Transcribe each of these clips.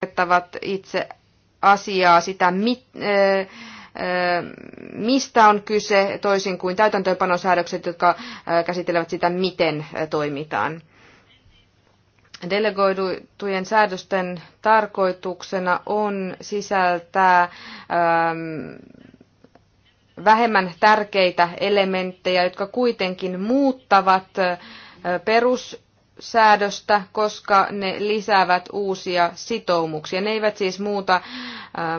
kirjoittavat itse asiaa, sitä mit, ö, mistä on kyse, toisin kuin täytäntöönpanosäädökset, jotka käsittelevät sitä, miten toimitaan. Delegoitujen säädösten tarkoituksena on sisältää vähemmän tärkeitä elementtejä, jotka kuitenkin muuttavat perus säädöstä, koska ne lisäävät uusia sitoumuksia. Ne eivät siis muuta äh,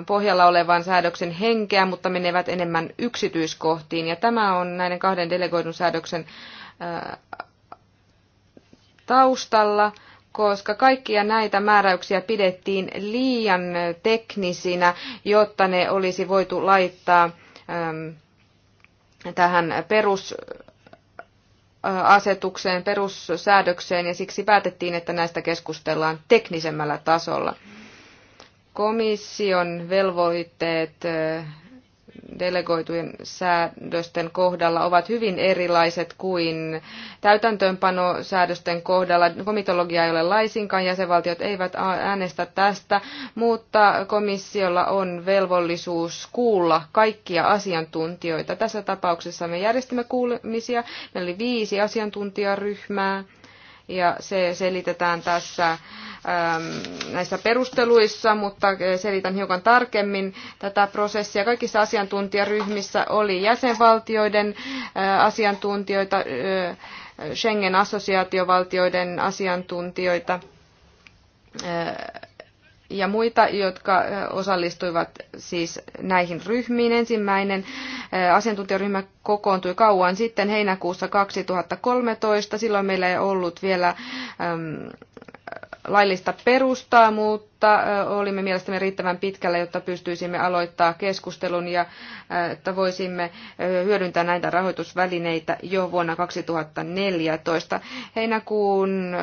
pohjalla olevan säädöksen henkeä, mutta menevät enemmän yksityiskohtiin. Ja tämä on näiden kahden delegoidun säädöksen äh, taustalla, koska kaikkia näitä määräyksiä pidettiin liian teknisinä, jotta ne olisi voitu laittaa ähm, tähän perus asetukseen, perussäädökseen ja siksi päätettiin, että näistä keskustellaan teknisemmällä tasolla. Komission velvoitteet delegoitujen säädösten kohdalla ovat hyvin erilaiset kuin täytäntöönpanosäädösten kohdalla. Komitologia ei ole laisinkaan, jäsenvaltiot eivät äänestä tästä, mutta komissiolla on velvollisuus kuulla kaikkia asiantuntijoita. Tässä tapauksessa me järjestimme kuulemisia. Meillä oli viisi asiantuntijaryhmää ja se selitetään tässä ähm, näissä perusteluissa, mutta äh, selitän hiukan tarkemmin tätä prosessia. Kaikissa asiantuntijaryhmissä oli jäsenvaltioiden äh, asiantuntijoita, äh, Schengen-assosiaatiovaltioiden asiantuntijoita, ja muita, jotka osallistuivat siis näihin ryhmiin. Ensimmäinen asiantuntijaryhmä kokoontui kauan sitten heinäkuussa 2013. Silloin meillä ei ollut vielä laillista perustaa, mutta olimme mielestämme riittävän pitkällä, jotta pystyisimme aloittaa keskustelun ja että voisimme hyödyntää näitä rahoitusvälineitä jo vuonna 2014. Heinäkuun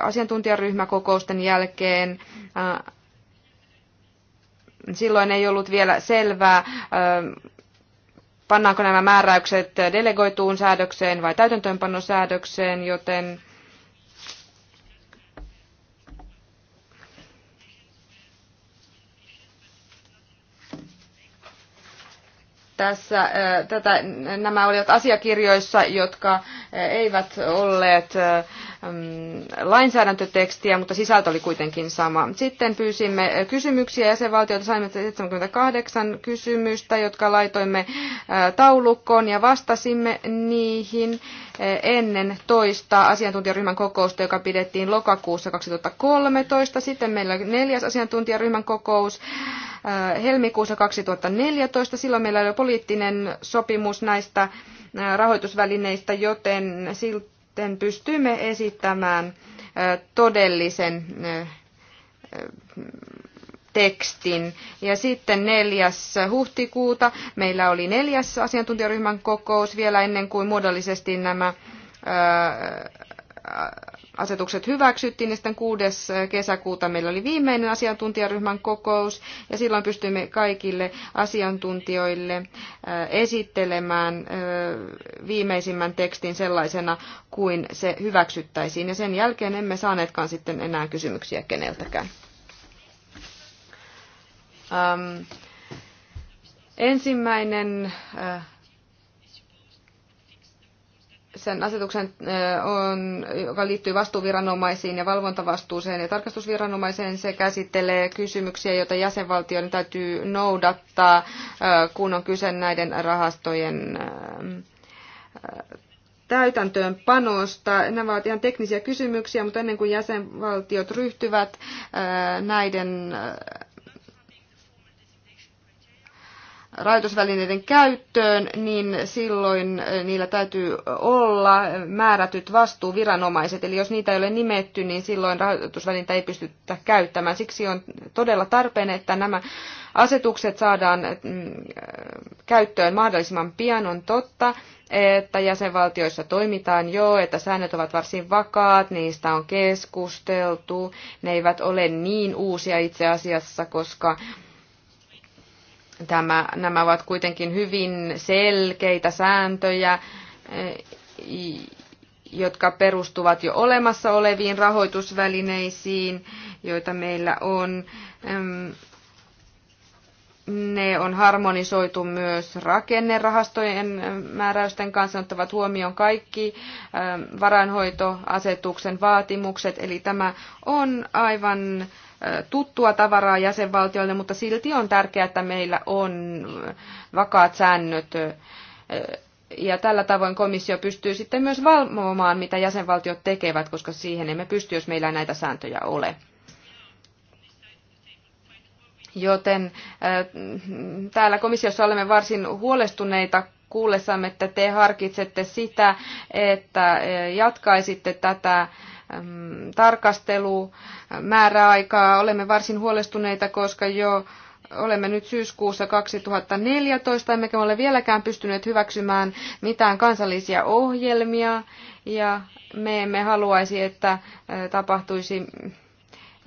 asiantuntijaryhmäkokousten jälkeen Silloin ei ollut vielä selvää, pannaanko nämä määräykset delegoituun säädökseen vai täytäntöönpanosäädökseen, joten tässä, tätä, nämä olivat asiakirjoissa, jotka eivät olleet lainsäädäntötekstiä, mutta sisältö oli kuitenkin sama. Sitten pyysimme kysymyksiä jäsenvaltioilta, saimme 78 kysymystä, jotka laitoimme taulukkoon ja vastasimme niihin ennen toista asiantuntijaryhmän kokousta, joka pidettiin lokakuussa 2013. Sitten meillä oli neljäs asiantuntijaryhmän kokous helmikuussa 2014. Silloin meillä oli poliittinen sopimus näistä rahoitusvälineistä, joten siltä sitten pystymme esittämään todellisen tekstin. Ja sitten 4. huhtikuuta meillä oli neljäs asiantuntijaryhmän kokous vielä ennen kuin muodollisesti nämä asetukset hyväksyttiin ja niin sitten 6. Eh, kesäkuuta meillä oli viimeinen asiantuntijaryhmän kokous ja silloin pystyimme kaikille asiantuntijoille eh, esittelemään eh, viimeisimmän tekstin sellaisena kuin se hyväksyttäisiin ja sen jälkeen emme saaneetkaan sitten enää kysymyksiä keneltäkään. Ensimmäinen äh, sen asetuksen, on, joka liittyy vastuuviranomaisiin ja valvontavastuuseen ja tarkastusviranomaiseen. Se käsittelee kysymyksiä, joita jäsenvaltioiden täytyy noudattaa, kun on kyse näiden rahastojen täytäntöönpanosta. Nämä ovat ihan teknisiä kysymyksiä, mutta ennen kuin jäsenvaltiot ryhtyvät näiden rajoitusvälineiden käyttöön, niin silloin niillä täytyy olla määrätyt vastuuviranomaiset. Eli jos niitä ei ole nimetty, niin silloin rajoitusvälintä ei pystytä käyttämään. Siksi on todella tarpeen, että nämä asetukset saadaan mm, käyttöön mahdollisimman pian. On totta, että jäsenvaltioissa toimitaan jo, että säännöt ovat varsin vakaat, niistä on keskusteltu, ne eivät ole niin uusia itse asiassa, koska Tämä, nämä ovat kuitenkin hyvin selkeitä sääntöjä, eh, jotka perustuvat jo olemassa oleviin rahoitusvälineisiin, joita meillä on. Ne on harmonisoitu myös rakennerahastojen määräysten kanssa, ottavat huomioon kaikki varainhoitoasetuksen vaatimukset, eli tämä on aivan tuttua tavaraa jäsenvaltioille, mutta silti on tärkeää, että meillä on vakaat säännöt ja tällä tavoin komissio pystyy sitten myös valvomaan, mitä jäsenvaltiot tekevät, koska siihen emme pysty, jos meillä näitä sääntöjä ole. Joten äh, täällä komissiossa olemme varsin huolestuneita kuullessamme, että te harkitsette sitä, että äh, jatkaisitte tätä tarkastelu, määräaikaa. Olemme varsin huolestuneita, koska jo olemme nyt syyskuussa 2014, emmekä ole vieläkään pystyneet hyväksymään mitään kansallisia ohjelmia, ja me emme haluaisi, että tapahtuisi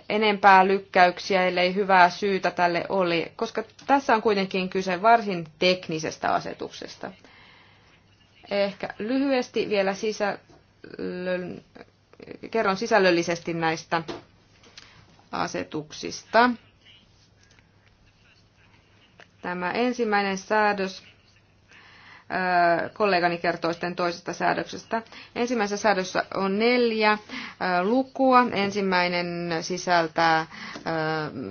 enempää lykkäyksiä, ellei hyvää syytä tälle oli, koska tässä on kuitenkin kyse varsin teknisestä asetuksesta. Ehkä lyhyesti vielä sisällön kerron sisällöllisesti näistä asetuksista. Tämä ensimmäinen säädös kollegani kertoi sitten toisesta säädöksestä. Ensimmäisessä säädössä on neljä lukua. Ensimmäinen sisältää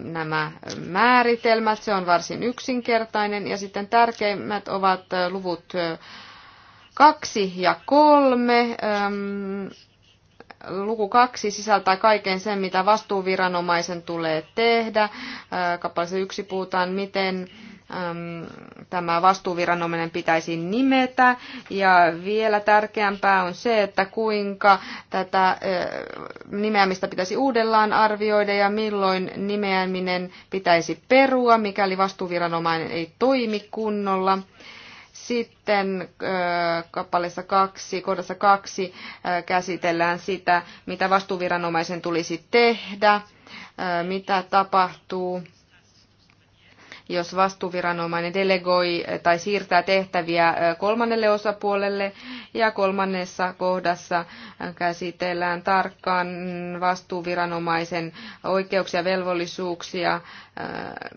nämä määritelmät, se on varsin yksinkertainen. Ja sitten tärkeimmät ovat luvut kaksi ja kolme luku kaksi sisältää kaiken sen, mitä vastuuviranomaisen tulee tehdä. Kappaleessa yksi puhutaan, miten tämä vastuuviranomainen pitäisi nimetä. Ja vielä tärkeämpää on se, että kuinka tätä nimeämistä pitäisi uudellaan arvioida ja milloin nimeäminen pitäisi perua, mikäli vastuuviranomainen ei toimi kunnolla. Sitten kappaleessa kaksi, kohdassa kaksi käsitellään sitä, mitä vastuuviranomaisen tulisi tehdä, mitä tapahtuu jos vastuuviranomainen delegoi eh, tai siirtää tehtäviä eh, kolmannelle osapuolelle. Ja kolmannessa kohdassa eh, käsitellään tarkkaan vastuuviranomaisen oikeuksia, velvollisuuksia,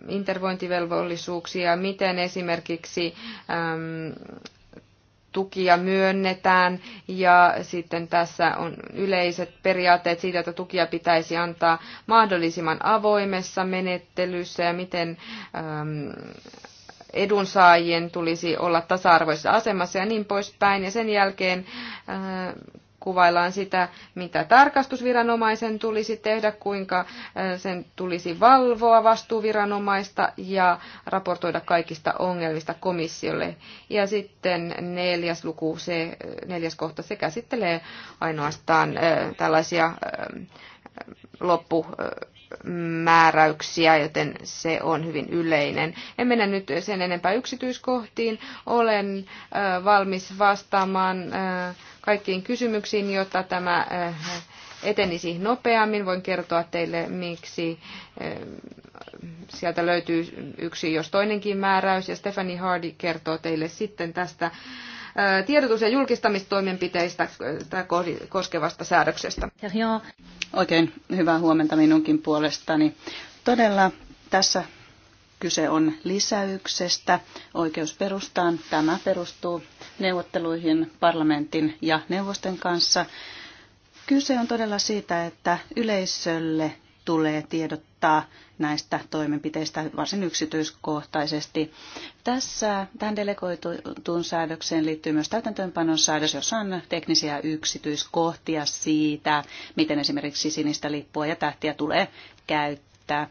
intervointivelvollisuuksia, miten esimerkiksi ehm, tukia myönnetään ja sitten tässä on yleiset periaatteet siitä, että tukia pitäisi antaa mahdollisimman avoimessa menettelyssä ja miten ähm, edunsaajien tulisi olla tasa-arvoisessa asemassa ja niin poispäin. Ja sen jälkeen äh, kuvaillaan sitä, mitä tarkastusviranomaisen tulisi tehdä, kuinka äh, sen tulisi valvoa vastuuviranomaista ja raportoida kaikista ongelmista komissiolle. Ja sitten neljäs luku, se äh, neljäs kohta, se käsittelee ainoastaan äh, tällaisia loppu määräyksiä, joten se on hyvin yleinen. En mennä nyt sen enempää yksityiskohtiin. Olen valmis vastaamaan kaikkiin kysymyksiin, jotta tämä etenisi nopeammin. Voin kertoa teille, miksi sieltä löytyy yksi jos toinenkin määräys, ja Stephanie Hardy kertoo teille sitten tästä tiedotus- ja julkistamistoimenpiteistä koskevasta säädöksestä. Oikein hyvää huomenta minunkin puolestani. Todella tässä Kyse on lisäyksestä. Oikeusperustaan tämä perustuu neuvotteluihin parlamentin ja neuvosten kanssa. Kyse on todella siitä, että yleisölle tulee tiedottaa näistä toimenpiteistä varsin yksityiskohtaisesti. Tässä tähän delegoituun säädökseen liittyy myös täytäntöönpanon säädös, jossa on teknisiä yksityiskohtia siitä, miten esimerkiksi sinistä lippua ja tähtiä tulee käyttää.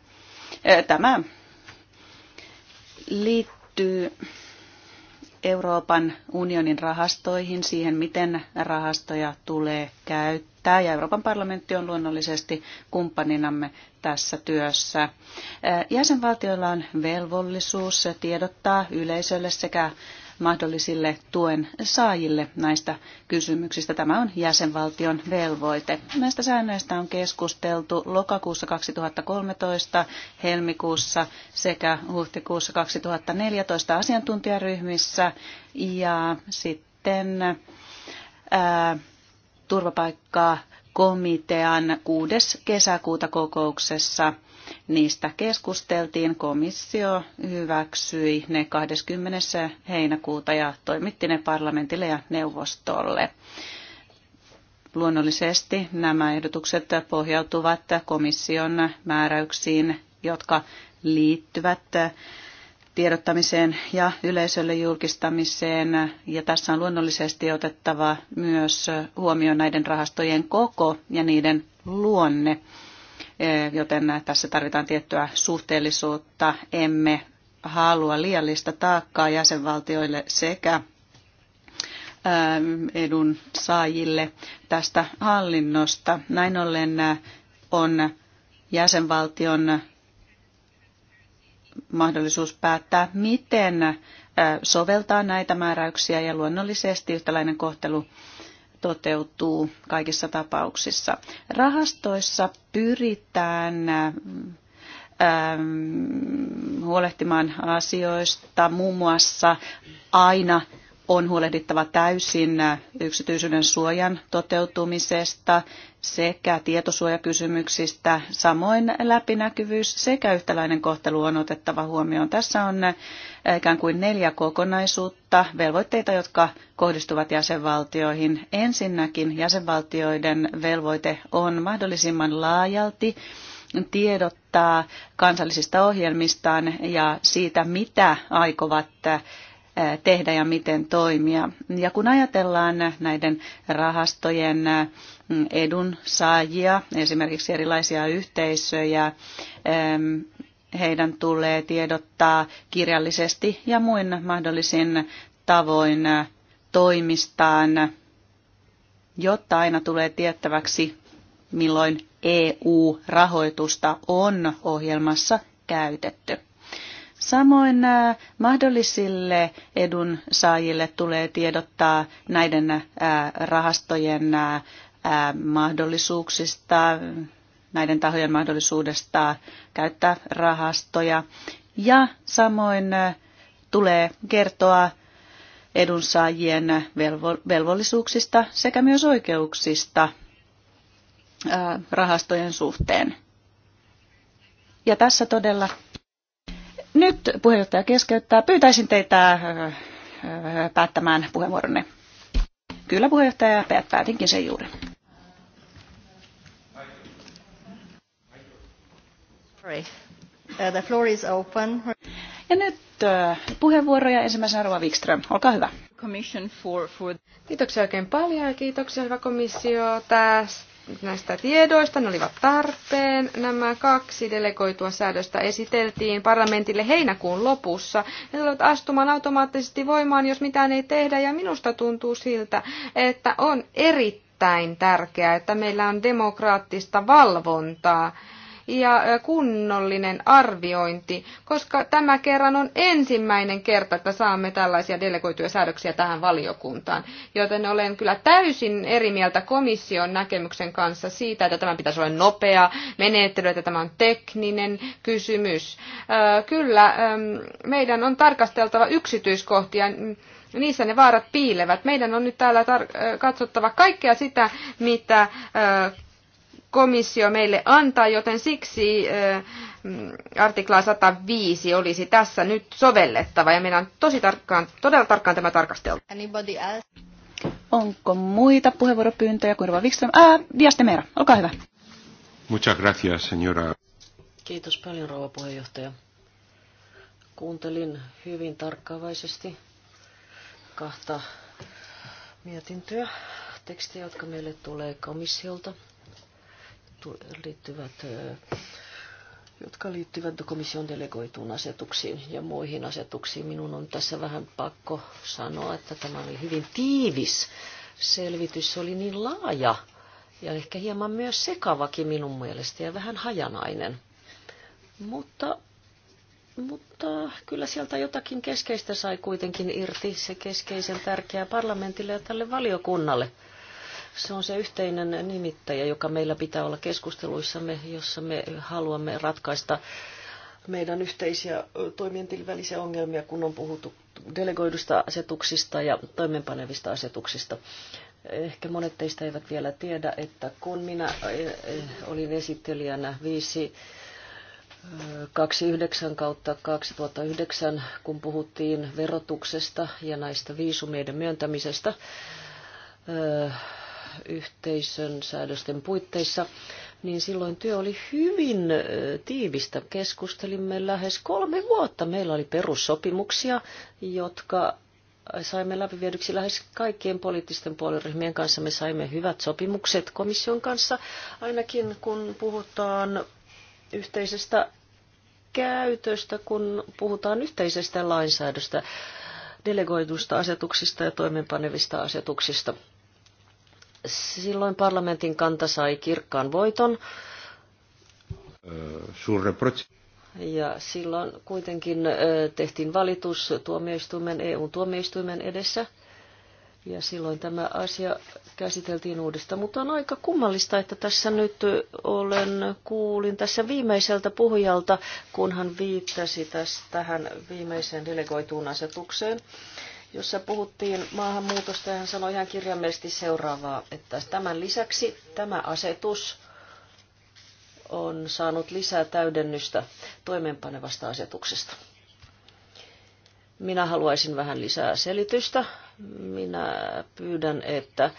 Tämä liittyy Euroopan unionin rahastoihin, siihen miten rahastoja tulee käyttää. Ja Euroopan parlamentti on luonnollisesti kumppaninamme tässä työssä. Jäsenvaltioilla on velvollisuus tiedottaa yleisölle sekä mahdollisille tuen saajille näistä kysymyksistä. Tämä on jäsenvaltion velvoite. Näistä säännöistä on keskusteltu lokakuussa 2013, helmikuussa sekä huhtikuussa 2014 asiantuntijaryhmissä ja sitten ää, turvapaikkaa komitean 6. kesäkuuta kokouksessa – Niistä keskusteltiin, komissio hyväksyi ne 20. heinäkuuta ja toimitti ne parlamentille ja neuvostolle. Luonnollisesti nämä ehdotukset pohjautuvat komission määräyksiin, jotka liittyvät tiedottamiseen ja yleisölle julkistamiseen. Ja tässä on luonnollisesti otettava myös huomioon näiden rahastojen koko ja niiden luonne Eh, joten tässä tarvitaan tiettyä suhteellisuutta. Emme halua liiallista taakkaa jäsenvaltioille sekä eh, edun saajille tästä hallinnosta. Näin ollen eh, on jäsenvaltion mahdollisuus päättää, miten soveltaa näitä määräyksiä ja luonnollisesti yhtäläinen kohtelu toteutuu kaikissa tapauksissa. Rahastoissa pyritään ähm, huolehtimaan asioista muun muassa aina on huolehdittava täysin yksityisyyden suojan toteutumisesta sekä tietosuojakysymyksistä. Samoin läpinäkyvyys sekä yhtäläinen kohtelu on otettava huomioon. Tässä on eh, ikään kuin neljä kokonaisuutta, velvoitteita, jotka kohdistuvat jäsenvaltioihin. Ensinnäkin jäsenvaltioiden velvoite on mahdollisimman laajalti tiedottaa kansallisista ohjelmistaan ja siitä, mitä aikovat eh, tehdä ja miten toimia. Ja kun ajatellaan näiden rahastojen mm, edunsaajia, esimerkiksi erilaisia yhteisöjä, heidän tulee tiedottaa kirjallisesti ja muin mahdollisin tavoin toimistaan, jotta aina tulee tiettäväksi, milloin EU-rahoitusta on ohjelmassa käytetty. Samoin äh, mahdollisille edunsaajille tulee tiedottaa näiden äh, rahastojen äh, mahdollisuuksista, näiden tahojen mahdollisuudesta käyttää rahastoja. Ja samoin tulee kertoa edunsaajien velvollisuuksista sekä myös oikeuksista rahastojen suhteen. Ja tässä todella nyt puheenjohtaja keskeyttää. Pyytäisin teitä äh, äh, päättämään puheenvuoronne. Kyllä puheenjohtaja, päätinkin sen juuri. Uh, the floor is open. Ja nyt äh, puheenvuoroja ensimmäisenä Rova Wikström. Olkaa hyvä. Kiitoksia oikein paljon ja kiitoksia hyvä komissio tästä näistä tiedoista. Ne olivat tarpeen. Nämä kaksi delegoitua säädöstä esiteltiin parlamentille heinäkuun lopussa. Ne tulevat astumaan automaattisesti voimaan, jos mitään ei tehdä. Ja minusta tuntuu siltä, että on erittäin tärkeää, että meillä on demokraattista valvontaa ja kunnollinen arviointi, koska tämä kerran on ensimmäinen kerta, että saamme tällaisia delegoituja säädöksiä tähän valiokuntaan. Joten olen kyllä täysin eri mieltä komission näkemyksen kanssa siitä, että tämä pitäisi olla nopea menettely, että tämä on tekninen kysymys. Kyllä, meidän on tarkasteltava yksityiskohtia niissä ne vaarat piilevät. Meidän on nyt täällä tar- katsottava kaikkea sitä, mitä komissio meille antaa, joten siksi mm, artikla 105 olisi tässä nyt sovellettava ja meidän on tosi tarkkaan, todella tarkkaan tämä tarkasteltu. Onko muita puheenvuoropyyntöjä kuin Rova Wikström? Ää, Diastemera, olkaa hyvä. Muchas gracias, señora. Kiitos paljon, rouva puheenjohtaja. Kuuntelin hyvin tarkkaavaisesti kahta mietintöä, tekstiä, jotka meille tulee komissiolta liittyvät jotka liittyvät komission delegoituun asetuksiin ja muihin asetuksiin. Minun on tässä vähän pakko sanoa, että tämä oli hyvin tiivis selvitys. Se oli niin laaja ja ehkä hieman myös sekavakin minun mielestä ja vähän hajanainen. Mutta, mutta kyllä sieltä jotakin keskeistä sai kuitenkin irti, se keskeisen tärkeä parlamentille ja tälle valiokunnalle – se on se yhteinen nimittäjä, joka meillä pitää olla keskusteluissamme, jossa me haluamme ratkaista meidän yhteisiä toimientin välisiä ongelmia, kun on puhuttu delegoidusta asetuksista ja toimeenpanevista asetuksista. Ehkä monet teistä eivät vielä tiedä, että kun minä eh, olin esittelijänä viisi 29 eh, kautta 2009, kun puhuttiin verotuksesta ja näistä viisumeiden myöntämisestä, eh, yhteisön säädösten puitteissa, niin silloin työ oli hyvin tiivistä. Keskustelimme lähes kolme vuotta. Meillä oli perussopimuksia, jotka saimme läpiviedyksi lähes kaikkien poliittisten puoliryhmien kanssa. Me saimme hyvät sopimukset komission kanssa, ainakin kun puhutaan yhteisestä käytöstä, kun puhutaan yhteisestä lainsäädöstä, delegoidusta asetuksista ja toimeenpanevista asetuksista. Silloin parlamentin kanta sai kirkkaan voiton. Ja silloin kuitenkin tehtiin valitus tuomioistuimen, EU-tuomioistuimen edessä. Ja silloin tämä asia käsiteltiin uudestaan, mutta on aika kummallista, että tässä nyt olen kuulin tässä viimeiseltä puhujalta, kun hän viittasi tästä, tähän viimeiseen delegoituun asetukseen jossa puhuttiin maahanmuutosta ja hän sanoi ihan kirjaimellisesti seuraavaa, että tämän lisäksi tämä asetus on saanut lisää täydennystä toimeenpanevasta asetuksesta. Minä haluaisin vähän lisää selitystä. Minä pyydän, että,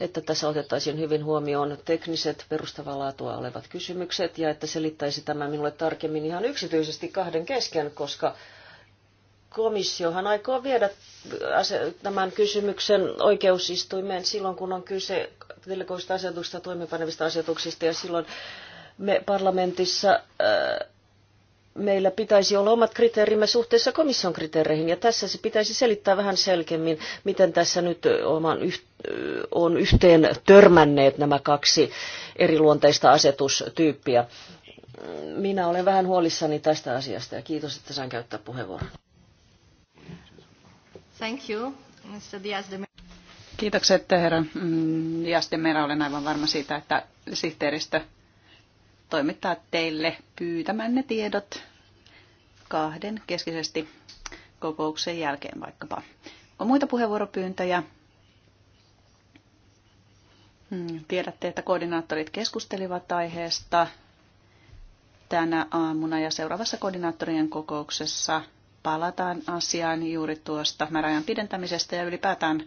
että tässä otettaisiin hyvin huomioon tekniset laatua olevat kysymykset ja että selittäisi tämä minulle tarkemmin ihan yksityisesti kahden kesken, koska komissiohan aikoo viedä tämän kysymyksen oikeusistuimeen silloin, kun on kyse delegoista asetuksista, toimipanevista asetuksista ja silloin me parlamentissa äh, meillä pitäisi olla omat kriteerimme suhteessa komission kriteereihin, ja tässä se pitäisi selittää vähän selkemmin, miten tässä nyt oman on yhteen törmänneet nämä kaksi eri luonteista asetustyyppiä. Minä olen vähän huolissani tästä asiasta, ja kiitos, että sain käyttää puheenvuoron. Thank you, Diaz de Kiitokset, herra mm, de Mera. Olen aivan varma siitä, että sihteeristö toimittaa teille pyytämänne tiedot kahden keskisesti kokouksen jälkeen vaikkapa. On muita puheenvuoropyyntöjä? Mm, tiedätte, että koordinaattorit keskustelivat aiheesta tänä aamuna ja seuraavassa koordinaattorien kokouksessa – palataan asiaan juuri tuosta määräajan pidentämisestä ja ylipäätään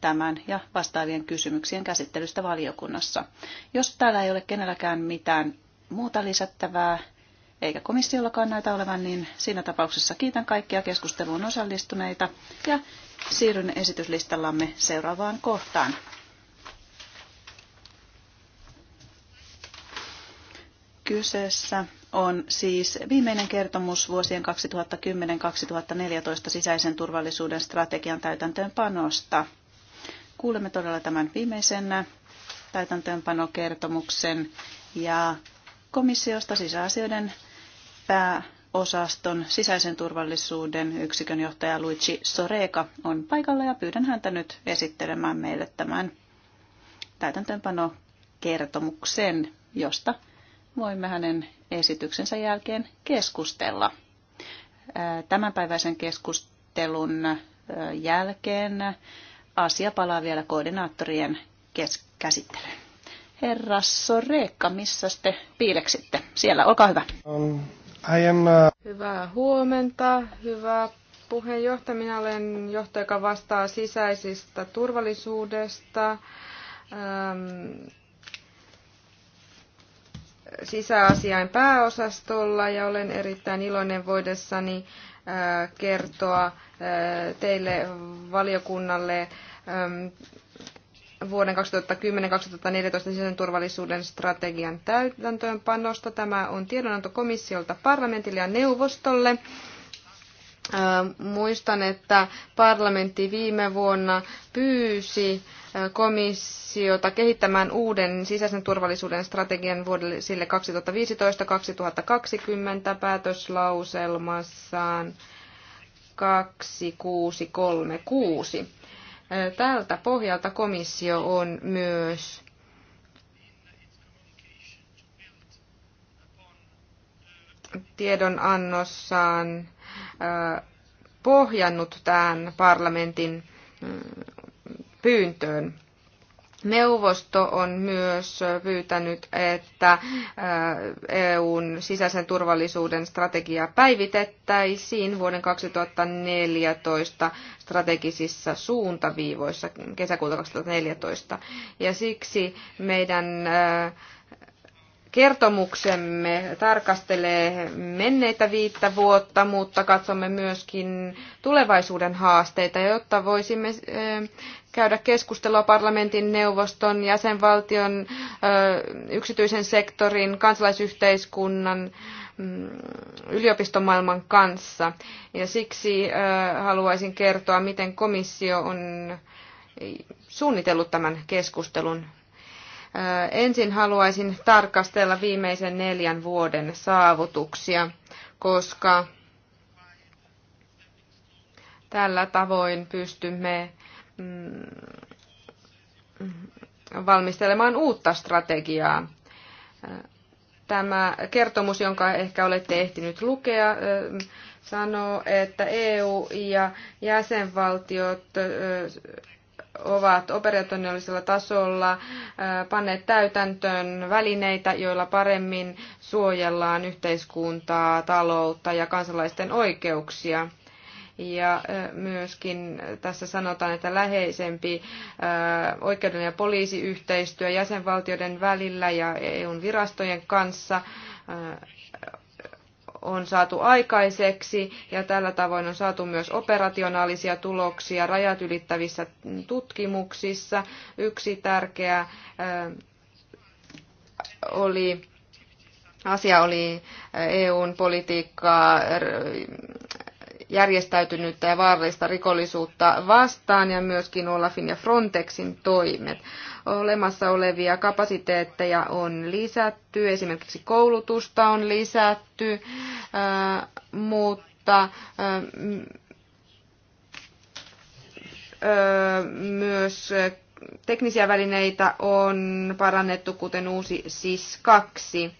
tämän ja vastaavien kysymyksien käsittelystä valiokunnassa. Jos täällä ei ole kenelläkään mitään muuta lisättävää, eikä komissiollakaan näitä olevan, niin siinä tapauksessa kiitän kaikkia keskusteluun osallistuneita ja siirryn esityslistallamme seuraavaan kohtaan. Kyseessä on siis viimeinen kertomus vuosien 2010-2014 sisäisen turvallisuuden strategian täytäntöönpanosta. Kuulemme todella tämän viimeisen täytäntöönpanokertomuksen ja komissiosta sisäasioiden pääosaston sisäisen turvallisuuden yksikön johtaja Luigi Soreka on paikalla ja pyydän häntä nyt esittelemään meille tämän täytäntöönpanokertomuksen, josta voimme hänen esityksensä jälkeen keskustella. Tämänpäiväisen keskustelun jälkeen asia palaa vielä koordinaattorien kes- käsittelyyn. Herra Soreka, missä te piileksitte? Siellä, olkaa hyvä. Um, I am, uh... Hyvää huomenta, hyvä puheenjohtaja. Minä olen johtaja, joka vastaa sisäisistä turvallisuudesta. Um, sisäasiain pääosastolla ja olen erittäin iloinen voidessani kertoa teille valiokunnalle vuoden 2010-2014 sisäisen turvallisuuden strategian täytäntöönpanosta. Tämä on tiedonanto komissiolta parlamentille ja neuvostolle Muistan, että parlamentti viime vuonna pyysi komissiota kehittämään uuden sisäisen turvallisuuden strategian vuodelle 2015-2020 päätöslauselmassaan 2636. Tältä pohjalta komissio on myös tiedonannossaan pohjannut tämän parlamentin mm, pyyntöön. Neuvosto on myös pyytänyt, että EUn sisäisen turvallisuuden strategia päivitettäisiin vuoden 2014 strategisissa suuntaviivoissa kesäkuuta 2014. Ja siksi meidän Kertomuksemme tarkastelee menneitä viittä vuotta, mutta katsomme myöskin tulevaisuuden haasteita, jotta voisimme käydä keskustelua parlamentin, neuvoston, jäsenvaltion, yksityisen sektorin, kansalaisyhteiskunnan, mm, yliopistomaailman kanssa. Ja siksi haluaisin kertoa, miten komissio on suunnitellut tämän keskustelun Ensin haluaisin tarkastella viimeisen neljän vuoden saavutuksia, koska tällä tavoin pystymme mm, valmistelemaan uutta strategiaa. Tämä kertomus, jonka ehkä olette ehtineet lukea, sanoo, että EU ja jäsenvaltiot ovat operationaalisella tasolla äh, panneet täytäntöön välineitä, joilla paremmin suojellaan yhteiskuntaa, taloutta ja kansalaisten oikeuksia. Ja äh, myöskin tässä sanotaan, että läheisempi äh, oikeuden ja poliisiyhteistyö jäsenvaltioiden välillä ja EUn virastojen kanssa on saatu aikaiseksi ja tällä tavoin on saatu myös operationaalisia tuloksia rajat ylittävissä tutkimuksissa. Yksi tärkeä oli, asia oli EUn politiikkaa järjestäytynyttä ja vaarallista rikollisuutta vastaan ja myöskin Olafin ja Frontexin toimet. Olemassa olevia kapasiteetteja on lisätty, esimerkiksi koulutusta on lisätty, äh, mutta äh, äh, myös teknisiä välineitä on parannettu, kuten uusi SIS-2.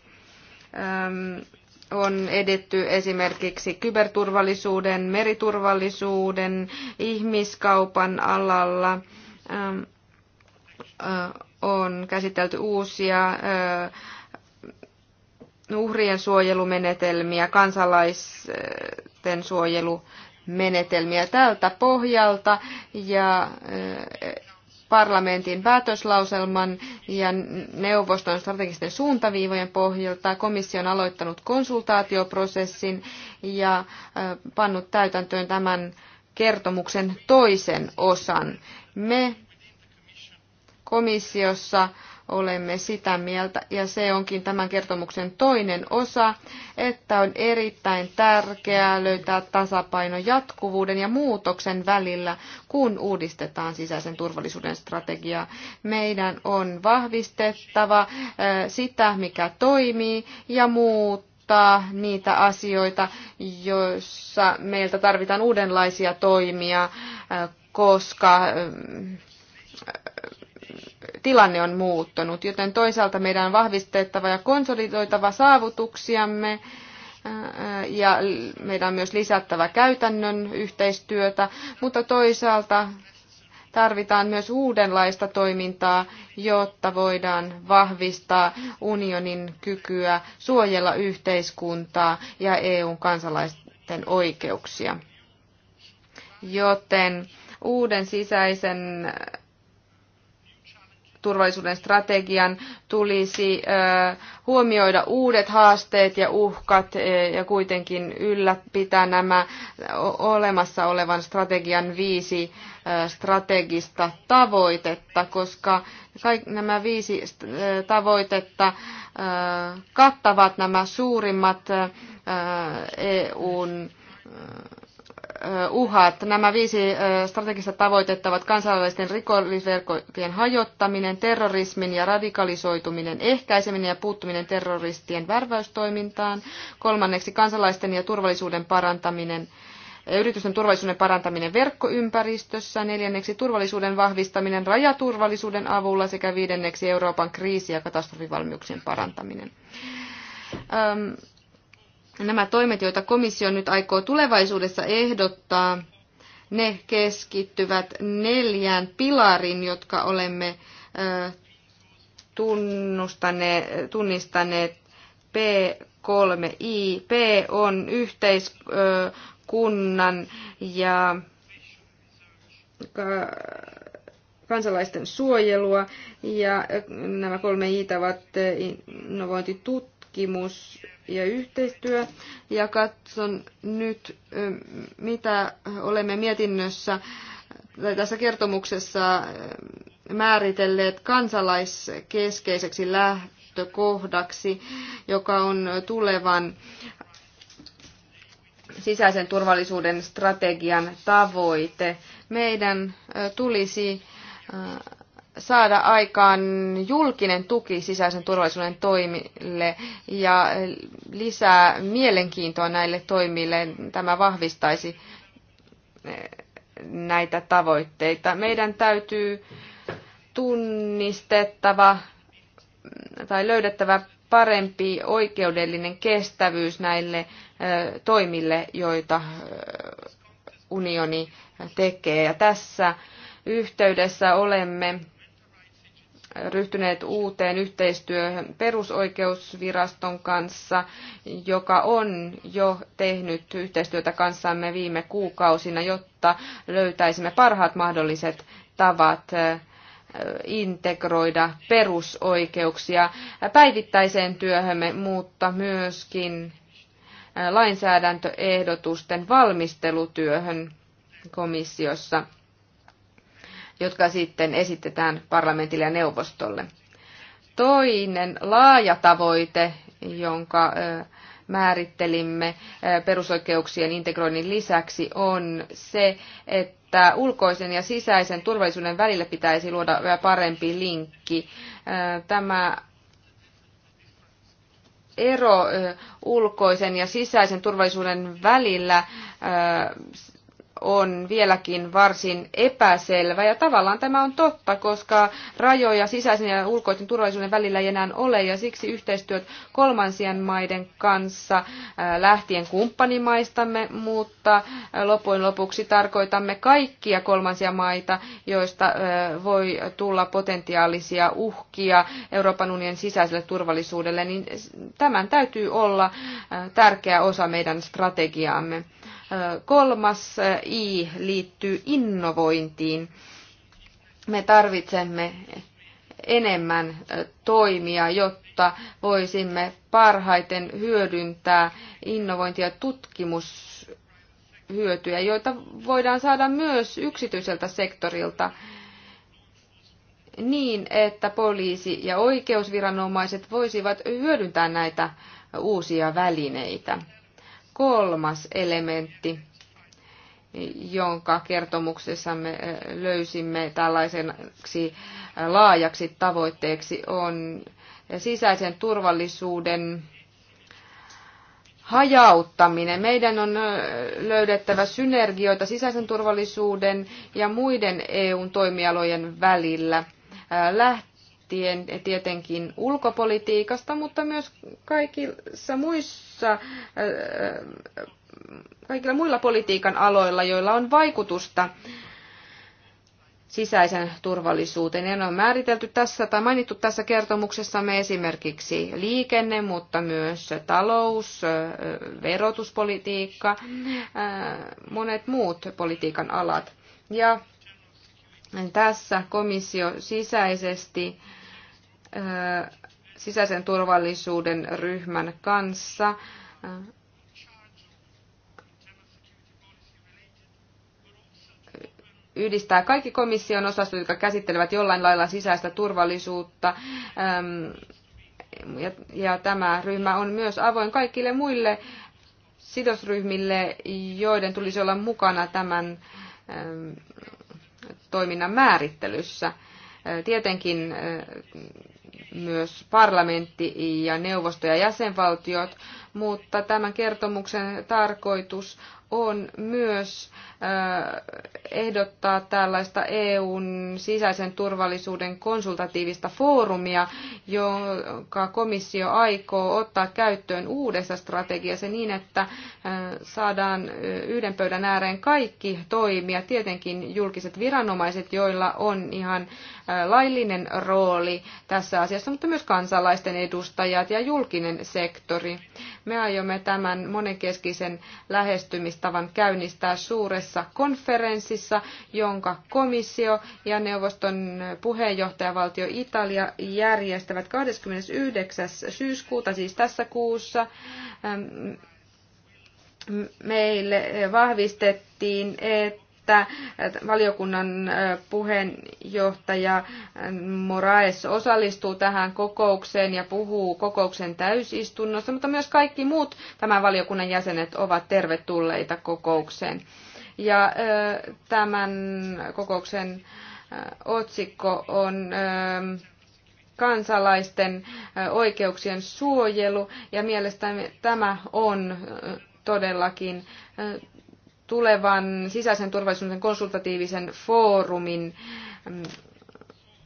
Ähm, on edetty esimerkiksi kyberturvallisuuden, meriturvallisuuden, ihmiskaupan alalla. Ähm, on käsitelty uusia uhrien suojelumenetelmiä, kansalaisten suojelumenetelmiä tältä pohjalta ja parlamentin päätöslauselman ja neuvoston strategisten suuntaviivojen pohjalta. Komissio on aloittanut konsultaatioprosessin ja pannut täytäntöön tämän kertomuksen toisen osan. Me komissiossa olemme sitä mieltä, ja se onkin tämän kertomuksen toinen osa, että on erittäin tärkeää löytää tasapaino jatkuvuuden ja muutoksen välillä, kun uudistetaan sisäisen turvallisuuden strategiaa. Meidän on vahvistettava sitä, mikä toimii, ja muuttaa niitä asioita, joissa meiltä tarvitaan uudenlaisia toimia, koska tilanne on muuttunut, joten toisaalta meidän on vahvistettava ja konsolidoitava saavutuksiamme ja meidän on myös lisättävä käytännön yhteistyötä, mutta toisaalta tarvitaan myös uudenlaista toimintaa, jotta voidaan vahvistaa unionin kykyä suojella yhteiskuntaa ja EUn kansalaisten oikeuksia. Joten uuden sisäisen turvallisuuden strategian tulisi huomioida uudet haasteet ja uhkat ja kuitenkin ylläpitää nämä olemassa olevan strategian viisi strategista tavoitetta, koska kaikki nämä viisi tavoitetta kattavat nämä suurimmat EUn uhat. Nämä viisi strategista tavoitetta ovat kansainvälisten rikollisverkkojen hajottaminen, terrorismin ja radikalisoituminen ehkäiseminen ja puuttuminen terroristien värväystoimintaan. Kolmanneksi kansalaisten ja turvallisuuden parantaminen yritysten turvallisuuden parantaminen verkkoympäristössä, neljänneksi turvallisuuden vahvistaminen rajaturvallisuuden avulla sekä viidenneksi Euroopan kriisi- ja katastrofivalmiuksien parantaminen. Öm, nämä toimet, joita komissio nyt aikoo tulevaisuudessa ehdottaa, ne keskittyvät neljään pilarin, jotka olemme tunnustaneet, tunnistaneet P3I. P on yhteiskunnan ja kansalaisten suojelua ja nämä kolme I ovat innovointitutkimus, ja yhteistyö. Ja katson nyt, mitä olemme mietinnössä tai tässä kertomuksessa määritelleet kansalaiskeskeiseksi lähtökohdaksi, joka on tulevan sisäisen turvallisuuden strategian tavoite. Meidän tulisi saada aikaan julkinen tuki sisäisen turvallisuuden toimille ja lisää mielenkiintoa näille toimille. Tämä vahvistaisi eh, näitä tavoitteita. Meidän täytyy tunnistettava mm, tai löydettävä parempi oikeudellinen kestävyys näille eh, toimille, joita eh, unioni tekee. Ja tässä yhteydessä olemme ryhtyneet uuteen yhteistyöhön perusoikeusviraston kanssa, joka on jo tehnyt yhteistyötä kanssamme viime kuukausina, jotta löytäisimme parhaat mahdolliset tavat integroida perusoikeuksia päivittäiseen työhömme, mutta myöskin lainsäädäntöehdotusten valmistelutyöhön komissiossa jotka sitten esitetään parlamentille ja neuvostolle. Toinen laaja tavoite, jonka määrittelimme perusoikeuksien integroinnin lisäksi, on se, että ulkoisen ja sisäisen turvallisuuden välillä pitäisi luoda vielä parempi linkki. Tämä ero ulkoisen ja sisäisen turvallisuuden välillä on vieläkin varsin epäselvä. Ja tavallaan tämä on totta, koska rajoja sisäisen ja ulkoisen turvallisuuden välillä ei enää ole, ja siksi yhteistyöt kolmansien maiden kanssa lähtien kumppanimaistamme, mutta lopuin lopuksi tarkoitamme kaikkia kolmansia maita, joista voi tulla potentiaalisia uhkia Euroopan unionin sisäiselle turvallisuudelle, niin tämän täytyy olla tärkeä osa meidän strategiaamme. Kolmas I liittyy innovointiin. Me tarvitsemme enemmän toimia, jotta voisimme parhaiten hyödyntää innovointia ja tutkimushyötyjä, joita voidaan saada myös yksityiseltä sektorilta niin, että poliisi- ja oikeusviranomaiset voisivat hyödyntää näitä uusia välineitä kolmas elementti, jonka kertomuksessamme löysimme tällaiseksi laajaksi tavoitteeksi, on sisäisen turvallisuuden hajauttaminen. Meidän on löydettävä synergioita sisäisen turvallisuuden ja muiden EUn toimialojen välillä. Läht tietenkin ulkopolitiikasta, mutta myös kaikissa muissa, äh, kaikilla muilla politiikan aloilla, joilla on vaikutusta sisäisen turvallisuuteen. Ne on määritelty tässä tai mainittu tässä kertomuksessamme esimerkiksi liikenne, mutta myös talous, äh, verotuspolitiikka, äh, monet muut politiikan alat. Ja tässä komissio sisäisesti sisäisen turvallisuuden ryhmän kanssa yhdistää kaikki komission osastot, jotka käsittelevät jollain lailla sisäistä turvallisuutta. Ja, ja tämä ryhmä on myös avoin kaikille muille sidosryhmille, joiden tulisi olla mukana tämän toiminnan määrittelyssä. Tietenkin myös parlamentti ja neuvosto ja jäsenvaltiot, mutta tämän kertomuksen tarkoitus on myös ehdottaa tällaista EUn sisäisen turvallisuuden konsultatiivista foorumia, jonka komissio aikoo ottaa käyttöön uudessa strategiassa niin, että saadaan yhden pöydän ääreen kaikki toimia, tietenkin julkiset viranomaiset, joilla on ihan laillinen rooli tässä asiassa, mutta myös kansalaisten edustajat ja julkinen sektori. Me aiomme tämän monenkeskisen lähestymistä tavan käynnistää suuressa konferenssissa, jonka komissio ja neuvoston puheenjohtajavaltio Italia järjestävät 29. syyskuuta, siis tässä kuussa. Meille vahvistettiin, että että valiokunnan puheenjohtaja Moraes osallistuu tähän kokoukseen ja puhuu kokouksen täysistunnossa, mutta myös kaikki muut tämän valiokunnan jäsenet ovat tervetulleita kokoukseen. Ja tämän kokouksen otsikko on kansalaisten oikeuksien suojelu ja mielestäni tämä on todellakin tulevan sisäisen turvallisuuden konsultatiivisen foorumin mm,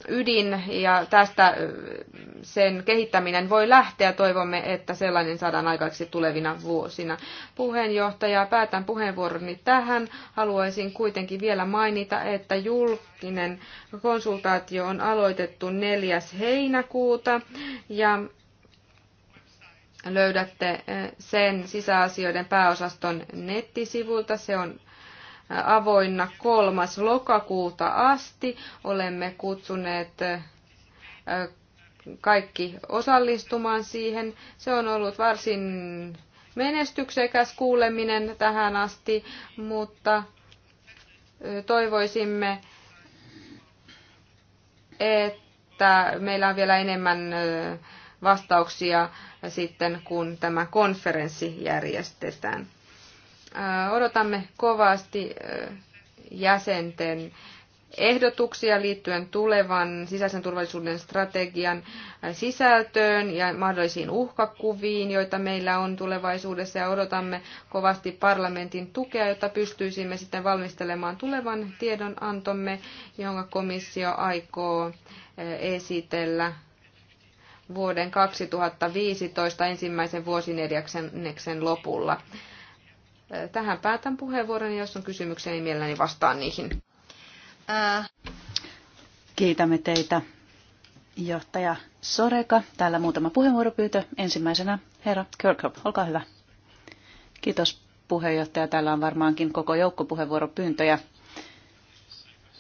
ydin ja tästä sen kehittäminen voi lähteä. Toivomme, että sellainen saadaan aikaiseksi tulevina vuosina. Puheenjohtaja, päätän puheenvuoroni tähän. Haluaisin kuitenkin vielä mainita, että julkinen konsultaatio on aloitettu 4. heinäkuuta ja löydätte eh, sen sisäasioiden pääosaston nettisivuilta. Se on eh, avoinna kolmas lokakuuta asti. Olemme kutsuneet eh, kaikki osallistumaan siihen. Se on ollut varsin menestyksekäs kuuleminen tähän asti, mutta toivoisimme, että meillä on vielä enemmän vastauksia sitten, kun tämä konferenssi järjestetään. Odotamme kovasti jäsenten ehdotuksia liittyen tulevan sisäisen turvallisuuden strategian sisältöön ja mahdollisiin uhkakuviin, joita meillä on tulevaisuudessa ja odotamme kovasti parlamentin tukea, jotta pystyisimme sitten valmistelemaan tulevan tiedonantomme, jonka komissio aikoo esitellä vuoden 2015 ensimmäisen vuosineljänneksen lopulla. Tähän päätän puheenvuoron, jos on kysymyksiä, niin mielelläni vastaan niihin. Ää... Äh. Kiitämme teitä, johtaja Soreka. Täällä muutama puheenvuoropyytö. Ensimmäisenä herra Kirkhope, olkaa hyvä. Kiitos puheenjohtaja. Täällä on varmaankin koko joukko puheenvuoropyyntöjä.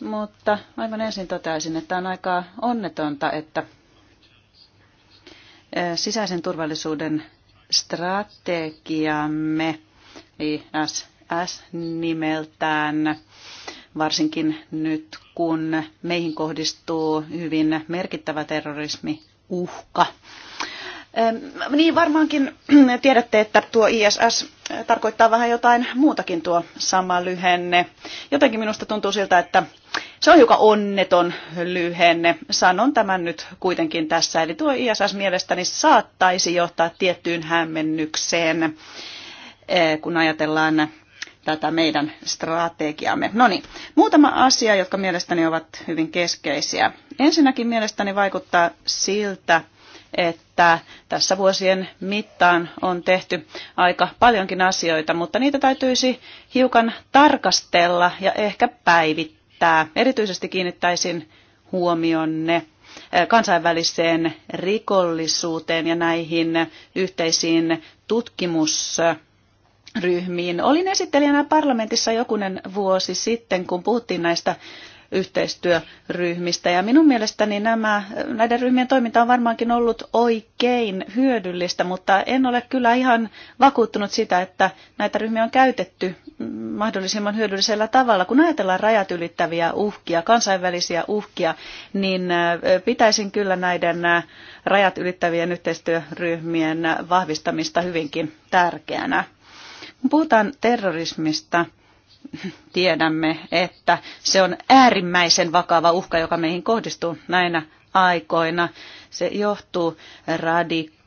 Mutta aivan ensin toteaisin, että on aika onnetonta, että sisäisen turvallisuuden strategiamme ISS nimeltään, varsinkin nyt kun meihin kohdistuu hyvin merkittävä terrorismiuhka. Niin varmaankin tiedätte, että tuo ISS tarkoittaa vähän jotain muutakin tuo sama lyhenne. Jotenkin minusta tuntuu siltä, että se on hiukan onneton lyhenne. Sanon tämän nyt kuitenkin tässä. Eli tuo ISS mielestäni saattaisi johtaa tiettyyn hämmennykseen, eh, kun ajatellaan tätä meidän strategiamme. No niin, muutama asia, jotka mielestäni ovat hyvin keskeisiä. Ensinnäkin mielestäni vaikuttaa siltä, että tässä vuosien mittaan on tehty aika paljonkin asioita, mutta niitä täytyisi hiukan tarkastella ja ehkä päivittää että erityisesti kiinnittäisin huomionne eh, kansainväliseen rikollisuuteen ja näihin yhteisiin tutkimus ryhmiin. Olin esittelijänä parlamentissa jokunen vuosi sitten, kun puhuttiin näistä yhteistyöryhmistä. Ja minun mielestäni nämä, näiden ryhmien toiminta on varmaankin ollut oikein hyödyllistä, mutta en ole kyllä ihan vakuuttunut sitä, että näitä ryhmiä on käytetty mahdollisimman hyödyllisellä tavalla. Kun ajatellaan rajat ylittäviä uhkia, kansainvälisiä uhkia, niin pitäisin kyllä näiden rajat ylittävien yhteistyöryhmien vahvistamista hyvinkin tärkeänä. Kun puhutaan terrorismista, tiedämme, että se on äärimmäisen vakava uhka, joka meihin kohdistuu näinä aikoina. Se johtuu radikaalista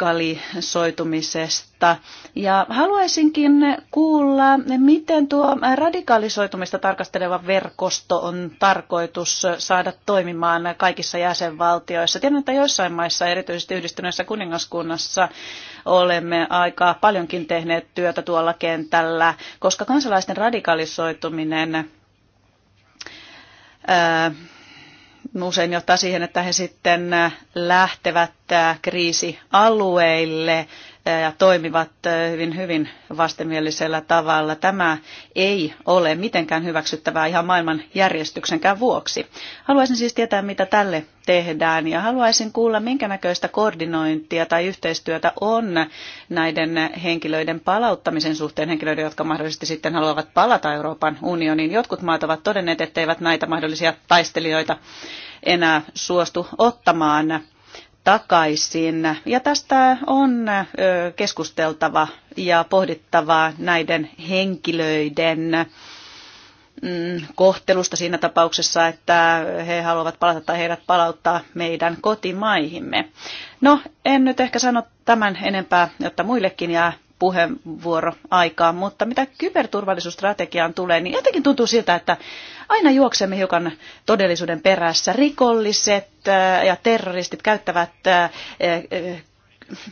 radikalisoitumisesta. Ja haluaisinkin kuulla, miten tuo radikalisoitumista tarkasteleva verkosto on tarkoitus saada toimimaan kaikissa jäsenvaltioissa. Tiedän, että joissain maissa, erityisesti yhdistyneessä kuningaskunnassa, olemme aika paljonkin tehneet työtä tuolla kentällä, koska kansalaisten radikalisoituminen ää, usein johtaa siihen, että he sitten äh, lähtevät äh, kriisialueille ja toimivat hyvin, hyvin vastenmielisellä tavalla. Tämä ei ole mitenkään hyväksyttävää ihan maailman järjestyksenkään vuoksi. Haluaisin siis tietää, mitä tälle tehdään ja haluaisin kuulla, minkä näköistä koordinointia tai yhteistyötä on näiden henkilöiden palauttamisen suhteen, henkilöiden, jotka mahdollisesti sitten haluavat palata Euroopan unioniin. Jotkut maat ovat todenneet, etteivät näitä mahdollisia taistelijoita enää suostu ottamaan takaisin. Ja tästä on keskusteltava ja pohdittava näiden henkilöiden mm, kohtelusta siinä tapauksessa, että he haluavat palata tai heidät palauttaa meidän kotimaihimme. No, en nyt ehkä sano tämän enempää, jotta muillekin jää puheenvuoro aikaan, mutta mitä kyberturvallisuusstrategiaan tulee, niin jotenkin tuntuu siltä, että aina juoksemme hiukan todellisuuden perässä. Rikolliset äh, ja terroristit käyttävät äh, äh,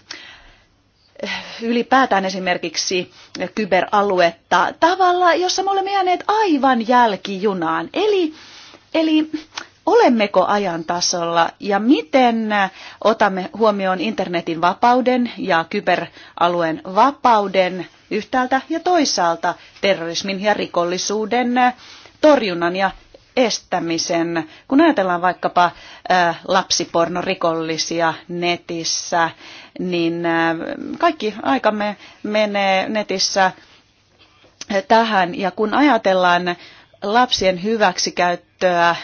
ylipäätään esimerkiksi kyberaluetta tavalla, jossa me olemme jääneet aivan jälkijunaan. Eli, eli olemmeko ajan tasolla ja miten otamme huomioon internetin vapauden ja kyberalueen vapauden yhtäältä ja toisaalta terrorismin ja rikollisuuden torjunnan ja estämisen. Kun ajatellaan vaikkapa lapsipornorikollisia netissä, niin kaikki aikamme menee netissä tähän. Ja kun ajatellaan lapsien hyväksikäyttöä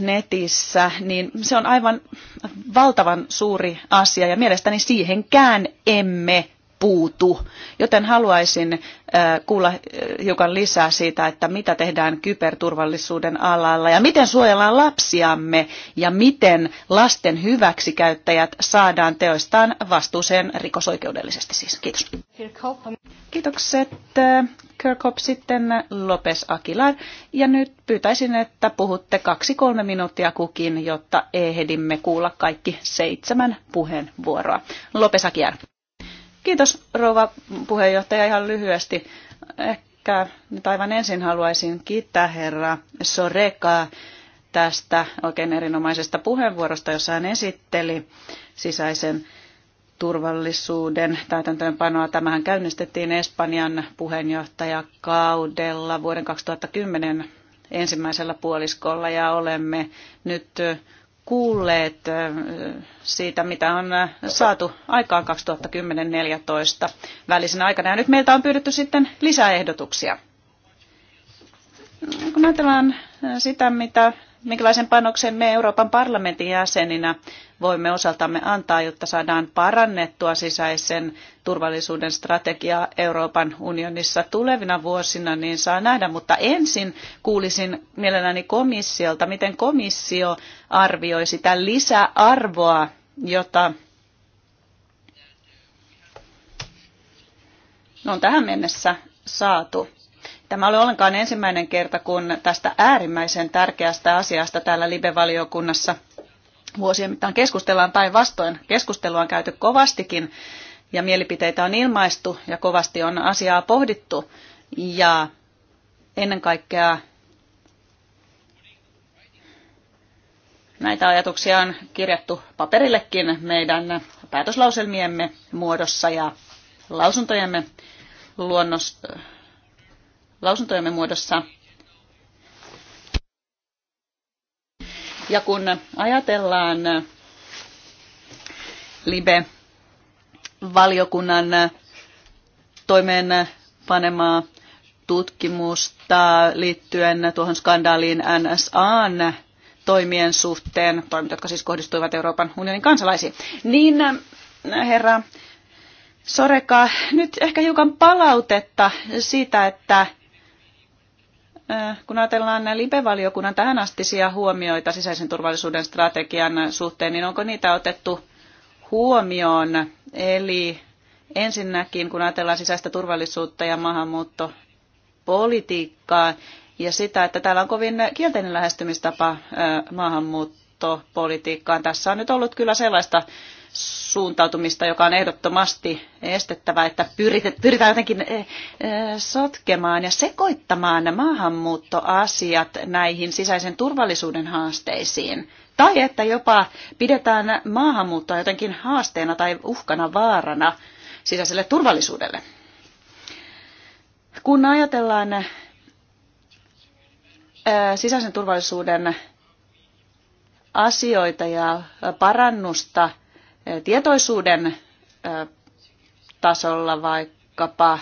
netissä, niin se on aivan valtavan suuri asia ja mielestäni siihenkään emme puutu. Joten haluaisin äh, kuulla äh, hiukan lisää siitä, että mitä tehdään kyberturvallisuuden alalla ja miten suojellaan lapsiamme ja miten lasten hyväksikäyttäjät saadaan teoistaan vastuuseen rikosoikeudellisesti siis. Kiitos. Kiitokset äh, Kirkhop sitten Lopes Akilar. Ja nyt pyytäisin, että puhutte kaksi-kolme minuuttia kukin, jotta ehdimme kuulla kaikki seitsemän puheenvuoroa. Lopes Akilar. Kiitos rouva puheenjohtaja ihan lyhyesti. Ehkä nyt aivan ensin haluaisin kiittää herra Sorekaa tästä oikein erinomaisesta puheenvuorosta, jossa hän esitteli sisäisen turvallisuuden täytäntöönpanoa. Tämähän käynnistettiin Espanjan puheenjohtajakaudella vuoden 2010 ensimmäisellä puoliskolla ja olemme nyt kuulleet siitä, mitä on saatu aikaan 2010-2014 välisenä aikana. Ja nyt meiltä on pyydetty sitten lisäehdotuksia. Kun ajatellaan sitä, mitä minkälaisen panoksen me Euroopan parlamentin jäseninä voimme osaltamme antaa, jotta saadaan parannettua sisäisen turvallisuuden strategiaa Euroopan unionissa tulevina vuosina, niin saa nähdä. Mutta ensin kuulisin mielelläni komissiolta, miten komissio arvioi sitä lisäarvoa, jota no, on tähän mennessä saatu Tämä oli ollenkaan ensimmäinen kerta, kun tästä äärimmäisen tärkeästä asiasta täällä Libe-valiokunnassa vuosien mittaan keskustellaan päinvastoin. Keskustelua on käyty kovastikin ja mielipiteitä on ilmaistu ja kovasti on asiaa pohdittu. Ja ennen kaikkea näitä ajatuksia on kirjattu paperillekin meidän päätöslauselmiemme muodossa ja lausuntojemme luonnos, lausuntojemme muodossa. Ja kun ajatellaan LIBE-valiokunnan toimeen panemaa tutkimusta liittyen tuohon skandaaliin NSAn toimien suhteen, toimet, jotka siis kohdistuivat Euroopan unionin kansalaisiin, niin herra Soreka, nyt ehkä hiukan palautetta siitä, että Äh, kun ajatellaan LIBE-valiokunnan tähänastisia huomioita sisäisen turvallisuuden strategian suhteen, niin onko niitä otettu huomioon? Eli ensinnäkin, kun ajatellaan sisäistä turvallisuutta ja maahanmuuttopolitiikkaa ja sitä, että täällä on kovin kielteinen lähestymistapa äh, maahanmuuttopolitiikkaan. Tässä on nyt ollut kyllä sellaista suuntautumista, joka on ehdottomasti estettävä, että pyritään jotenkin eh, eh, sotkemaan ja sekoittamaan maahanmuuttoasiat näihin sisäisen turvallisuuden haasteisiin. Tai että jopa pidetään maahanmuuttoa jotenkin haasteena tai uhkana vaarana sisäiselle turvallisuudelle. Kun ajatellaan eh, sisäisen turvallisuuden asioita ja parannusta, tietoisuuden tasolla vaikkapa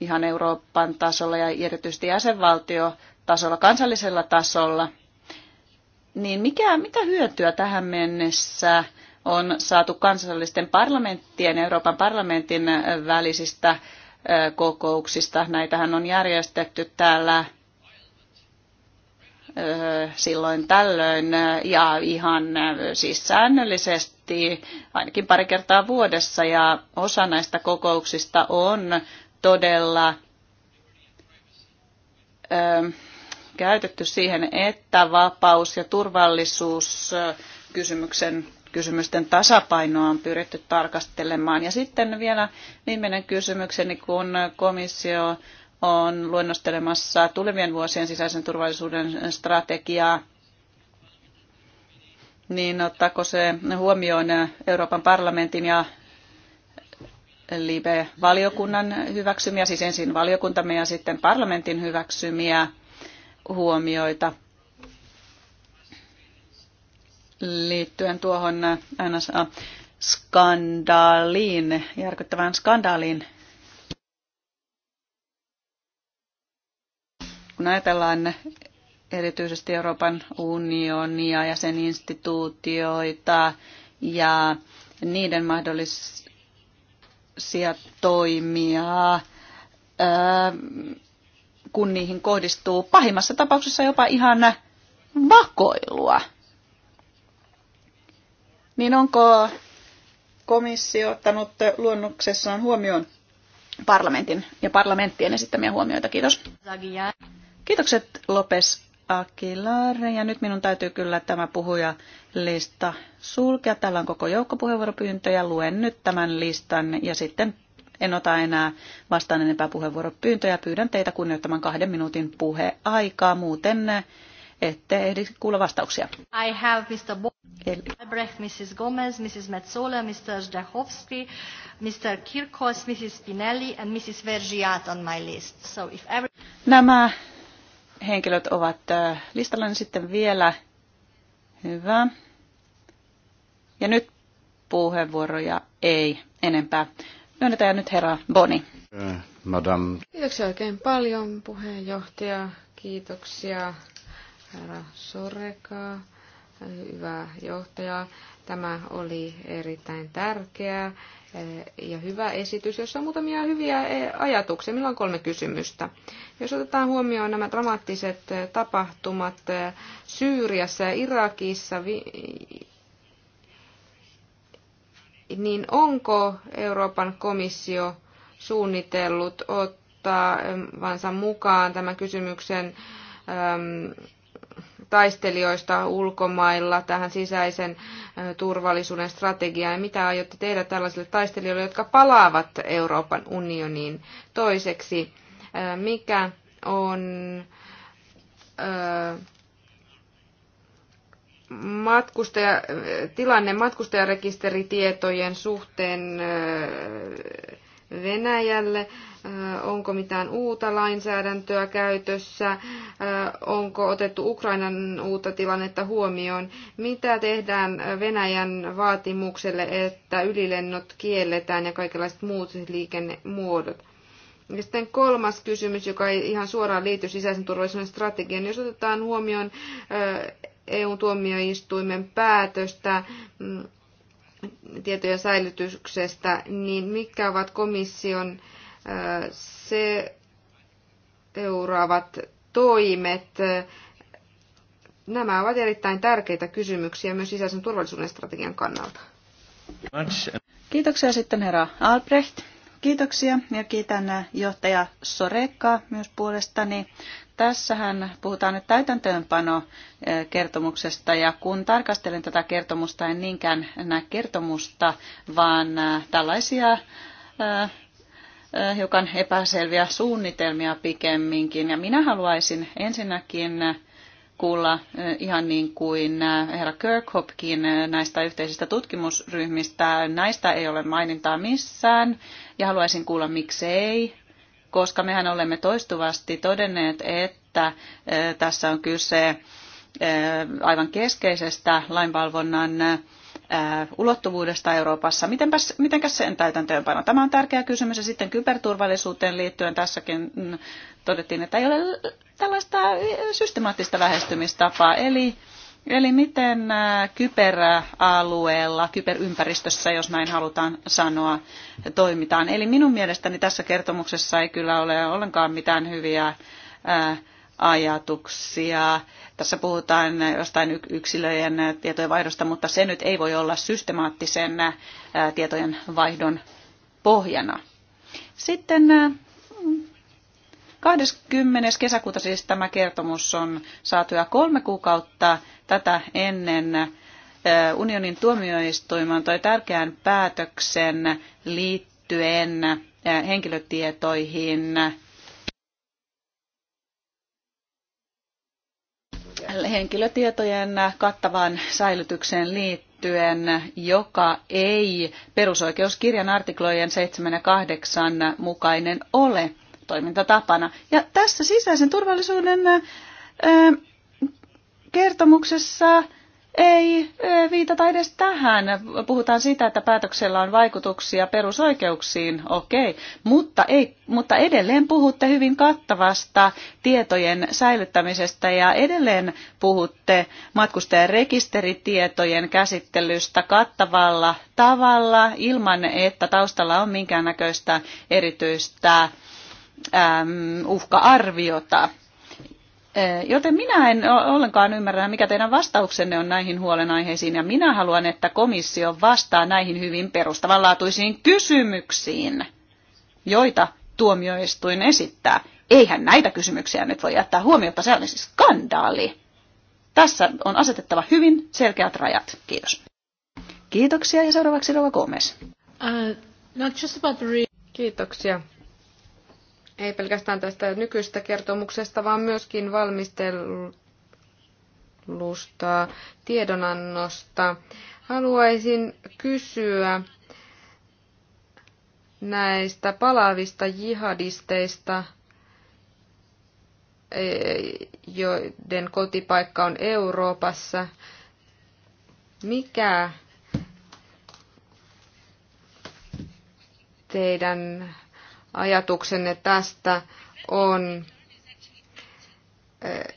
ihan Euroopan tasolla ja erityisesti jäsenvaltiotasolla, kansallisella tasolla, niin mikä, mitä hyötyä tähän mennessä on saatu kansallisten parlamenttien Euroopan parlamentin välisistä kokouksista? Näitähän on järjestetty täällä silloin tällöin ja ihan siis säännöllisesti pohtii ainakin pari kertaa vuodessa ja osa näistä kokouksista on todella ö, ähm, käytetty siihen, että vapaus ja turvallisuus kysymyksen kysymysten tasapainoa on pyritty tarkastelemaan. Ja sitten vielä viimeinen kysymykseni, kun komissio on luennostelemassa tulevien vuosien sisäisen turvallisuuden strategiaa, niin ottaako se huomioon Euroopan parlamentin ja LIBE-valiokunnan hyväksymiä, siis ensin valiokuntamme ja sitten parlamentin hyväksymiä huomioita liittyen tuohon NSA-skandaaliin, järkyttävään skandaaliin. Kun ajatellaan erityisesti Euroopan unionia ja sen instituutioita ja niiden mahdollisia toimia, kun niihin kohdistuu pahimmassa tapauksessa jopa ihan vakoilua. Niin onko komissio ottanut luonnoksessaan huomioon parlamentin ja parlamenttien esittämiä huomioita? Kiitos. Kiitokset Lopes Aquilar. Ja nyt minun täytyy kyllä tämä puhujalista sulkea. Täällä on koko joukko puheenvuoropyyntöjä. Luen nyt tämän listan ja sitten en ota enää vastaan enempää puheenvuoropyyntöjä. Pyydän teitä kunnioittamaan kahden minuutin puheaikaa. Muuten ette ehdi kuulla vastauksia. I have Mr. Bo- Albrecht, Mrs. Gomez, Mrs. Metzola, Mr. Zdechowski, Mr. Kirkos, Mrs. Spinelli and Mrs. Vergiat on my list. So if every... Nämä henkilöt ovat listalla, niin sitten vielä hyvä. Ja nyt puheenvuoroja ei enempää. Myönnetään nyt herra Boni. Äh, Madame. Kiitoksia oikein paljon puheenjohtaja. Kiitoksia herra Soreka Hyvä johtaja, Tämä oli erittäin tärkeä eh, ja hyvä esitys, jossa on muutamia hyviä eh, ajatuksia. Meillä on kolme kysymystä. Jos otetaan huomioon nämä dramaattiset eh, tapahtumat Syyriassa ja Irakissa, niin onko Euroopan komissio suunnitellut ottaa vansa mukaan tämän kysymyksen ehm, taistelijoista ulkomailla tähän sisäisen turvallisuuden strategiaan mitä aiotte tehdä tällaisille taistelijoille, jotka palaavat Euroopan unioniin toiseksi? Mikä on matkustaja, tilanne matkustajarekisteritietojen suhteen Venäjälle, onko mitään uutta lainsäädäntöä käytössä, onko otettu Ukrainan uutta tilannetta huomioon, mitä tehdään Venäjän vaatimukselle, että ylilennot kielletään ja kaikenlaiset muut liikennemuodot. Ja sitten kolmas kysymys, joka ei ihan suoraan liity sisäisen turvallisuuden strategiaan, jos otetaan huomioon EU-tuomioistuimen päätöstä mm, tietojen säilytyksestä, niin mitkä ovat komission seuraavat toimet? Nämä ovat erittäin tärkeitä kysymyksiä myös sisäisen turvallisuuden strategian kannalta. Kiitoksia sitten herra Albrecht. Kiitoksia ja kiitän johtaja Soreka myös puolestani Tässähän puhutaan nyt täytäntöönpano eh, kertomuksesta ja kun tarkastelen tätä kertomusta, en niinkään näe kertomusta, vaan eh, tällaisia eh, hiukan epäselviä suunnitelmia pikemminkin. Ja minä haluaisin ensinnäkin kuulla ihan niin kuin herra Kirkhopkin näistä yhteisistä tutkimusryhmistä. Näistä ei ole mainintaa missään ja haluaisin kuulla miksei koska mehän olemme toistuvasti todenneet, että tässä on kyse aivan keskeisestä lainvalvonnan ulottuvuudesta Euroopassa. Mitenpäs, mitenkäs sen täytäntöönpano? Tämä on tärkeä kysymys ja sitten kyberturvallisuuteen liittyen tässäkin mm, todettiin, että ei ole tällaista systemaattista lähestymistapaa. Eli Eli miten äh, kyberalueella, kyberympäristössä, jos näin halutaan sanoa, toimitaan. Eli minun mielestäni tässä kertomuksessa ei kyllä ole ollenkaan mitään hyviä äh, ajatuksia. Tässä puhutaan jostain yksilöjen äh, tietojen vaihdosta, mutta se nyt ei voi olla systemaattisen tietojen vaihdon pohjana. Sitten 20. kesäkuuta siis tämä kertomus on saatu ja kolme kuukautta tätä ennen eh, unionin tuomioistuimaan toi tärkeän päätöksen liittyen eh, henkilötietoihin henkilötietojen kattavaan säilytykseen liittyen, joka ei perusoikeuskirjan artiklojen 7 ja 8 mukainen ole toimintatapana. Ja tässä sisäisen turvallisuuden kertomuksessa ei viitata edes tähän. Puhutaan siitä, että päätöksellä on vaikutuksia perusoikeuksiin, okei, mutta, ei, mutta edelleen puhutte hyvin kattavasta tietojen säilyttämisestä ja edelleen puhutte matkustajan rekisteritietojen käsittelystä kattavalla tavalla ilman, että taustalla on minkäännäköistä erityistä uhka-arviota. Joten minä en ollenkaan ymmärrä, mikä teidän vastauksenne on näihin huolenaiheisiin, ja minä haluan, että komissio vastaa näihin hyvin perustavanlaatuisiin kysymyksiin, joita tuomioistuin esittää. Eihän näitä kysymyksiä nyt voi jättää huomiota, se on siis skandaali. Tässä on asetettava hyvin selkeät rajat. Kiitos. Kiitoksia ja seuraavaksi Rova Gomez. Uh, not just about the Kiitoksia ei pelkästään tästä nykyistä kertomuksesta, vaan myöskin valmistelusta, tiedonannosta. Haluaisin kysyä näistä palaavista jihadisteista, e, joiden kotipaikka on Euroopassa. Mikä teidän ajatuksenne tästä on, eh,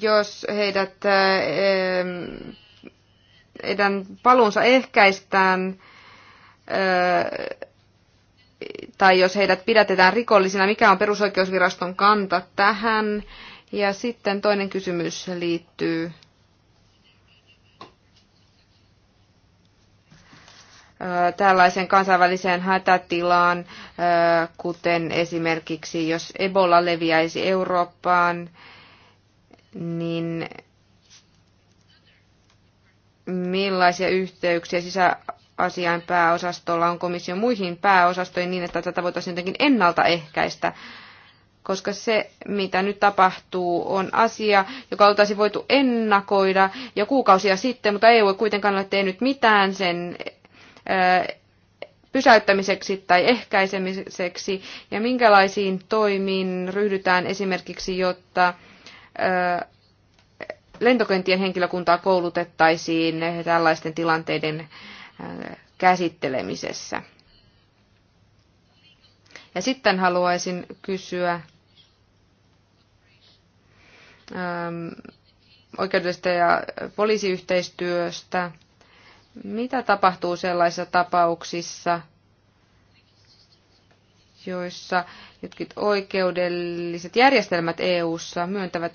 jos heidät, eh, heidän paluunsa ehkäistään eh, tai jos heidät pidätetään rikollisina, mikä on perusoikeusviraston kanta tähän? Ja sitten toinen kysymys liittyy tällaisen kansainväliseen hätätilaan, kuten esimerkiksi jos Ebola leviäisi Eurooppaan, niin millaisia yhteyksiä sisäasian pääosastolla on komission muihin pääosastoihin niin, että tätä voitaisiin jotenkin ennaltaehkäistä? koska se, mitä nyt tapahtuu, on asia, joka oltaisiin voitu ennakoida jo kuukausia sitten, mutta EU ei kuitenkaan ole tehnyt mitään sen pysäyttämiseksi tai ehkäisemiseksi ja minkälaisiin toimiin ryhdytään esimerkiksi, jotta lentokenttien henkilökuntaa koulutettaisiin tällaisten tilanteiden käsittelemisessä. Ja sitten haluaisin kysyä ähm, oikeudellisesta ja poliisiyhteistyöstä. Mitä tapahtuu sellaisissa tapauksissa, joissa jotkut oikeudelliset järjestelmät EU:ssa myöntävät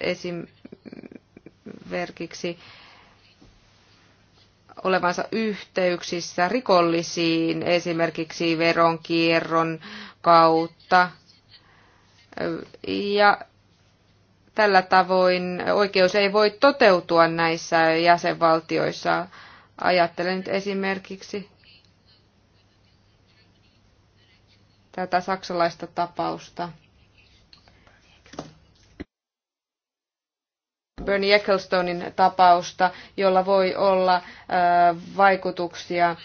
esimerkiksi olevansa yhteyksissä rikollisiin esimerkiksi veronkierron kautta. Ja tällä tavoin oikeus ei voi toteutua näissä jäsenvaltioissa. Ajattelen nyt esimerkiksi tätä saksalaista tapausta. Bernie Ecclestonein tapausta, jolla voi olla äh, vaikutuksia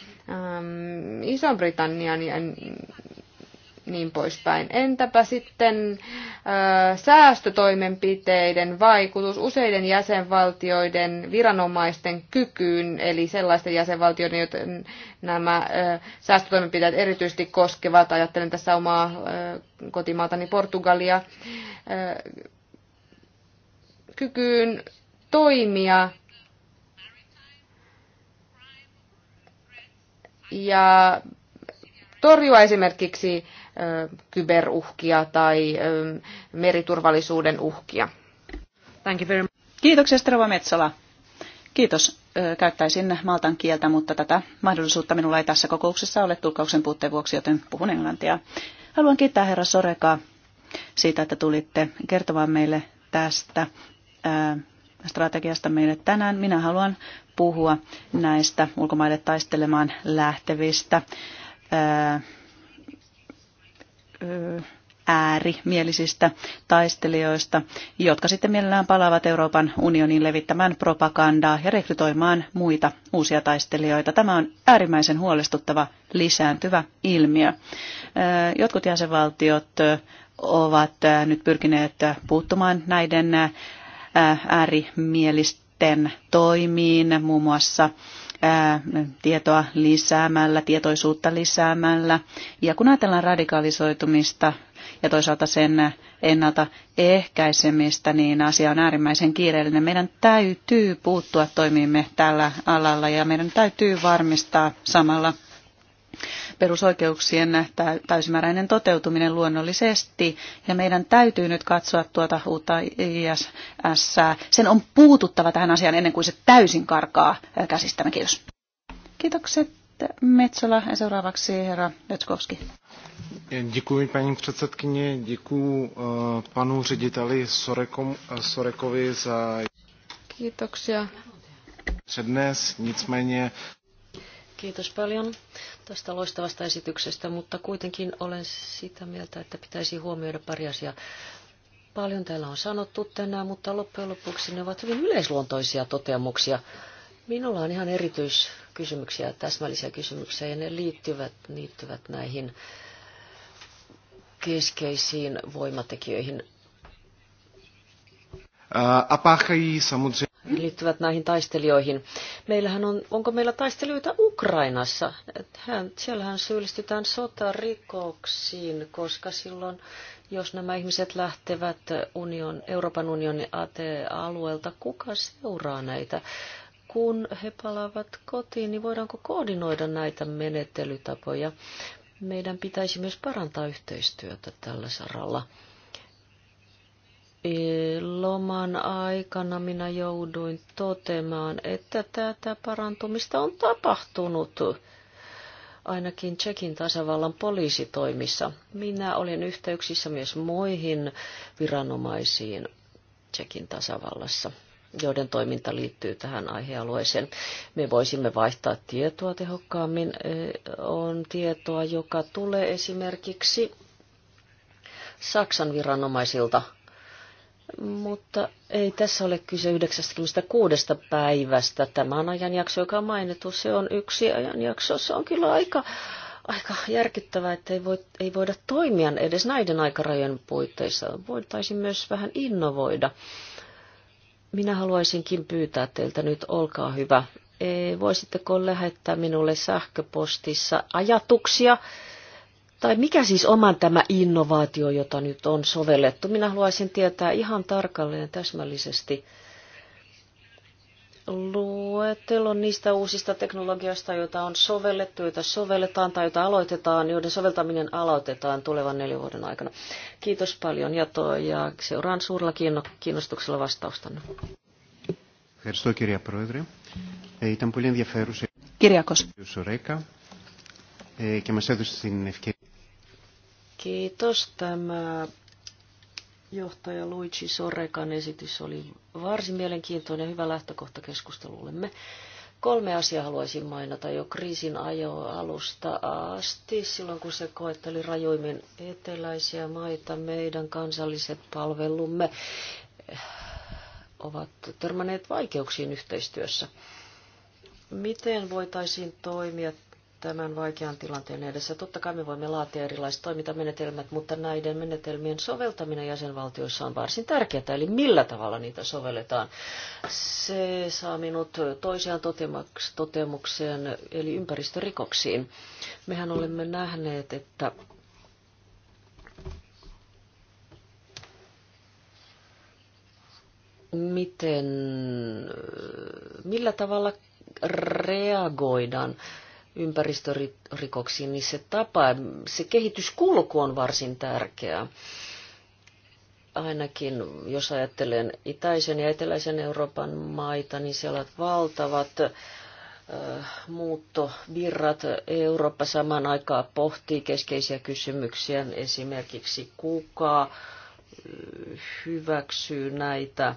Ison-Britannian niin poispäin. Entäpä sitten ö, säästötoimenpiteiden vaikutus useiden jäsenvaltioiden viranomaisten kykyyn, eli sellaisten jäsenvaltioiden, joiden nämä ö, säästötoimenpiteet erityisesti koskevat, ajattelen tässä omaa ö, kotimaatani Portugalia, ö, kykyyn toimia ja torjua esimerkiksi kyberuhkia tai meriturvallisuuden uhkia. Thank you very much. Kiitoksia, Strava Metsola. Kiitos. Käyttäisin maltan kieltä, mutta tätä mahdollisuutta minulla ei tässä kokouksessa ole tulkauksen puutteen vuoksi, joten puhun englantia. Haluan kiittää herra Sorekaa siitä, että tulitte kertomaan meille tästä strategiasta meille tänään. Minä haluan puhua näistä ulkomaille taistelemaan lähtevistä äärimielisistä taistelijoista, jotka sitten mielellään palaavat Euroopan unionin levittämään propagandaa ja rekrytoimaan muita uusia taistelijoita. Tämä on äärimmäisen huolestuttava lisääntyvä ilmiö. Jotkut jäsenvaltiot ovat nyt pyrkineet puuttumaan näiden äärimielisten toimiin, muun muassa tietoa lisäämällä, tietoisuutta lisäämällä. Ja kun ajatellaan radikalisoitumista ja toisaalta sen ehkäisemistä niin asia on äärimmäisen kiireellinen. Meidän täytyy puuttua toimimme tällä alalla ja meidän täytyy varmistaa samalla perusoikeuksien täysimääräinen toteutuminen luonnollisesti. Ja meidän täytyy nyt katsoa tuota uutta ISS. Sen on puututtava tähän asiaan ennen kuin se täysin karkaa käsistämme. Kiitos. Kiitokset Metsola ja seuraavaksi herra Letskovski. Děkuji paní předsedkyně, děkuji eh, panu řediteli Sorekom, eh, Sorekovi za Kiitoksia. přednes, nicméně Kiitos paljon tästä loistavasta esityksestä, mutta kuitenkin olen sitä mieltä, että pitäisi huomioida pari asiaa. Paljon täällä on sanottu tänään, mutta loppujen lopuksi ne ovat hyvin yleisluontoisia toteamuksia. Minulla on ihan erityiskysymyksiä, täsmällisiä kysymyksiä, ja ne liittyvät, liittyvät näihin keskeisiin voimatekijöihin. Apáchají samozřejmě liittyvät näihin taistelijoihin. Meillähän on, onko meillä taistelijoita Ukrainassa? Hän, siellähän syyllistytään sotarikoksiin, koska silloin, jos nämä ihmiset lähtevät union, Euroopan unionin AT-alueelta, kuka seuraa näitä? Kun he palaavat kotiin, niin voidaanko koordinoida näitä menettelytapoja? Meidän pitäisi myös parantaa yhteistyötä tällä saralla. Loman aikana minä jouduin totemaan, että tätä parantumista on tapahtunut ainakin Tsekin tasavallan poliisitoimissa. Minä olin yhteyksissä myös muihin viranomaisiin Tsekin tasavallassa joiden toiminta liittyy tähän aihealueeseen. Me voisimme vaihtaa tietoa tehokkaammin. On tietoa, joka tulee esimerkiksi Saksan viranomaisilta mutta ei tässä ole kyse 96 päivästä. Tämä on ajanjakso, joka on mainittu. Se on yksi ajanjakso. Se on kyllä aika, aika järkyttävää, että ei, voi, ei voida toimia edes näiden aikarajojen puitteissa. Voitaisiin myös vähän innovoida. Minä haluaisinkin pyytää teiltä nyt, olkaa hyvä. E, voisitteko lähettää minulle sähköpostissa ajatuksia? tai mikä siis oman tämä innovaatio, jota nyt on sovellettu? Minä haluaisin tietää ihan tarkalleen täsmällisesti luettelon niistä uusista teknologioista, joita on sovellettu, joita sovelletaan tai joita aloitetaan, joiden soveltaminen aloitetaan tulevan neljän vuoden aikana. Kiitos paljon ja, to, ja seuraan suurella kiinnostuksella vastaustanne. Kirjakos. κυρία Πρόεδρε. Ε, ήταν και μας έδωσε την ευκαιρία. Kiitos. Tämä johtaja Luigi Sorrekan esitys oli varsin mielenkiintoinen ja hyvä lähtökohta keskustelullemme. Kolme asiaa haluaisin mainita jo kriisin ajo alusta asti, silloin kun se koetteli rajoimmin eteläisiä maita, meidän kansalliset palvelumme ovat törmänneet vaikeuksiin yhteistyössä. Miten voitaisiin toimia tämän vaikean tilanteen edessä. Totta kai me voimme laatia erilaiset toimintamenetelmät, mutta näiden menetelmien soveltaminen jäsenvaltioissa on varsin tärkeää, eli millä tavalla niitä sovelletaan. Se saa minut toisiaan toteamukseen, eli ympäristörikoksiin. Mehän olemme nähneet, että miten, millä tavalla reagoidaan ympäristörikoksiin, niin se tapa, se kehityskulku on varsin tärkeää. Ainakin jos ajattelen itäisen ja eteläisen Euroopan maita, niin siellä on valtavat muuttovirrat. Eurooppa samaan aikaan pohtii keskeisiä kysymyksiä, esimerkiksi kuka hyväksyy näitä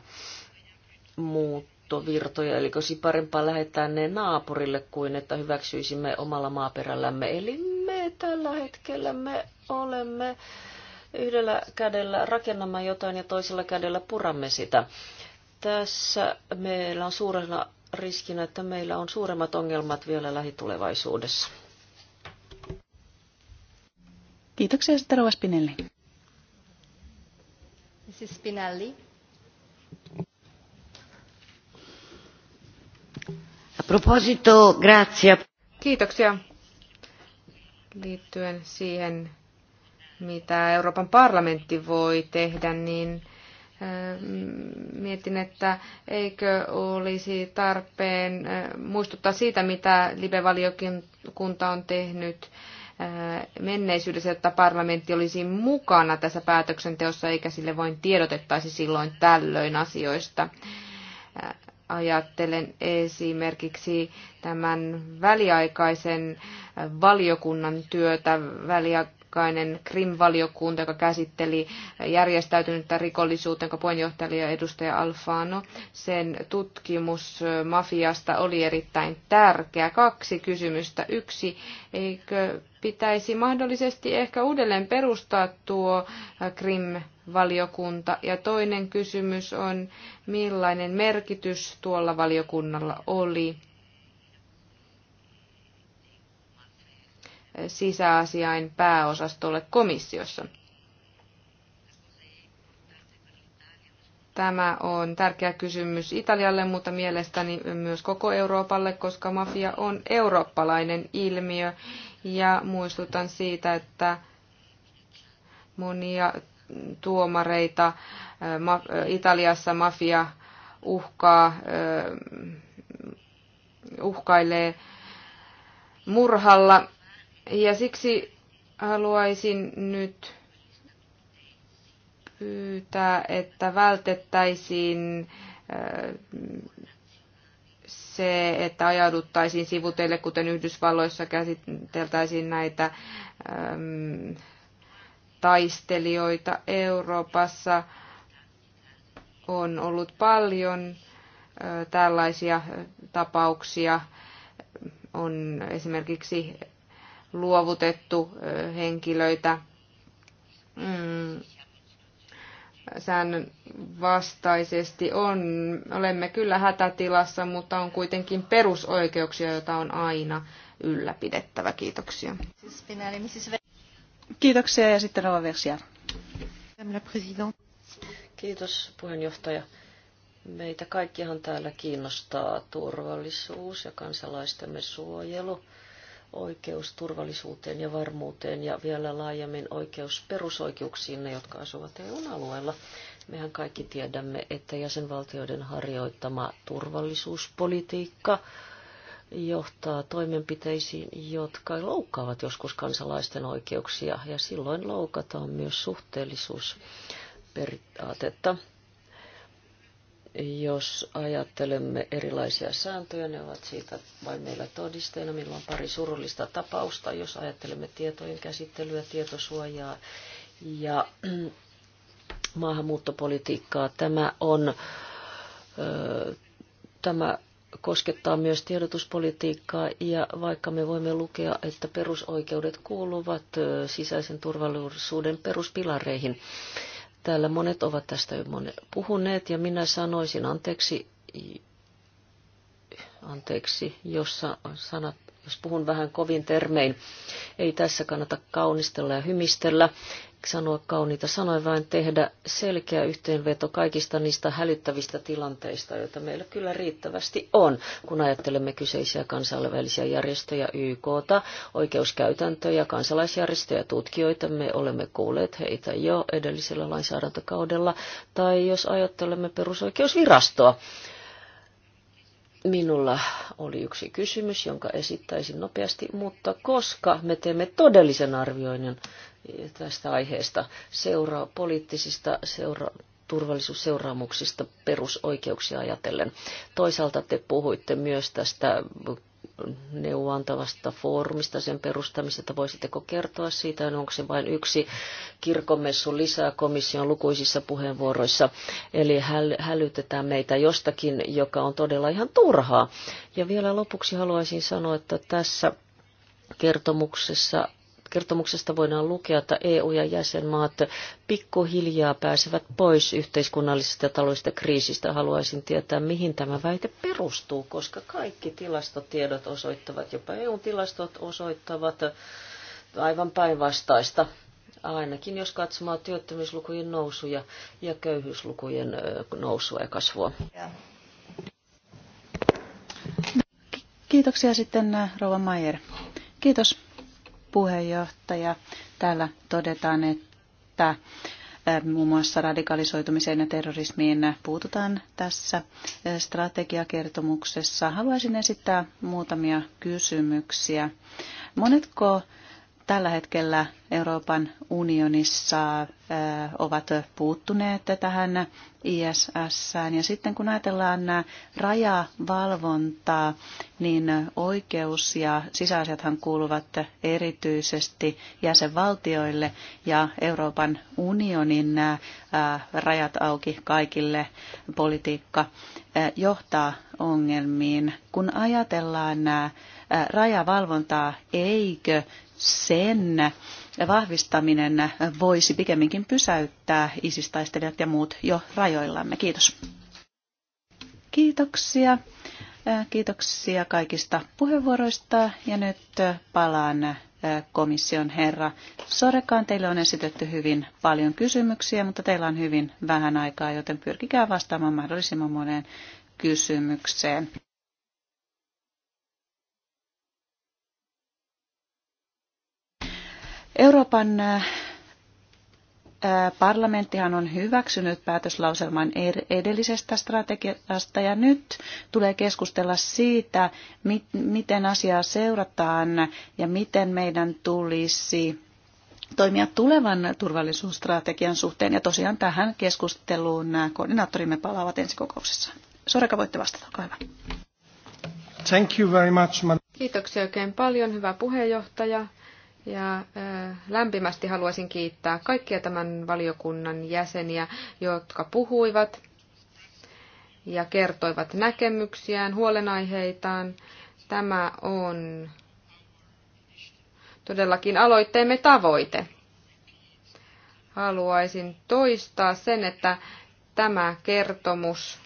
muut muuttovirtoja, eli olisi parempaa lähettää ne naapurille kuin että hyväksyisimme omalla maaperällämme. Eli me tällä hetkellä me olemme yhdellä kädellä rakennamme jotain ja toisella kädellä puramme sitä. Tässä meillä on suurena riskinä, että meillä on suuremmat ongelmat vielä lähitulevaisuudessa. Kiitoksia sitten Rova Spinelli. Mrs. Spinelli. Proposito, grazie. Kiitoksia liittyen siihen, mitä Euroopan parlamentti voi tehdä, niin äh, mietin, että eikö olisi tarpeen äh, muistuttaa siitä, mitä live kunta on tehnyt äh, menneisyydessä, jotta parlamentti olisi mukana tässä päätöksenteossa, eikä sille voin tiedotettaisi silloin tällöin asioista. Ajattelen esimerkiksi tämän väliaikaisen valiokunnan työtä, väliaikainen Krim-valiokunta, joka käsitteli järjestäytynyttä rikollisuutta, jonka puheenjohtaja edustaja Alfano. Sen tutkimus mafiasta oli erittäin tärkeä. Kaksi kysymystä. Yksi, eikö pitäisi mahdollisesti ehkä uudelleen perustaa tuo Krim valiokunta? Ja toinen kysymys on, millainen merkitys tuolla valiokunnalla oli sisäasiain pääosastolle komissiossa? Tämä on tärkeä kysymys Italialle, mutta mielestäni myös koko Euroopalle, koska mafia on eurooppalainen ilmiö. Ja muistutan siitä, että monia tuomareita. Italiassa mafia uhkaa, uhkailee murhalla. Ja siksi haluaisin nyt pyytää, että vältettäisiin se, että ajauduttaisiin sivuteille, kuten Yhdysvalloissa käsiteltäisiin näitä taistelijoita Euroopassa on ollut paljon tällaisia tapauksia. On esimerkiksi luovutettu henkilöitä mm. säännön vastaisesti on. Olemme kyllä hätätilassa, mutta on kuitenkin perusoikeuksia, joita on aina ylläpidettävä. Kiitoksia. Siis Kiitoksia ja sitten Rova Versia. Kiitos puheenjohtaja. Meitä kaikkihan täällä kiinnostaa turvallisuus ja kansalaistemme suojelu, oikeus turvallisuuteen ja varmuuteen ja vielä laajemmin oikeus perusoikeuksiin, ne jotka asuvat EU-alueella. Mehän kaikki tiedämme, että jäsenvaltioiden harjoittama turvallisuuspolitiikka johtaa toimenpiteisiin, jotka loukkaavat joskus kansalaisten oikeuksia ja silloin loukataan myös suhteellisuusperiaatetta. Jos ajattelemme erilaisia sääntöjä, ne ovat siitä vain meillä todisteena. Meillä on pari surullista tapausta, jos ajattelemme tietojen käsittelyä, tietosuojaa ja maahanmuuttopolitiikkaa. Tämä on, ö, tämä koskettaa myös tiedotuspolitiikkaa ja vaikka me voimme lukea, että perusoikeudet kuuluvat sisäisen turvallisuuden peruspilareihin, täällä monet ovat tästä jo puhuneet ja minä sanoisin anteeksi, anteeksi, jossa sanat jos puhun vähän kovin termein. Ei tässä kannata kaunistella ja hymistellä, sanoa kauniita sanoja, vaan tehdä selkeä yhteenveto kaikista niistä hälyttävistä tilanteista, joita meillä kyllä riittävästi on, kun ajattelemme kyseisiä kansainvälisiä järjestöjä, YKta, oikeuskäytäntöjä, kansalaisjärjestöjä, tutkijoita. Me olemme kuulleet heitä jo edellisellä lainsäädäntökaudella, tai jos ajattelemme perusoikeusvirastoa, Minulla oli yksi kysymys, jonka esittäisin nopeasti, mutta koska me teemme todellisen arvioinnin tästä aiheesta seuraa poliittisista seura- turvallisuusseuraamuksista perusoikeuksia ajatellen. Toisaalta te puhuitte myös tästä neuvontavasta foorumista, sen perustamisesta. Voisitteko kertoa siitä, onko se vain yksi kirkomessu lisää komission lukuisissa puheenvuoroissa? Eli hälytetään meitä jostakin, joka on todella ihan turhaa. Ja vielä lopuksi haluaisin sanoa, että tässä kertomuksessa Kertomuksesta voidaan lukea, että EU ja jäsenmaat pikkuhiljaa pääsevät pois yhteiskunnallisesta ja taloudellisesta kriisistä. Haluaisin tietää, mihin tämä väite perustuu, koska kaikki tilastotiedot osoittavat, jopa EU-tilastot osoittavat aivan päinvastaista ainakin jos katsomaan työttömyyslukujen nousuja ja köyhyyslukujen nousua ja kasvua. Kiitoksia sitten Rova Maier. Kiitos puheenjohtaja. Täällä todetaan, että muun muassa radikalisoitumiseen ja terrorismiin puututaan tässä strategiakertomuksessa. Haluaisin esittää muutamia kysymyksiä. Monetko tällä hetkellä Euroopan unionissa ovat puuttuneet tähän ISS. Ja sitten kun ajatellaan rajavalvontaa, niin oikeus ja sisäasiathan kuuluvat erityisesti jäsenvaltioille ja Euroopan unionin rajat auki kaikille politiikka johtaa ongelmiin. Kun ajatellaan rajavalvontaa, eikö sen vahvistaminen voisi pikemminkin pysäyttää ISIS-taistelijat ja muut jo rajoillamme. Kiitos. Kiitoksia. Äh, kiitoksia kaikista puheenvuoroista ja nyt äh, palaan äh, komission herra Sorekaan. Teille on esitetty hyvin paljon kysymyksiä, mutta teillä on hyvin vähän aikaa, joten pyrkikää vastaamaan mahdollisimman moneen kysymykseen. Euroopan äh, äh, parlamenttihan on hyväksynyt päätöslauselman edellisestä strategiasta ja nyt tulee keskustella siitä, miten asiaa seurataan ja miten meidän tulisi toimia tulevan turvallisuusstrategian suhteen. Ja tosiaan tähän keskusteluun äh, koordinaattorimme palaavat ensi kokouksessa. Soreka, voitte vastata, olkaa hyvä. Thank you very much, Kiitoksia oikein paljon, hyvä puheenjohtaja. Ja lämpimästi haluaisin kiittää kaikkia tämän valiokunnan jäseniä, jotka puhuivat ja kertoivat näkemyksiään, huolenaiheitaan. Tämä on todellakin aloitteemme tavoite. Haluaisin toistaa sen, että tämä kertomus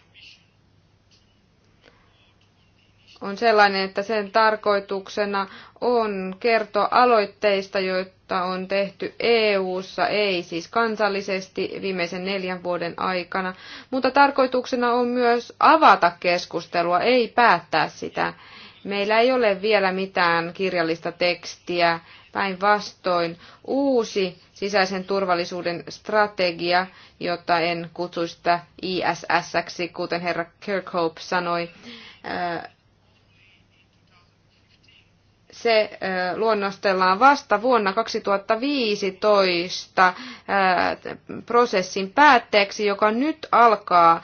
on sellainen, että sen tarkoituksena on kertoa aloitteista, joita on tehty EU-ssa, ei siis kansallisesti viimeisen neljän vuoden aikana, mutta tarkoituksena on myös avata keskustelua, ei päättää sitä. Meillä ei ole vielä mitään kirjallista tekstiä, päinvastoin uusi sisäisen turvallisuuden strategia, jota en sitä ISS, kuten herra Kirkhope sanoi, se luonnostellaan vasta vuonna 2015 prosessin päätteeksi, joka nyt alkaa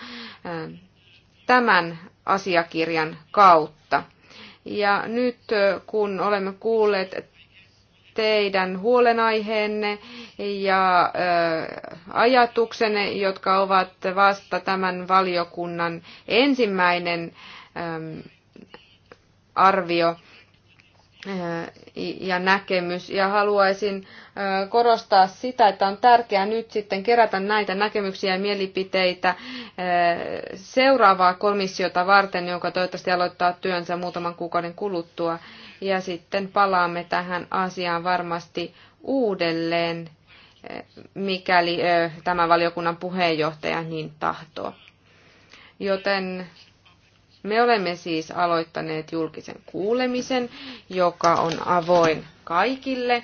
tämän asiakirjan kautta. Ja nyt kun olemme kuulleet teidän huolenaiheenne ja ajatuksenne, jotka ovat vasta tämän valiokunnan ensimmäinen arvio, ja näkemys. Ja haluaisin korostaa sitä, että on tärkeää nyt sitten kerätä näitä näkemyksiä ja mielipiteitä seuraavaa komissiota varten, joka toivottavasti aloittaa työnsä muutaman kuukauden kuluttua. Ja sitten palaamme tähän asiaan varmasti uudelleen, mikäli tämä valiokunnan puheenjohtaja niin tahtoo. Joten me olemme siis aloittaneet julkisen kuulemisen, joka on avoin kaikille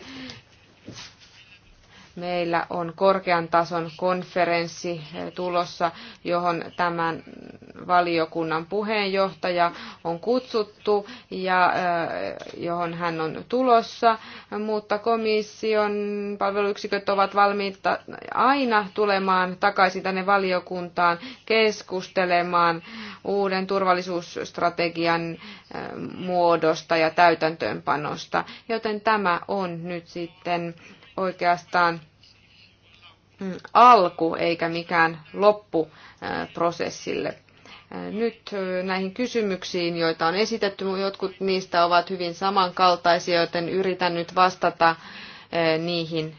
Meillä on korkean tason konferenssi tulossa, johon tämän valiokunnan puheenjohtaja on kutsuttu ja johon hän on tulossa, mutta komission palveluyksiköt ovat valmiita aina tulemaan takaisin tänne valiokuntaan keskustelemaan uuden turvallisuusstrategian muodosta ja täytäntöönpanosta, joten tämä on nyt sitten oikeastaan mm, alku eikä mikään loppu äh, prosessille. Äh, nyt äh, näihin kysymyksiin, joita on esitetty, jotkut niistä ovat hyvin samankaltaisia, joten yritän nyt vastata niihin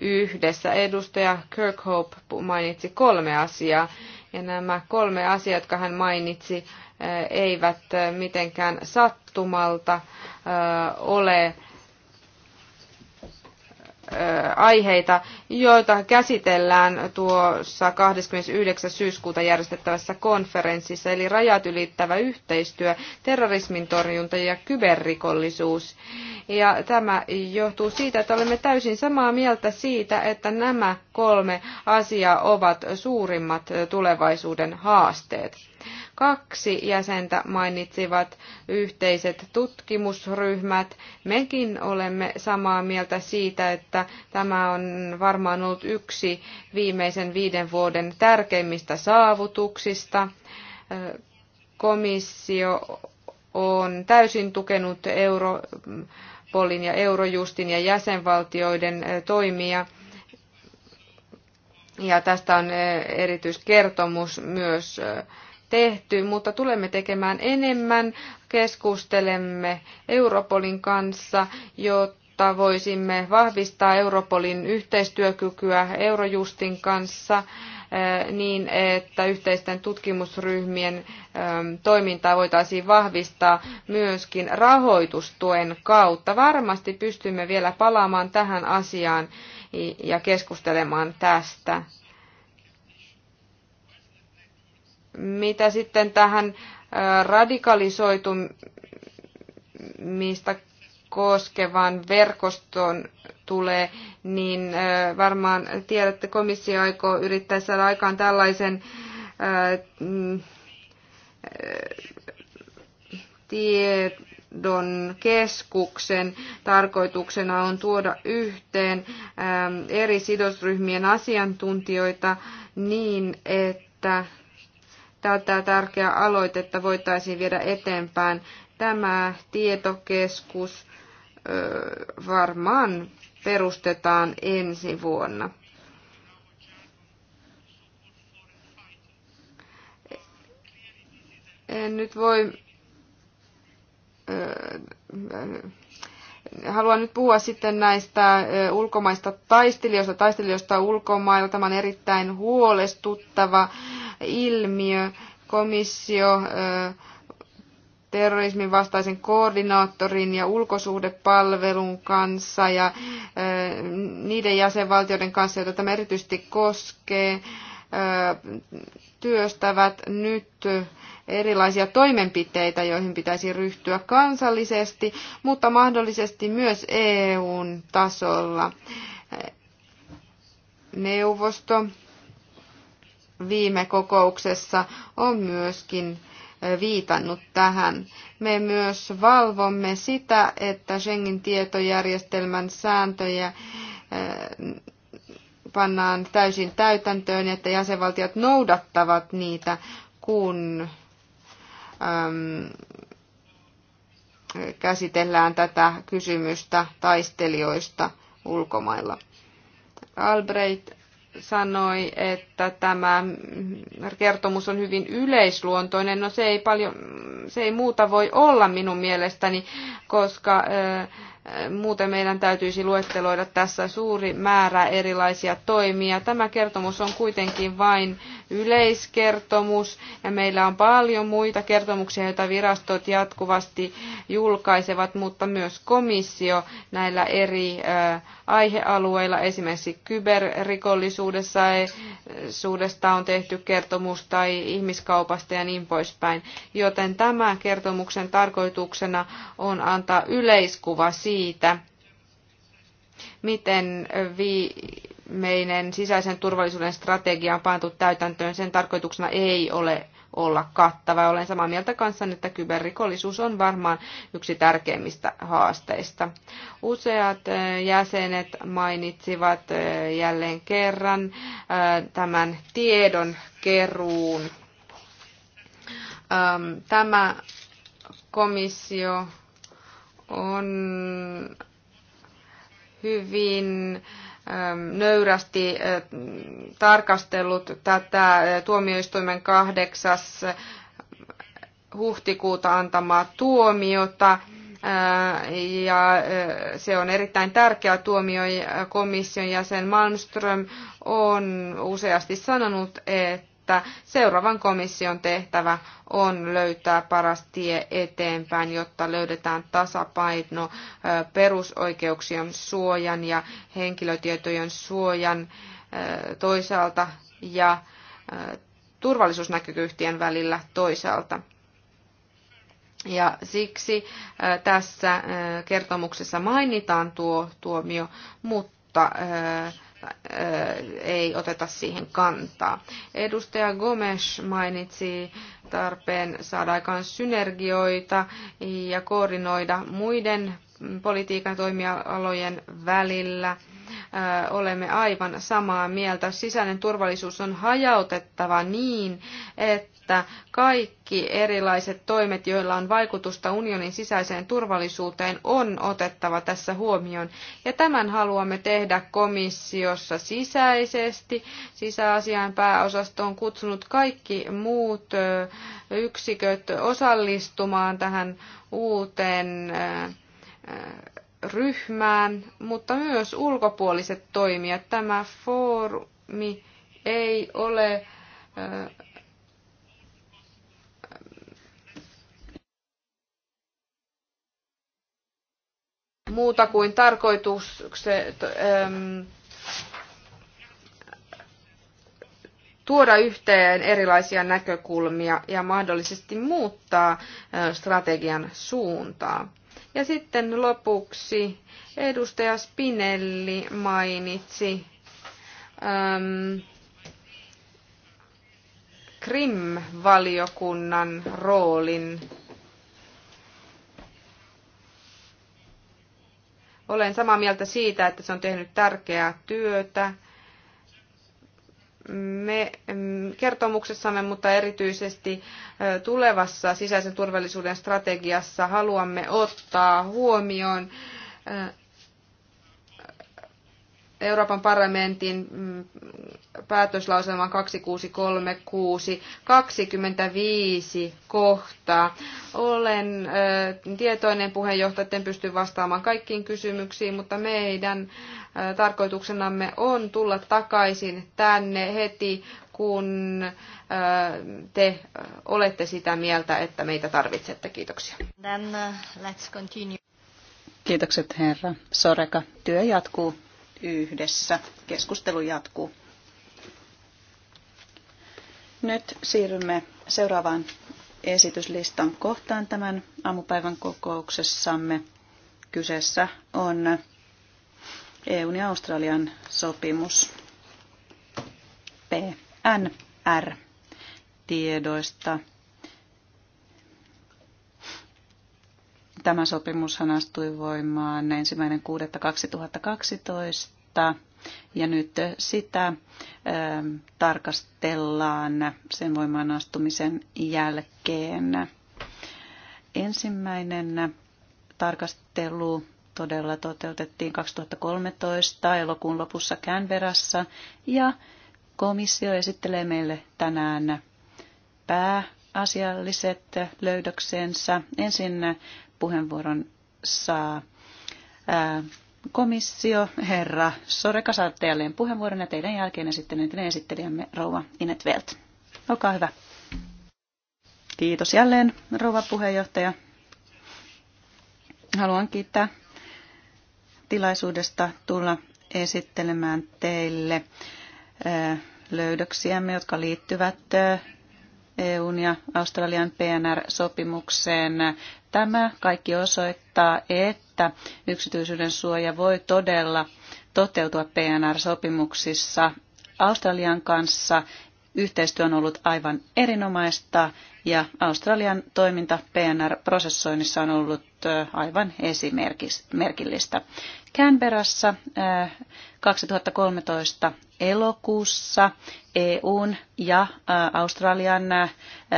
yhdessä. Edustaja Kirkhope mainitsi kolme asiaa, ja nämä kolme asiaa, jotka hän mainitsi, eivät mitenkään sattumalta ole aiheita, joita käsitellään tuossa 29. syyskuuta järjestettävässä konferenssissa, eli rajat ylittävä yhteistyö, terrorismin torjunta ja kyberrikollisuus. Ja tämä johtuu siitä, että olemme täysin samaa mieltä siitä, että nämä kolme asiaa ovat suurimmat tulevaisuuden haasteet. Kaksi jäsentä mainitsivat yhteiset tutkimusryhmät. Mekin olemme samaa mieltä siitä, että tämä on varmaan ollut yksi viimeisen viiden vuoden tärkeimmistä saavutuksista. Komissio on täysin tukenut Europolin ja Eurojustin ja jäsenvaltioiden toimia. Ja tästä on eh, erityiskertomus myös eh, tehty, mutta tulemme tekemään enemmän. Keskustelemme Europolin kanssa, jotta voisimme vahvistaa Europolin yhteistyökykyä Eurojustin kanssa eh, niin, että yhteisten tutkimusryhmien eh, toimintaa voitaisiin vahvistaa myöskin rahoitustuen kautta. Varmasti pystymme vielä palaamaan tähän asiaan ja keskustelemaan tästä. Mitä sitten tähän radikalisoitumista koskevan verkoston tulee, niin varmaan tiedätte, komissio aikoo yrittää saada aikaan tällaisen mm, tiedon keskuksen tarkoituksena on tuoda yhteen eri sidosryhmien asiantuntijoita niin, että tätä tärkeää aloitetta voitaisiin viedä eteenpäin. Tämä tietokeskus varmaan perustetaan ensi vuonna. En nyt voi haluan nyt puhua sitten näistä ulkomaista taistelijoista, taistelijoista ulkomailla. Tämä on erittäin huolestuttava ilmiö. Komissio terrorismin vastaisen koordinaattorin ja ulkosuhdepalvelun kanssa ja niiden jäsenvaltioiden kanssa, joita tämä erityisesti koskee, työstävät nyt erilaisia toimenpiteitä, joihin pitäisi ryhtyä kansallisesti, mutta mahdollisesti myös EUn tasolla. Neuvosto viime kokouksessa on myöskin viitannut tähän. Me myös valvomme sitä, että Schengen tietojärjestelmän sääntöjä pannaan täysin täytäntöön, että jäsenvaltiot noudattavat niitä, kun äm, käsitellään tätä kysymystä taistelijoista ulkomailla. Albrecht sanoi, että tämä kertomus on hyvin yleisluontoinen. No se ei, paljon, se ei muuta voi olla minun mielestäni, koska Muuten meidän täytyisi luetteloida tässä suuri määrä erilaisia toimia. Tämä kertomus on kuitenkin vain yleiskertomus ja meillä on paljon muita kertomuksia, joita virastot jatkuvasti julkaisevat, mutta myös komissio näillä eri aihealueilla, esimerkiksi kyberrikollisuudessa e, suudesta on tehty kertomus tai ihmiskaupasta ja niin poispäin. Joten tämän kertomuksen tarkoituksena on antaa yleiskuva siitä, siitä, miten viimeinen sisäisen turvallisuuden strategia on pantu täytäntöön. Sen tarkoituksena ei ole olla kattava. Olen samaa mieltä kanssa, että kyberrikollisuus on varmaan yksi tärkeimmistä haasteista. Useat jäsenet mainitsivat jälleen kerran tämän tiedon keruun. Tämä komissio on hyvin ähm, nöyrästi äh, tarkastellut tätä äh, tuomioistuimen kahdeksas äh, huhtikuuta antamaa tuomiota. Ja se on erittäin tärkeä tuomio. Komission jäsen Malmström on useasti sanonut, että että seuraavan komission tehtävä on löytää paras tie eteenpäin, jotta löydetään tasapaino perusoikeuksien suojan ja henkilötietojen suojan toisaalta ja turvallisuusnäkökyhtien välillä toisaalta. Ja siksi tässä kertomuksessa mainitaan tuo tuomio, mutta mutta Äh, ei oteta siihen kantaa. Edustaja Gomes mainitsi tarpeen saada aikaan synergioita ja koordinoida muiden politiikan toimialojen välillä äh, olemme aivan samaa mieltä. Sisäinen turvallisuus on hajautettava niin, että että kaikki erilaiset toimet, joilla on vaikutusta unionin sisäiseen turvallisuuteen, on otettava tässä huomioon. Ja tämän haluamme tehdä komissiossa sisäisesti. Sisäasian pääosasto on kutsunut kaikki muut yksiköt osallistumaan tähän uuteen ryhmään, mutta myös ulkopuoliset toimijat. Tämä foorumi ei ole muuta kuin tarkoitukset ähm, tuoda yhteen erilaisia näkökulmia ja mahdollisesti muuttaa äh, strategian suuntaa. Ja sitten lopuksi edustaja Spinelli mainitsi ähm, Krim-valiokunnan roolin Olen samaa mieltä siitä, että se on tehnyt tärkeää työtä. Me mm, kertomuksessamme, mutta erityisesti tulevassa sisäisen turvallisuuden strategiassa haluamme ottaa huomioon Euroopan parlamentin mm, päätöslauselman 2636 25 kohtaa. Olen tietoinen puheenjohtaja, en pysty vastaamaan kaikkiin kysymyksiin, mutta meidän tarkoituksenamme on tulla takaisin tänne heti, kun te olette sitä mieltä, että meitä tarvitsette. Kiitoksia. Then, uh, let's continue. Kiitokset herra Soreka. Työ jatkuu yhdessä. Keskustelu jatkuu. Nyt siirrymme seuraavaan esityslistan kohtaan tämän aamupäivän kokouksessamme. Kyseessä on EUn ja Australian sopimus PNR tiedoista Tämä sopimushan astui voimaan ensimmäinen 6.2012 ja nyt sitä ä, ähm, tarkastellaan sen voimaan astumisen jälkeen. Ensimmäinen tarkastelu todella toteutettiin 2013 elokuun lopussa Canberrassa ja komissio esittelee meille tänään pääasialliset löydöksensä. Ensin puheenvuoron saa ää, komissio, herra Soreka, saatte jälleen puheenvuoron ja teidän jälkeen sitten entinen esittelijämme rouva Inet Welt. Olkaa hyvä. Kiitos jälleen, rouva puheenjohtaja. Haluan kiittää tilaisuudesta tulla esittelemään teille löydöksiämme, jotka liittyvät EUn ja Australian PNR-sopimukseen Tämä kaikki osoittaa, että yksityisyyden suoja voi todella toteutua PNR-sopimuksissa Australian kanssa. Yhteistyö on ollut aivan erinomaista ja Australian toiminta PNR-prosessoinnissa on ollut aivan esimerkillistä. Canberrassa 2013 elokuussa EUn ja Australian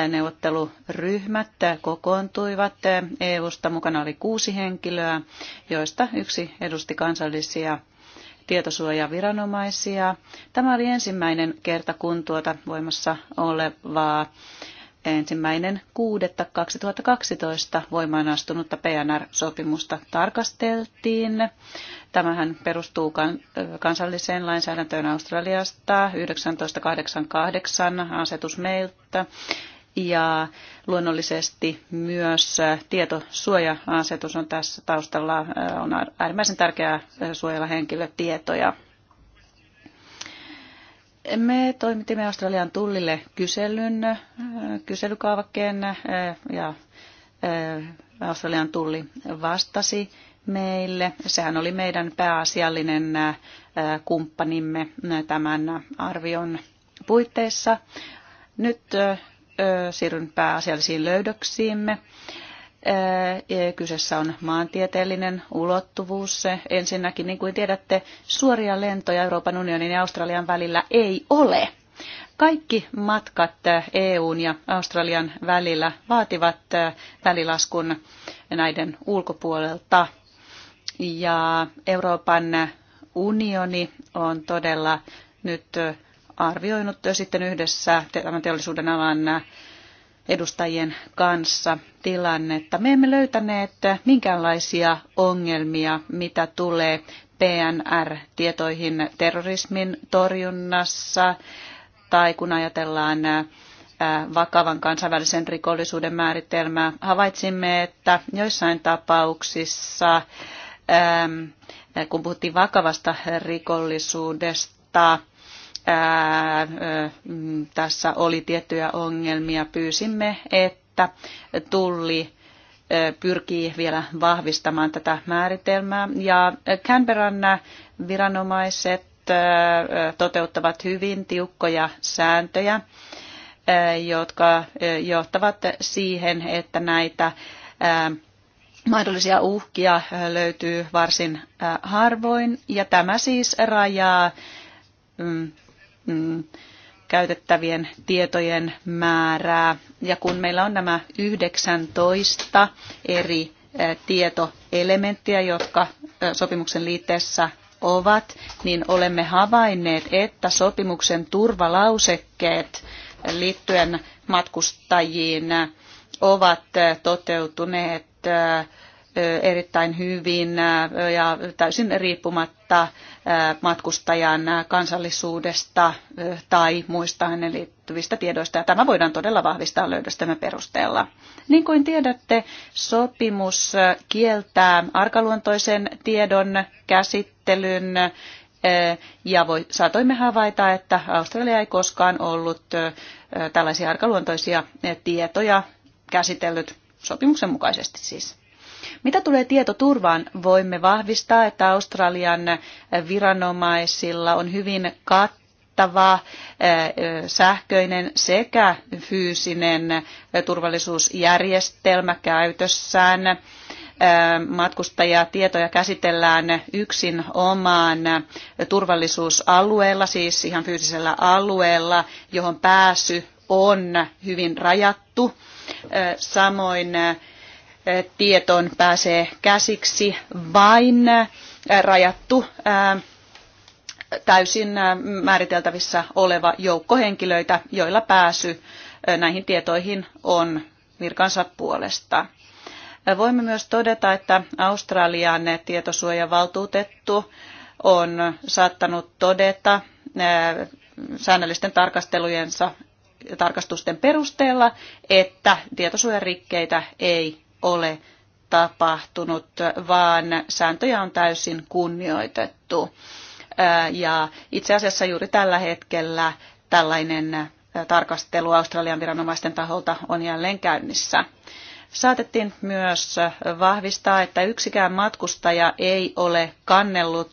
neuvotteluryhmät kokoontuivat. EUsta mukana oli kuusi henkilöä, joista yksi edusti kansallisia tietosuojaviranomaisia. Tämä oli ensimmäinen kerta, kun tuota voimassa olevaa ensimmäinen 6.2012 voimaan astunutta PNR-sopimusta tarkasteltiin. Tämähän perustuu kansalliseen lainsäädäntöön Australiasta 1988 asetus meiltä ja luonnollisesti myös tietosuoja-asetus on tässä taustalla. On äärimmäisen tärkeää suojella henkilötietoja me toimitimme Australian tullille kyselyn, äh, kyselykaavakkeen äh, ja äh, Australian tulli vastasi meille. Sehän oli meidän pääasiallinen kumppanimme tämän arvion puitteissa. Nyt siirryn pääasiallisiin löydöksiimme. Kyseessä on maantieteellinen ulottuvuus. ensinnäkin, niin kuin tiedätte, suoria lentoja Euroopan unionin ja Australian välillä ei ole. Kaikki matkat EUn ja Australian välillä vaativat välilaskun näiden ulkopuolelta. Ja Euroopan unioni on todella nyt arvioinut sitten yhdessä tämän teollisuuden alan edustajien kanssa tilannetta. Me emme löytäneet minkäänlaisia ongelmia, mitä tulee PNR-tietoihin terrorismin torjunnassa tai kun ajatellaan äh, vakavan kansainvälisen rikollisuuden määritelmää. Havaitsimme, että joissain tapauksissa, ähm, kun puhuttiin vakavasta rikollisuudesta, Mm, tässä oli tiettyjä ongelmia. Pyysimme, että tulli pyrkii vielä vahvistamaan tätä määritelmää. Ja Canberran viranomaiset toteuttavat hyvin tiukkoja sääntöjä, jotka johtavat siihen, että näitä mahdollisia uhkia löytyy varsin harvoin. Ja tämä siis rajaa mm, Mm, käytettävien tietojen määrää. Ja kun meillä on nämä 19 eri eh, tietoelementtiä, jotka eh, sopimuksen liitteessä ovat, niin olemme havainneet, että sopimuksen turvalausekkeet liittyen matkustajiin eh, ovat toteutuneet erittäin hyvin ja täysin riippumatta riippumatta matkustajan kansallisuudesta tai muista hänen liittyvistä tiedoista. Ja tämä voidaan todella vahvistaa löydöstämme perusteella. Niin kuin tiedätte, sopimus kieltää arkaluontoisen tiedon käsittelyn ja voi, saatoimme havaita, että Australia ei koskaan ollut tällaisia arkaluontoisia tietoja käsitellyt sopimuksen mukaisesti siis. Mitä tulee tietoturvaan, voimme vahvistaa, että Australian viranomaisilla on hyvin kattava sähköinen sekä fyysinen turvallisuusjärjestelmä käytössään. Matkustajatietoja käsitellään yksin omaan turvallisuusalueella, siis ihan fyysisellä alueella, johon pääsy on hyvin rajattu. Samoin tietoon pääsee käsiksi vain rajattu täysin määriteltävissä oleva joukko henkilöitä, joilla pääsy näihin tietoihin on virkansa puolesta. Voimme myös todeta, että Australian tietosuojavaltuutettu on saattanut todeta säännöllisten tarkastelujensa tarkastusten perusteella, että tietosuojarikkeitä ei ole tapahtunut, vaan sääntöjä on täysin kunnioitettu. Ja itse asiassa juuri tällä hetkellä tällainen tarkastelu Australian viranomaisten taholta on jälleen käynnissä. Saatettiin myös vahvistaa, että yksikään matkustaja ei ole kannellut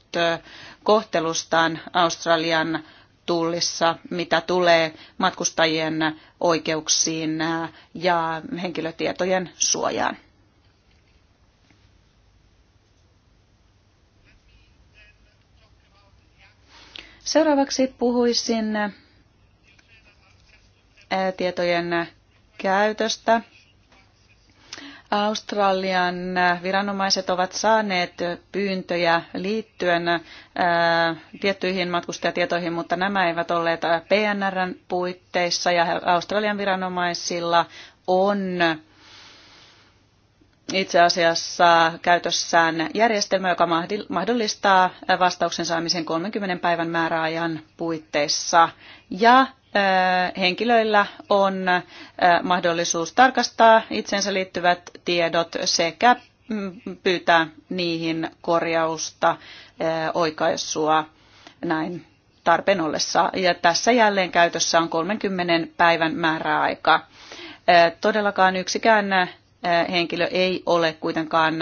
kohtelustaan Australian tullissa, mitä tulee matkustajien oikeuksiin ja henkilötietojen suojaan. Seuraavaksi puhuisin tietojen käytöstä. Australian viranomaiset ovat saaneet pyyntöjä liittyen ää, tiettyihin matkustajatietoihin, mutta nämä eivät olleet PNRn puitteissa ja Australian viranomaisilla on itse asiassa käytössään järjestelmä, joka mahdollistaa vastauksen saamisen 30 päivän määräajan puitteissa. Ja henkilöillä on mahdollisuus tarkastaa itsensä liittyvät tiedot sekä mm, pyytää niihin korjausta, oikaisua näin tarpeen ollessa. Ja tässä jälleen käytössä on 30 päivän määräaika. Todellakaan yksikään henkilö ei ole kuitenkaan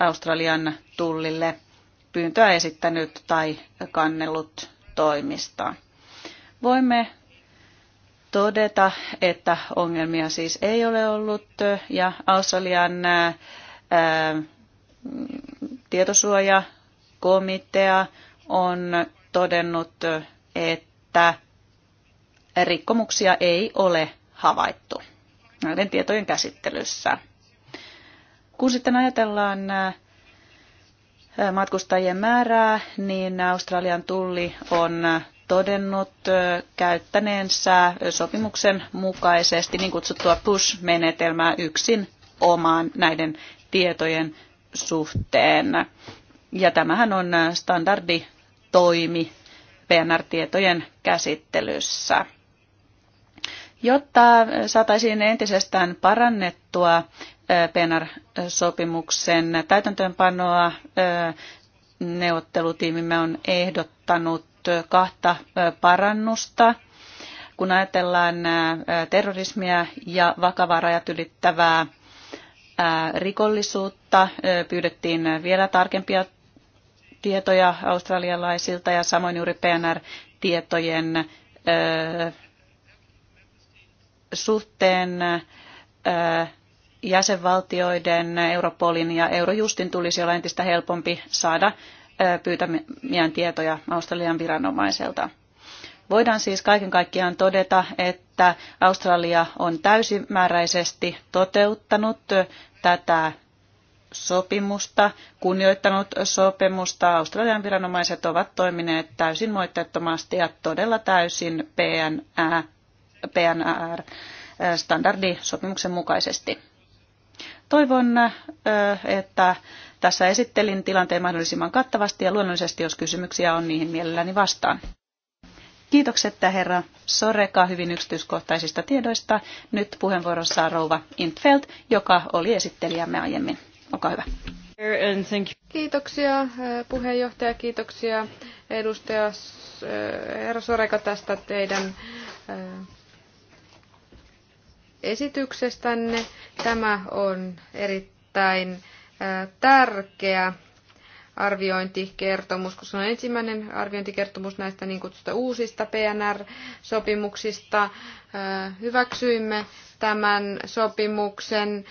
Australian tullille pyyntöä esittänyt tai kannellut toimista. Voimme todeta, että ongelmia siis ei ole ollut ja Australian ää, tietosuojakomitea on todennut, että rikkomuksia ei ole havaittu näiden tietojen käsittelyssä. Kun sitten ajatellaan äh, matkustajien määrää, niin Australian tulli on todennut äh, käyttäneensä sopimuksen mukaisesti niin kutsuttua push-menetelmää yksin omaan näiden tietojen suhteen. Ja tämähän on äh, standardi toimi PNR-tietojen käsittelyssä. Jotta saataisiin entisestään parannettua PNR-sopimuksen täytäntöönpanoa. Neuvottelutiimimme on ehdottanut kahta parannusta. Kun ajatellaan terrorismia ja vakavaa rajat ylittävää rikollisuutta, pyydettiin vielä tarkempia tietoja australialaisilta ja samoin juuri PNR-tietojen suhteen jäsenvaltioiden, Europolin ja Eurojustin tulisi olla entistä helpompi saada pyytämiään tietoja Australian viranomaiselta. Voidaan siis kaiken kaikkiaan todeta, että Australia on täysimääräisesti toteuttanut tätä sopimusta, kunnioittanut sopimusta. Australian viranomaiset ovat toimineet täysin moitteettomasti ja todella täysin PNR, standardisopimuksen mukaisesti. Toivon, että tässä esittelin tilanteen mahdollisimman kattavasti ja luonnollisesti, jos kysymyksiä on, niihin mielelläni vastaan. Kiitokset herra Soreka hyvin yksityiskohtaisista tiedoista. Nyt puheenvuorossa on rouva Intfeld, joka oli esittelijämme aiemmin. Olkaa hyvä. Kiitoksia puheenjohtaja, kiitoksia edustaja herra Soreka tästä teidän esityksestänne. Tämä on erittäin tärkeä arviointikertomus, koska se on ensimmäinen arviointikertomus näistä niin kutsusta uusista PNR-sopimuksista. Hyväksyimme tämän sopimuksen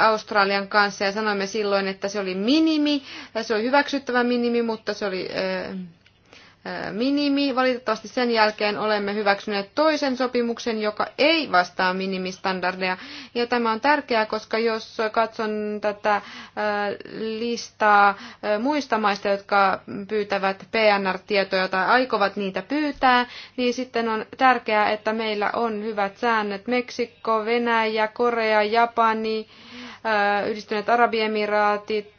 Australian kanssa ja sanoimme silloin, että se oli minimi. Se oli hyväksyttävä minimi, mutta se oli minimi. Valitettavasti sen jälkeen olemme hyväksyneet toisen sopimuksen, joka ei vastaa minimistandardeja. Ja tämä on tärkeää, koska jos katson tätä listaa muista maista, jotka pyytävät PNR-tietoja tai aikovat niitä pyytää, niin sitten on tärkeää, että meillä on hyvät säännöt. Meksikko, Venäjä, Korea, Japani, Yhdistyneet Arabiemiraatit,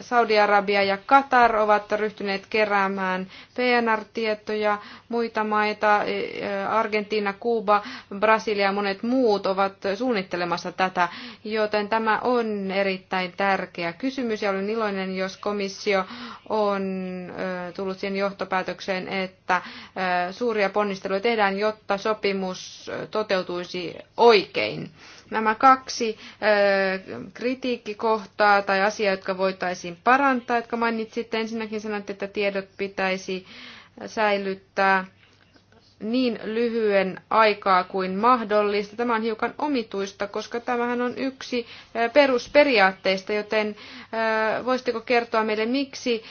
Saudi-Arabia ja Katar ovat ryhtyneet keräämään PNR-tietoja. Muita maita, e, e, Argentiina, Kuuba, Brasilia ja monet muut ovat suunnittelemassa tätä, joten tämä on erittäin tärkeä kysymys ja olen iloinen, jos komissio on e, tullut siihen johtopäätökseen, että suuria ponnisteluja tehdään, jotta sopimus toteutuisi oikein nämä kaksi kritiikkikohtaa tai asiaa, jotka voitaisiin parantaa, jotka mainitsitte. Ensinnäkin sanoitte, että tiedot pitäisi säilyttää niin lyhyen aikaa kuin mahdollista. Tämä on hiukan omituista, koska tämähän on yksi perusperiaatteista, joten voisitteko kertoa meille, miksi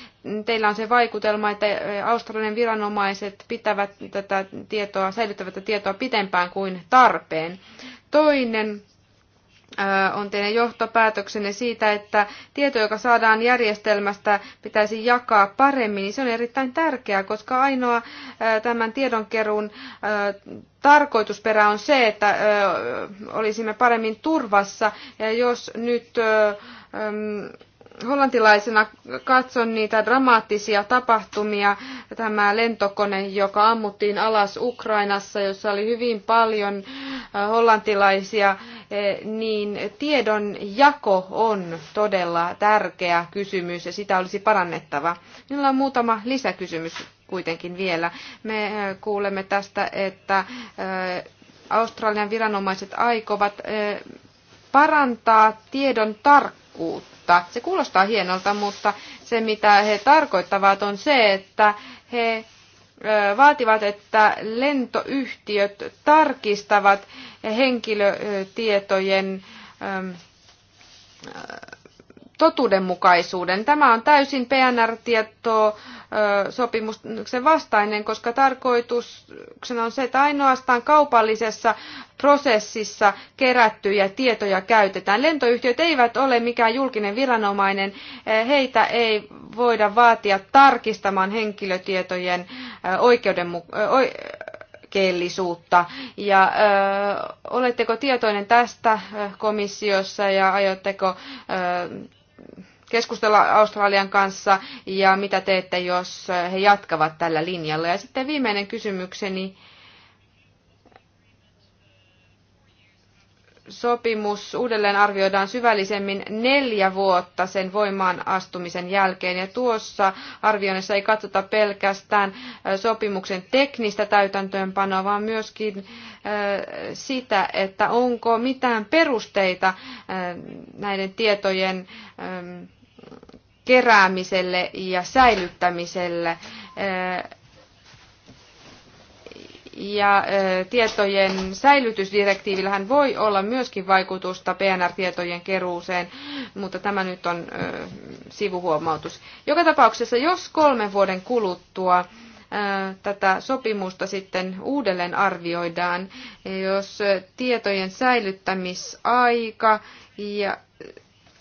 teillä on se vaikutelma, että Australian viranomaiset pitävät tätä tietoa, säilyttävät tätä tietoa pitempään kuin tarpeen. Toinen on teidän johtopäätöksenne siitä, että tieto, joka saadaan järjestelmästä, pitäisi jakaa paremmin, niin se on erittäin tärkeää, koska ainoa tämän tiedonkeruun tarkoitusperä on se, että olisimme paremmin turvassa. Ja jos nyt hollantilaisena katson niitä dramaattisia tapahtumia. Tämä lentokone, joka ammuttiin alas Ukrainassa, jossa oli hyvin paljon hollantilaisia, e, niin tiedon jako on todella tärkeä kysymys ja sitä olisi parannettava. Minulla on muutama lisäkysymys kuitenkin vielä. Me kuulemme tästä, että Australian viranomaiset aikovat parantaa tiedon tarkkuutta mutta Se kuulostaa hienolta, mutta se mitä he tarkoittavat on se, että he vaativat, että lentoyhtiöt tarkistavat henkilötietojen totuudenmukaisuuden. Tämä on täysin pnr tietoa sopimuksen vastainen, koska tarkoituksena on se, että ainoastaan kaupallisessa prosessissa kerättyjä tietoja käytetään. Lentoyhtiöt eivät ole mikään julkinen viranomainen. Heitä ei voida vaatia tarkistamaan henkilötietojen oikeudenmukaisuutta Ja ö, oletteko tietoinen tästä komissiossa ja aiotteko ö, keskustella Australian kanssa ja mitä teette, jos he jatkavat tällä linjalla. Ja sitten viimeinen kysymykseni sopimus uudelleen arvioidaan syvällisemmin neljä vuotta sen voimaan astumisen jälkeen. Ja tuossa arvioinnissa ei katsota pelkästään sopimuksen teknistä täytäntöönpanoa, vaan myöskin sitä, että onko mitään perusteita näiden tietojen keräämiselle ja säilyttämiselle ja tietojen säilytysdirektiivillähän voi olla myöskin vaikutusta PNR-tietojen keruuseen, mutta tämä nyt on sivuhuomautus. Joka tapauksessa, jos kolmen vuoden kuluttua tätä sopimusta sitten uudelleen arvioidaan, jos tietojen säilyttämisaika ja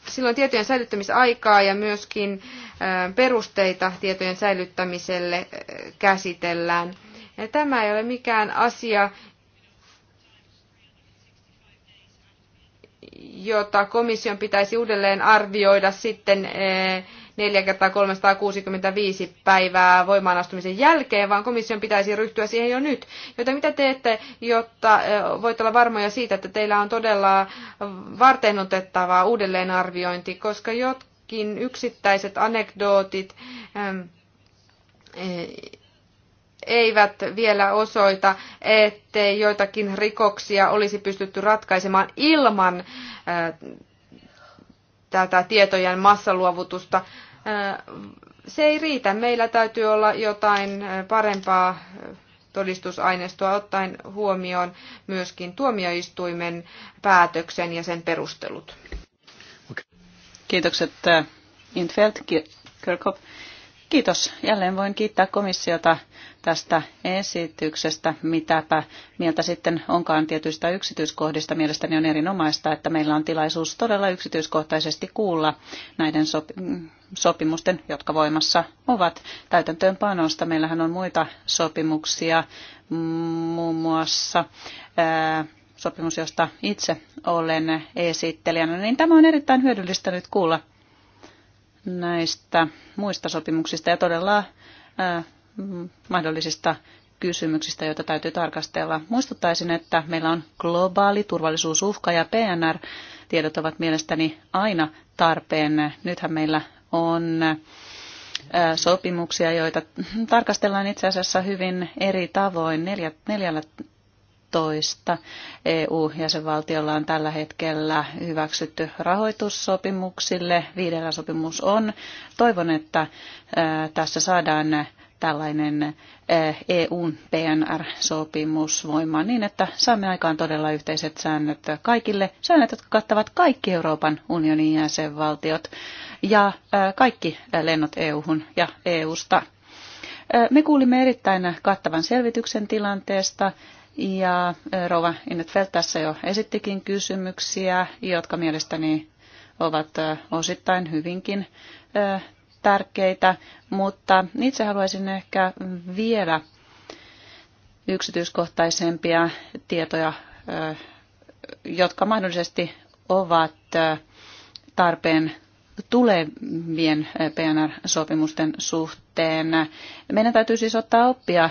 silloin tietojen säilyttämisaikaa ja myöskin perusteita tietojen säilyttämiselle käsitellään – ja tämä ei ole mikään asia, jota komission pitäisi uudelleen arvioida sitten 4 eh, kertaa 365 päivää voimaanastumisen jälkeen, vaan komission pitäisi ryhtyä siihen jo nyt. Joten mitä teette, jotta eh, voit olla varmoja siitä, että teillä on todella varteenotettavaa uudelleenarviointi, koska jotkin yksittäiset anekdootit ehm, eh, eivät vielä osoita, ettei joitakin rikoksia olisi pystytty ratkaisemaan ilman äh, tätä tietojen massaluovutusta. Äh, se ei riitä. Meillä täytyy olla jotain äh, parempaa todistusaineistoa ottaen huomioon myöskin tuomioistuimen päätöksen ja sen perustelut. Kiitokset Intfeld Kirkhoff. Kiitos. Jälleen voin kiittää komissiota tästä esityksestä, mitäpä mieltä sitten onkaan tietyistä yksityiskohdista. Mielestäni on erinomaista, että meillä on tilaisuus todella yksityiskohtaisesti kuulla näiden sopi- mm, sopimusten, jotka voimassa ovat täytäntöönpanosta. Meillähän on muita sopimuksia, muun muassa ää, sopimus, josta itse olen esittelijänä, no niin tämä on erittäin hyödyllistä nyt kuulla näistä muista sopimuksista ja todella Mm-hmm. mahdollisista kysymyksistä, joita täytyy tarkastella. Muistuttaisin, että meillä on globaali turvallisuusuhka ja PNR-tiedot ovat mielestäni aina tarpeen. Nythän meillä on sopimuksia, joita tarkastellaan itse asiassa hyvin eri tavoin. 14 EU-jäsenvaltiolla on tällä hetkellä hyväksytty rahoitussopimuksille. Viidellä sopimus on. Toivon, että tässä saadaan tällainen EUn eh, e PNR-sopimus voimaan niin, että saamme aikaan todella yhteiset säännöt kaikille, säännöt, jotka kattavat kaikki Euroopan unionin jäsenvaltiot ja eh, kaikki eh, lennot EU-hun ja EU-sta. Me kuulimme erittäin kattavan selvityksen tilanteesta ja Rova Innetfeld tässä jo esittikin kysymyksiä, jotka mielestäni ovat osittain hyvinkin tärkeitä, mutta itse haluaisin ehkä vielä yksityiskohtaisempia tietoja, jotka mahdollisesti ovat tarpeen tulevien PNR-sopimusten suhteen. Meidän täytyy siis ottaa oppia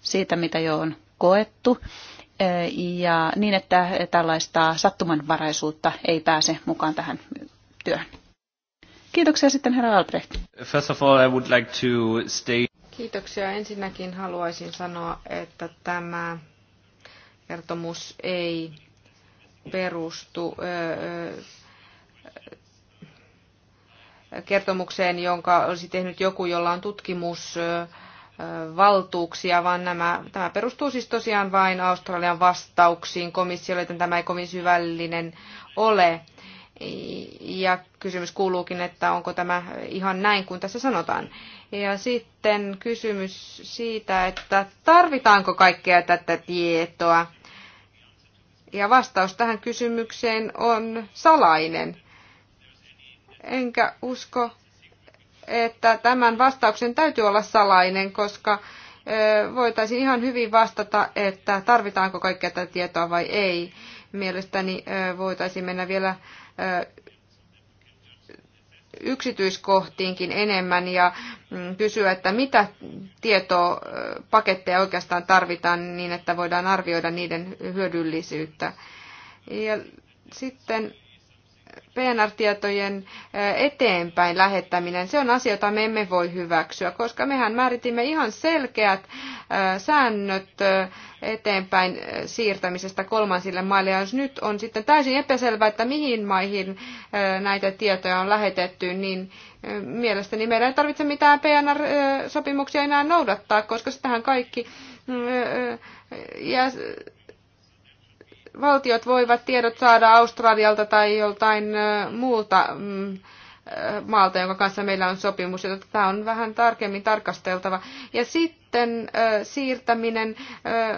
siitä, mitä jo on koettu, ja niin, että tällaista sattumanvaraisuutta ei pääse mukaan tähän työhön. Kiitoksia sitten herra Albrecht. First of all, I would like to stay... Kiitoksia. Ensinnäkin haluaisin sanoa, että tämä kertomus ei perustu kertomukseen, jonka olisi tehnyt joku, jolla on tutkimus valtuuksia, vaan nämä, tämä perustuu siis tosiaan vain Australian vastauksiin komissiolle, joten tämä ei kovin syvällinen ole. Ja kysymys kuuluukin, että onko tämä ihan näin kuin tässä sanotaan. Ja sitten kysymys siitä, että tarvitaanko kaikkea tätä tietoa. Ja vastaus tähän kysymykseen on salainen. Enkä usko, että tämän vastauksen täytyy olla salainen, koska voitaisiin ihan hyvin vastata, että tarvitaanko kaikkea tätä tietoa vai ei. Mielestäni voitaisiin mennä vielä yksityiskohtiinkin enemmän ja mm, kysyä, että mitä tietopaketteja oikeastaan tarvitaan niin, että voidaan arvioida niiden hyödyllisyyttä. Ja sitten PNR-tietojen eteenpäin lähettäminen, se on asia, jota me emme voi hyväksyä, koska mehän määritimme ihan selkeät säännöt eteenpäin siirtämisestä kolmansille maille. Ja jos nyt on sitten täysin epäselvää, että mihin maihin näitä tietoja on lähetetty, niin mielestäni meidän ei tarvitse mitään PNR-sopimuksia enää noudattaa, koska sitähän kaikki ja valtiot voivat tiedot saada Australialta tai joltain muulta mm, maalta, jonka kanssa meillä on sopimus, joten tämä on vähän tarkemmin tarkasteltava. Ja sitten siirtäminen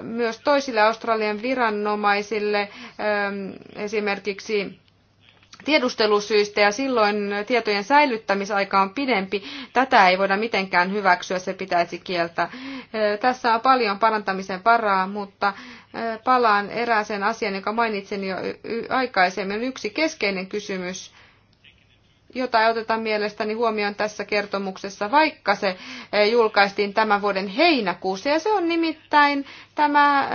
myös toisille Australian viranomaisille, esimerkiksi tiedustelusyistä ja silloin tietojen säilyttämisaika on pidempi. Tätä ei voida mitenkään hyväksyä, se pitäisi kieltää. Tässä on paljon parantamisen varaa, mutta palaan erääseen asian, jonka mainitsin jo aikaisemmin. Yksi keskeinen kysymys jota ei oteta mielestäni huomioon tässä kertomuksessa, vaikka se julkaistiin tämän vuoden heinäkuussa. Ja se on nimittäin tämä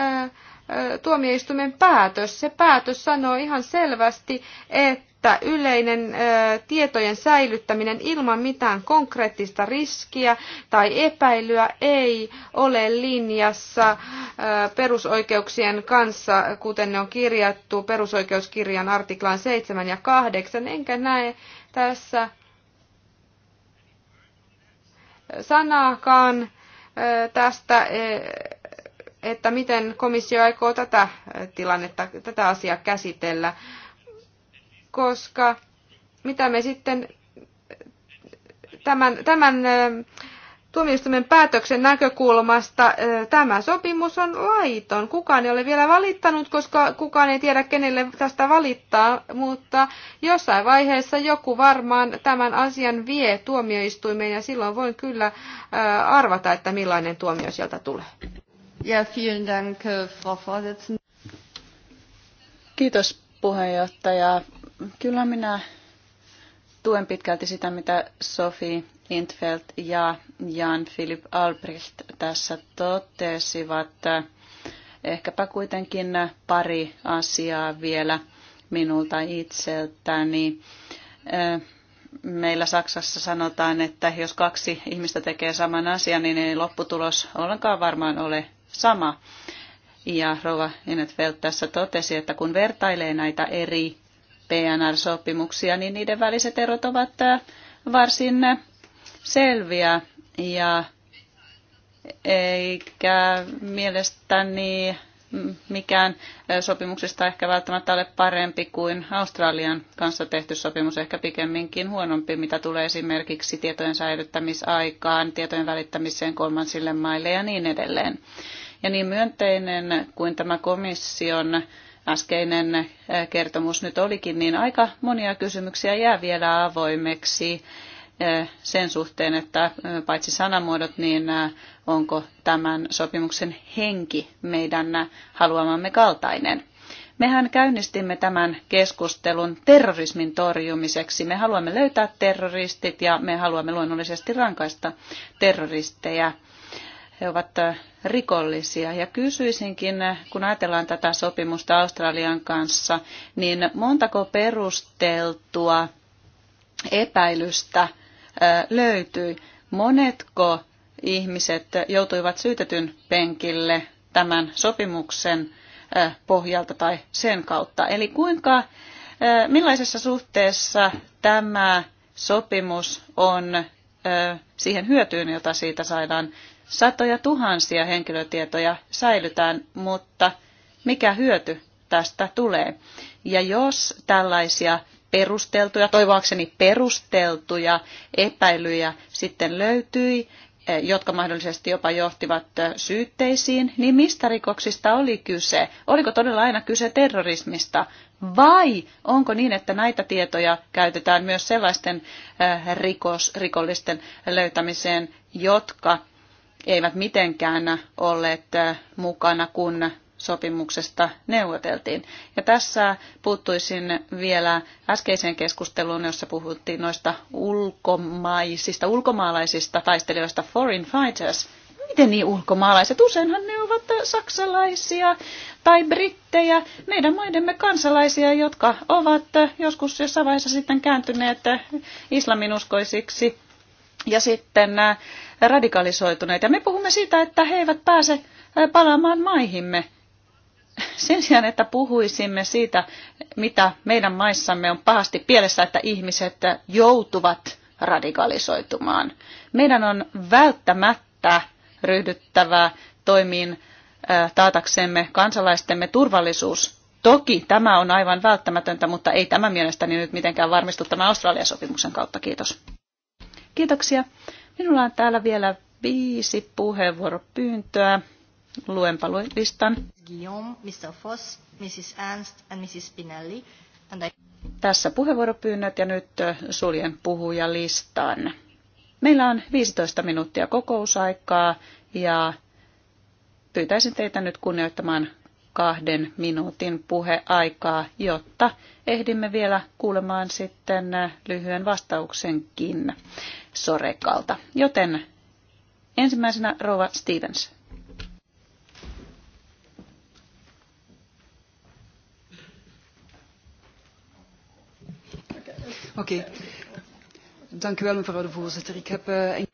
tuomioistuimen päätös. Se päätös sanoo ihan selvästi, että että yleinen tietojen säilyttäminen ilman mitään konkreettista riskiä tai epäilyä ei ole linjassa perusoikeuksien kanssa, kuten ne on kirjattu perusoikeuskirjan artiklaan 7 ja 8, enkä näe tässä sanaakaan tästä, että miten komissio aikoo tätä tilannetta, tätä asiaa käsitellä koska mitä me sitten tämän, tämän tuomioistuimen päätöksen näkökulmasta tämä sopimus on laiton. Kukaan ei ole vielä valittanut, koska kukaan ei tiedä, kenelle tästä valittaa, mutta jossain vaiheessa joku varmaan tämän asian vie tuomioistuimeen ja silloin voin kyllä arvata, että millainen tuomio sieltä tulee. Ja, dank, Frau Kiitos puheenjohtaja. Kyllä minä tuen pitkälti sitä, mitä Sophie Intfeld ja Jan Philip Albrecht tässä totesivat. Ehkäpä kuitenkin pari asiaa vielä minulta itseltäni. Meillä Saksassa sanotaan, että jos kaksi ihmistä tekee saman asian, niin ei lopputulos ollenkaan varmaan ole sama. Ja Rova Inetfeld tässä totesi, että kun vertailee näitä eri PNR-sopimuksia, niin niiden väliset erot ovat äh, varsin äh, selviä ja eikä mielestäni mikään äh, sopimuksesta ehkä välttämättä ole parempi kuin Australian kanssa tehty sopimus, ehkä pikemminkin huonompi, mitä tulee esimerkiksi tietojen säilyttämisaikaan, tietojen välittämiseen kolmansille maille ja niin edelleen. Ja niin myönteinen kuin tämä komission äskeinen eh, kertomus nyt olikin, niin aika monia kysymyksiä jää vielä avoimeksi eh, sen suhteen, että eh, paitsi sanamuodot, niin onko tämän sopimuksen henki meidän haluamamme kaltainen. Mehän käynnistimme tämän keskustelun terrorismin torjumiseksi. Me haluamme löytää terroristit ja me haluamme luonnollisesti rankaista terroristeja he ovat rikollisia. Ja kysyisinkin, kun ajatellaan tätä sopimusta Australian kanssa, niin montako perusteltua epäilystä löytyi? Monetko ihmiset joutuivat syytetyn penkille tämän sopimuksen pohjalta tai sen kautta? Eli kuinka, millaisessa suhteessa tämä sopimus on siihen hyötyyn, jota siitä saadaan Satoja tuhansia henkilötietoja säilytään, mutta mikä hyöty tästä tulee? Ja jos tällaisia perusteltuja, toivoakseni perusteltuja epäilyjä sitten löytyi, eh, jotka mahdollisesti jopa johtivat eh, syytteisiin, niin mistä rikoksista oli kyse? Oliko todella aina kyse terrorismista? Vai onko niin, että näitä tietoja käytetään myös sellaisten eh, rikos, rikollisten löytämiseen, jotka eivät mitenkään olleet äh, mukana, kun sopimuksesta neuvoteltiin. Ja tässä puuttuisin vielä äskeiseen keskusteluun, jossa puhuttiin noista ulkomaisista, ulkomaalaisista taistelijoista, foreign fighters. Miten niin ulkomaalaiset? Useinhan ne ovat saksalaisia tai brittejä, meidän maidemme kansalaisia, jotka ovat joskus jossain vaiheessa sitten kääntyneet islaminuskoisiksi ja sitten äh, radikalisoituneet. Ja me puhumme siitä, että he eivät pääse palaamaan maihimme. Sen sijaan, että puhuisimme siitä, mitä meidän maissamme on pahasti pielessä, että ihmiset joutuvat radikalisoitumaan. Meidän on välttämättä ryhdyttävä toimiin taataksemme kansalaistemme turvallisuus. Toki tämä on aivan välttämätöntä, mutta ei tämä mielestäni nyt mitenkään varmistu tämän Australian sopimuksen kautta. Kiitos. Kiitoksia. Minulla on täällä vielä viisi puheenvuoropyyntöä. Luenpa listan. Guillaume, Mr. Foss, Mrs. Ernst and Mrs. Spinelli. And I... Tässä puheenvuoropyynnöt ja nyt äh, suljen puhujalistan. Meillä on 15 minuuttia kokousaikaa ja pyytäisin teitä nyt kunnioittamaan kahden minuutin puheaikaa, jotta ehdimme vielä kuulemaan sitten lyhyen vastauksenkin Sorekalta. Joten ensimmäisenä Rova Stevens. Okei. okay. dank u wel mevrouw de voorzitter. Ik heb uh,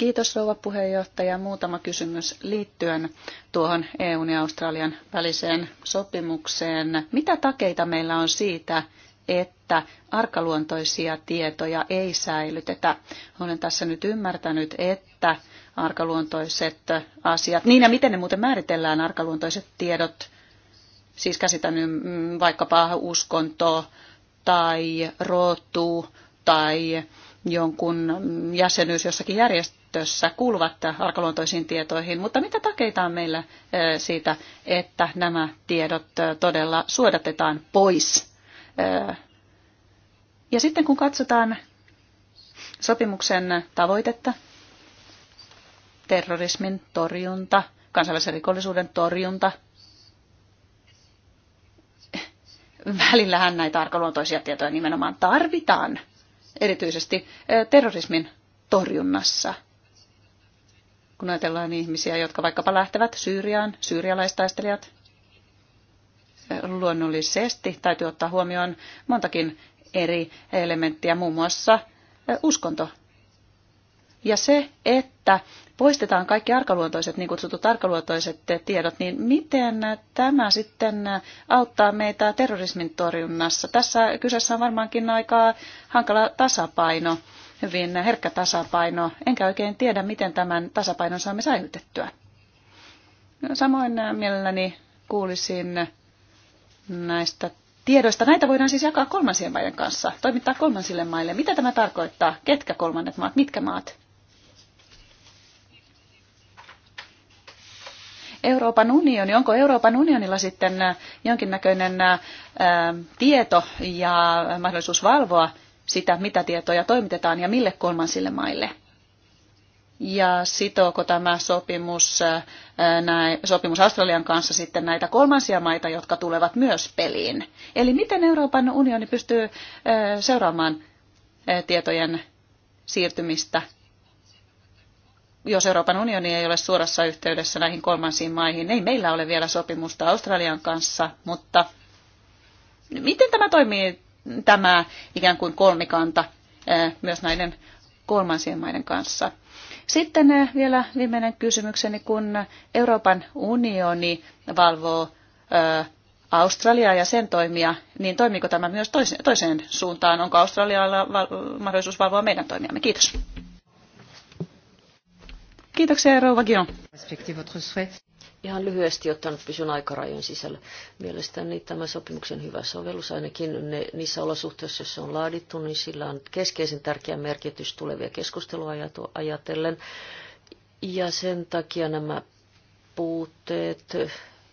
Kiitos rouva puheenjohtaja. Muutama kysymys liittyen tuohon EUn ja Australian väliseen sopimukseen. Mitä takeita meillä on siitä, että arkaluontoisia tietoja ei säilytetä? Olen tässä nyt ymmärtänyt, että arkaluontoiset asiat, niin ja miten ne muuten määritellään arkaluontoiset tiedot, siis käsitän mm, vaikkapa uskonto tai rotu tai jonkun jäsenyys jossakin järjest- käytössä kuuluvat arkaluontoisiin tietoihin, mutta mitä takeita on meillä eh, siitä, että nämä tiedot eh, todella suodatetaan pois? Eh, ja sitten kun katsotaan sopimuksen tavoitetta, terrorismin torjunta, kansainvälisen rikollisuuden torjunta, välillähän näitä arkaluontoisia tietoja nimenomaan tarvitaan, erityisesti terrorismin torjunnassa – kun ajatellaan ihmisiä, jotka vaikkapa lähtevät Syyriaan, syyrialaistaistelijat, luonnollisesti täytyy ottaa huomioon montakin eri elementtiä, muun muassa uskonto. Ja se, että poistetaan kaikki arkaluontoiset, niin kutsutut arkaluontoiset tiedot, niin miten tämä sitten auttaa meitä terrorismin torjunnassa? Tässä kyseessä on varmaankin aika hankala tasapaino hyvin herkkä tasapaino, enkä oikein tiedä, miten tämän tasapainon saamme säilytettyä. Samoin äh, mielelläni kuulisin näistä tiedoista. Näitä voidaan siis jakaa kolmansien maiden kanssa, toimittaa kolmansille maille. Mitä tämä tarkoittaa? Ketkä kolmannet maat? Mitkä maat? Euroopan unioni, onko Euroopan unionilla sitten äh, jonkinnäköinen ää, äh, tieto ja mahdollisuus valvoa sitä, mitä tietoja toimitetaan ja mille kolmansille maille. Ja sitooko tämä sopimus, äh, näin, sopimus Australian kanssa sitten näitä kolmansia maita, jotka tulevat myös peliin? Eli miten Euroopan unioni pystyy äh, seuraamaan äh, tietojen siirtymistä jos Euroopan unioni ei ole suorassa yhteydessä näihin kolmansiin maihin, ei meillä ole vielä sopimusta Australian kanssa, mutta miten tämä toimii tämä ikään kuin kolmikanta myös näiden kolmansien maiden kanssa. Sitten vielä viimeinen kysymykseni, kun Euroopan unioni valvoo Australiaa ja sen toimia, niin toimiiko tämä myös toiseen suuntaan? Onko Australialla mahdollisuus valvoa meidän toimiamme? Kiitos. Kiitoksia, Rouva Gion. Ihan lyhyesti, jotta pysyn aikarajojen sisällä. Mielestäni tämä sopimuksen hyvä sovellus, ainakin ne, niissä olosuhteissa, joissa on laadittu, niin sillä on keskeisen tärkeä merkitys tulevia keskustelua ajatellen. Ja sen takia nämä puutteet,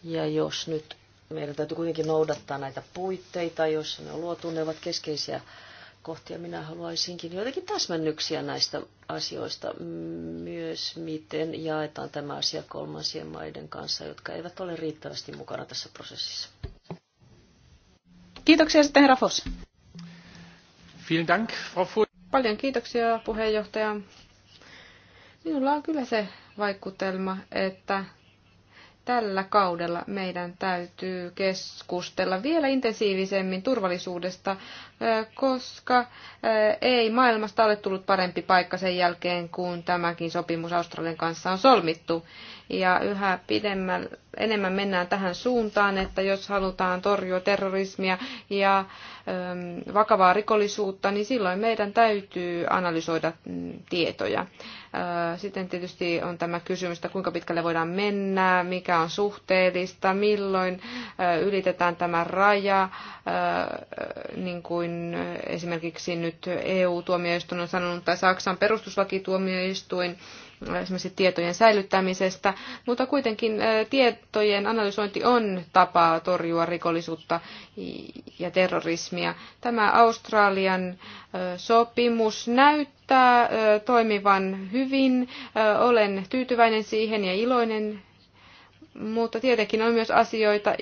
ja jos nyt meidän täytyy kuitenkin noudattaa näitä puitteita, jos ne on luotu, ne ovat keskeisiä kohtia. Minä haluaisinkin joitakin täsmennyksiä näistä asioista, myös miten jaetaan tämä asia kolmansien maiden kanssa, jotka eivät ole riittävästi mukana tässä prosessissa. Kiitoksia sitten herra Foss. Vielen Dank, Frau Paljon kiitoksia puheenjohtaja. Minulla on kyllä se vaikutelma, että tällä kaudella meidän täytyy keskustella vielä intensiivisemmin turvallisuudesta, koska ei maailmasta ole tullut parempi paikka sen jälkeen, kun tämäkin sopimus Australian kanssa on solmittu. Ja yhä pidemmällä, enemmän mennään tähän suuntaan, että jos halutaan torjua terrorismia ja vakavaa rikollisuutta, niin silloin meidän täytyy analysoida mm, tietoja. Sitten tietysti on tämä kysymys, että kuinka pitkälle voidaan mennä, mikä on suhteellista, milloin ylitetään tämä raja, niin kuin esimerkiksi nyt EU-tuomioistuin on sanonut, tai Saksan perustuslakituomioistuin, esimerkiksi tietojen säilyttämisestä, mutta kuitenkin tietojen analysointi on tapa torjua rikollisuutta ja terrorismia. Tämä Australian sopimus näyttää toimivan hyvin. Olen tyytyväinen siihen ja iloinen, mutta tietenkin on myös asioita,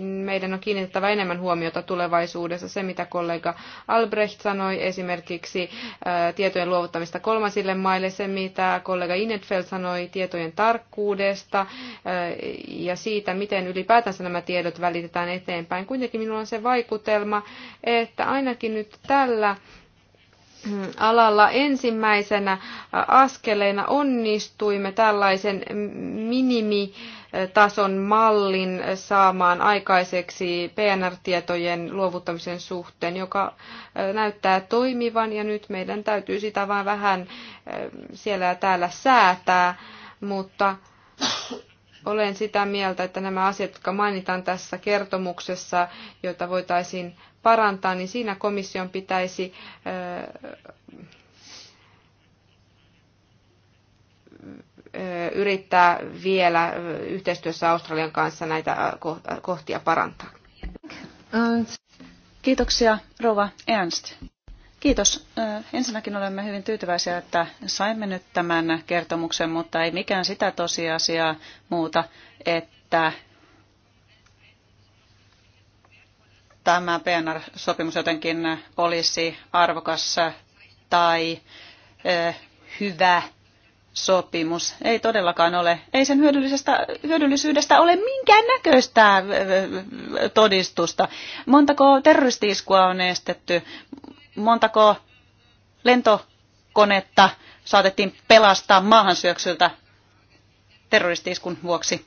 meidän on kiinnitettävä enemmän huomiota tulevaisuudessa. Se, mitä kollega Albrecht sanoi esimerkiksi äh, tietojen luovuttamista kolmansille maille, se, mitä kollega Inetfeld sanoi tietojen tarkkuudesta äh, ja siitä, miten ylipäätänsä nämä tiedot välitetään eteenpäin. Kuitenkin minulla on se vaikutelma, että ainakin nyt tällä mm, alalla ensimmäisenä äh, askeleena onnistuimme tällaisen minimi tason mallin saamaan aikaiseksi PNR-tietojen luovuttamisen suhteen, joka näyttää toimivan ja nyt meidän täytyy sitä vain vähän siellä ja täällä säätää, mutta olen sitä mieltä, että nämä asiat, jotka mainitaan tässä kertomuksessa, joita voitaisiin parantaa, niin siinä komission pitäisi yrittää vielä yhteistyössä Australian kanssa näitä kohtia parantaa. Kiitoksia, Rova Ernst. Kiitos. Ensinnäkin olemme hyvin tyytyväisiä, että saimme nyt tämän kertomuksen, mutta ei mikään sitä tosiasiaa muuta, että tämä PNR-sopimus jotenkin olisi arvokas tai hyvä sopimus ei todellakaan ole, ei sen hyödyllisestä, hyödyllisyydestä ole minkään näköistä äh, äh, todistusta. Montako terroristiiskua on estetty, montako lentokonetta saatettiin pelastaa maahansyöksyltä terroristiiskun vuoksi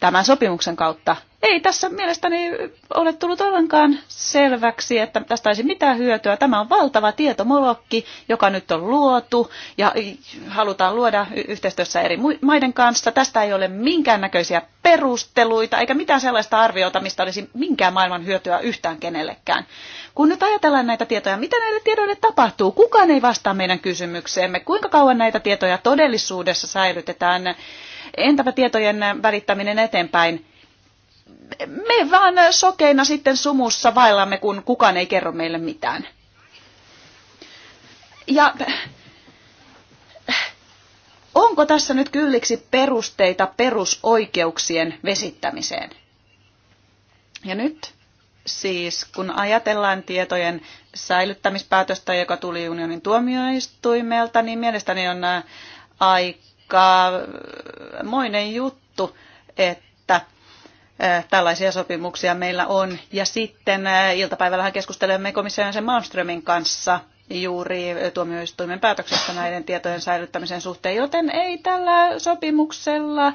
tämän sopimuksen kautta. Ei tässä mielestäni ole tullut ollenkaan selväksi, että tästä ei mitään hyötyä. Tämä on valtava tietomolokki, joka nyt on luotu ja halutaan luoda yhteistyössä eri maiden kanssa. Tästä ei ole minkäännäköisiä perusteluita eikä mitään sellaista arviota, mistä olisi minkään maailman hyötyä yhtään kenellekään. Kun nyt ajatellaan näitä tietoja, mitä näille tiedoille tapahtuu? Kukaan ei vastaa meidän kysymykseemme. Kuinka kauan näitä tietoja todellisuudessa säilytetään? Entäpä tietojen välittäminen eteenpäin? me vaan sokeina sitten sumussa vaillamme, kun kukaan ei kerro meille mitään. Ja onko tässä nyt kylliksi perusteita perusoikeuksien vesittämiseen? Ja nyt siis, kun ajatellaan tietojen säilyttämispäätöstä, joka tuli unionin tuomioistuimelta, niin mielestäni on äh, aika äh, moinen juttu, että tällaisia sopimuksia meillä on. Ja sitten iltapäivällähän keskustelemme jäsen Malmströmin kanssa juuri tuomioistuimen päätöksestä näiden tietojen säilyttämisen suhteen, joten ei tällä sopimuksella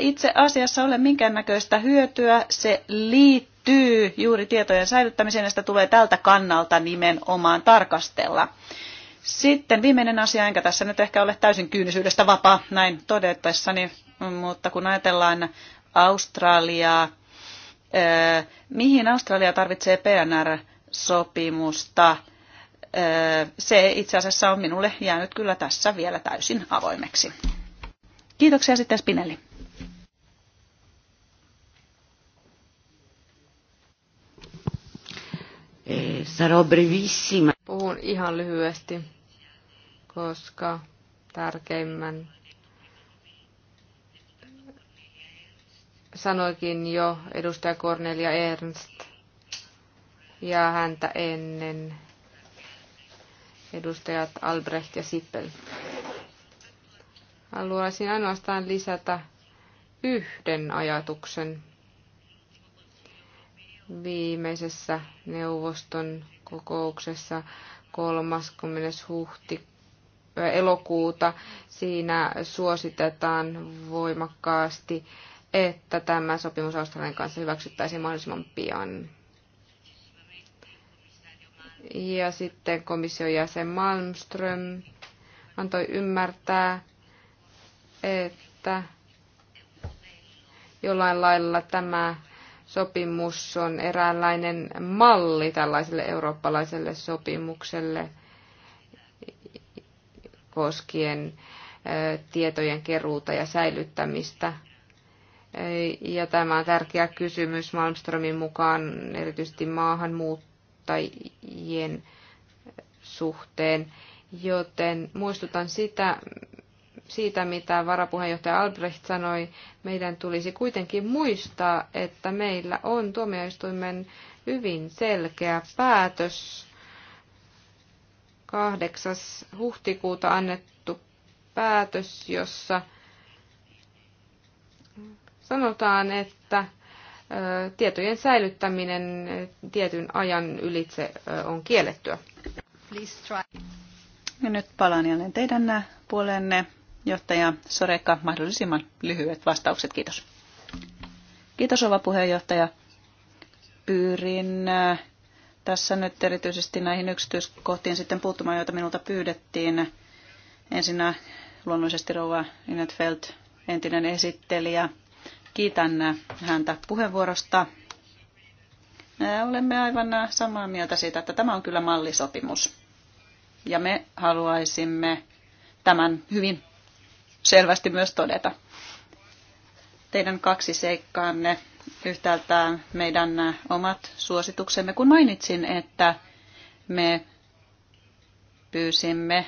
itse asiassa ole minkäännäköistä hyötyä. Se liittyy juuri tietojen säilyttämiseen ja sitä tulee tältä kannalta nimenomaan tarkastella. Sitten viimeinen asia, enkä tässä nyt ehkä ole täysin kyynisyydestä vapaa näin todettaessani, mutta kun ajatellaan Australiaa. Mihin Australia tarvitsee PNR-sopimusta? Se itse asiassa on minulle jäänyt kyllä tässä vielä täysin avoimeksi. Kiitoksia sitten Spinelli. Sarò brevissima. Puhun ihan lyhyesti, koska tärkeimmän sanoikin jo edustaja Cornelia Ernst ja häntä ennen edustajat Albrecht ja Sippel. Haluaisin ainoastaan lisätä yhden ajatuksen viimeisessä neuvoston kokouksessa 30. huhti äh, elokuuta. Siinä suositetaan voimakkaasti että tämä sopimus Australian kanssa hyväksyttäisiin mahdollisimman pian. Ja sitten komission jäsen Malmström antoi ymmärtää, että jollain lailla tämä sopimus on eräänlainen malli tällaiselle eurooppalaiselle sopimukselle koskien tietojen keruuta ja säilyttämistä – ja tämä on tärkeä kysymys Malmströmin mukaan erityisesti maahanmuuttajien suhteen. Joten muistutan sitä, siitä, mitä varapuheenjohtaja Albrecht sanoi, meidän tulisi kuitenkin muistaa, että meillä on tuomioistuimen hyvin selkeä päätös 8. huhtikuuta annettu päätös, jossa sanotaan, että tietojen säilyttäminen tietyn ajan ylitse on kiellettyä. Ja nyt palaan jälleen teidän puolenne. Johtaja Soreka, mahdollisimman lyhyet vastaukset. Kiitos. Kiitos Ova puheenjohtaja. Pyyrin tässä nyt erityisesti näihin yksityiskohtiin sitten puuttumaan, joita minulta pyydettiin. Ensinnä luonnollisesti rouva Inetfeld, entinen esittelijä, Kiitän häntä puheenvuorosta. Olemme aivan samaa mieltä siitä, että tämä on kyllä mallisopimus. Ja me haluaisimme tämän hyvin selvästi myös todeta. Teidän kaksi seikkaanne yhtäältä meidän omat suosituksemme, kun mainitsin, että me pyysimme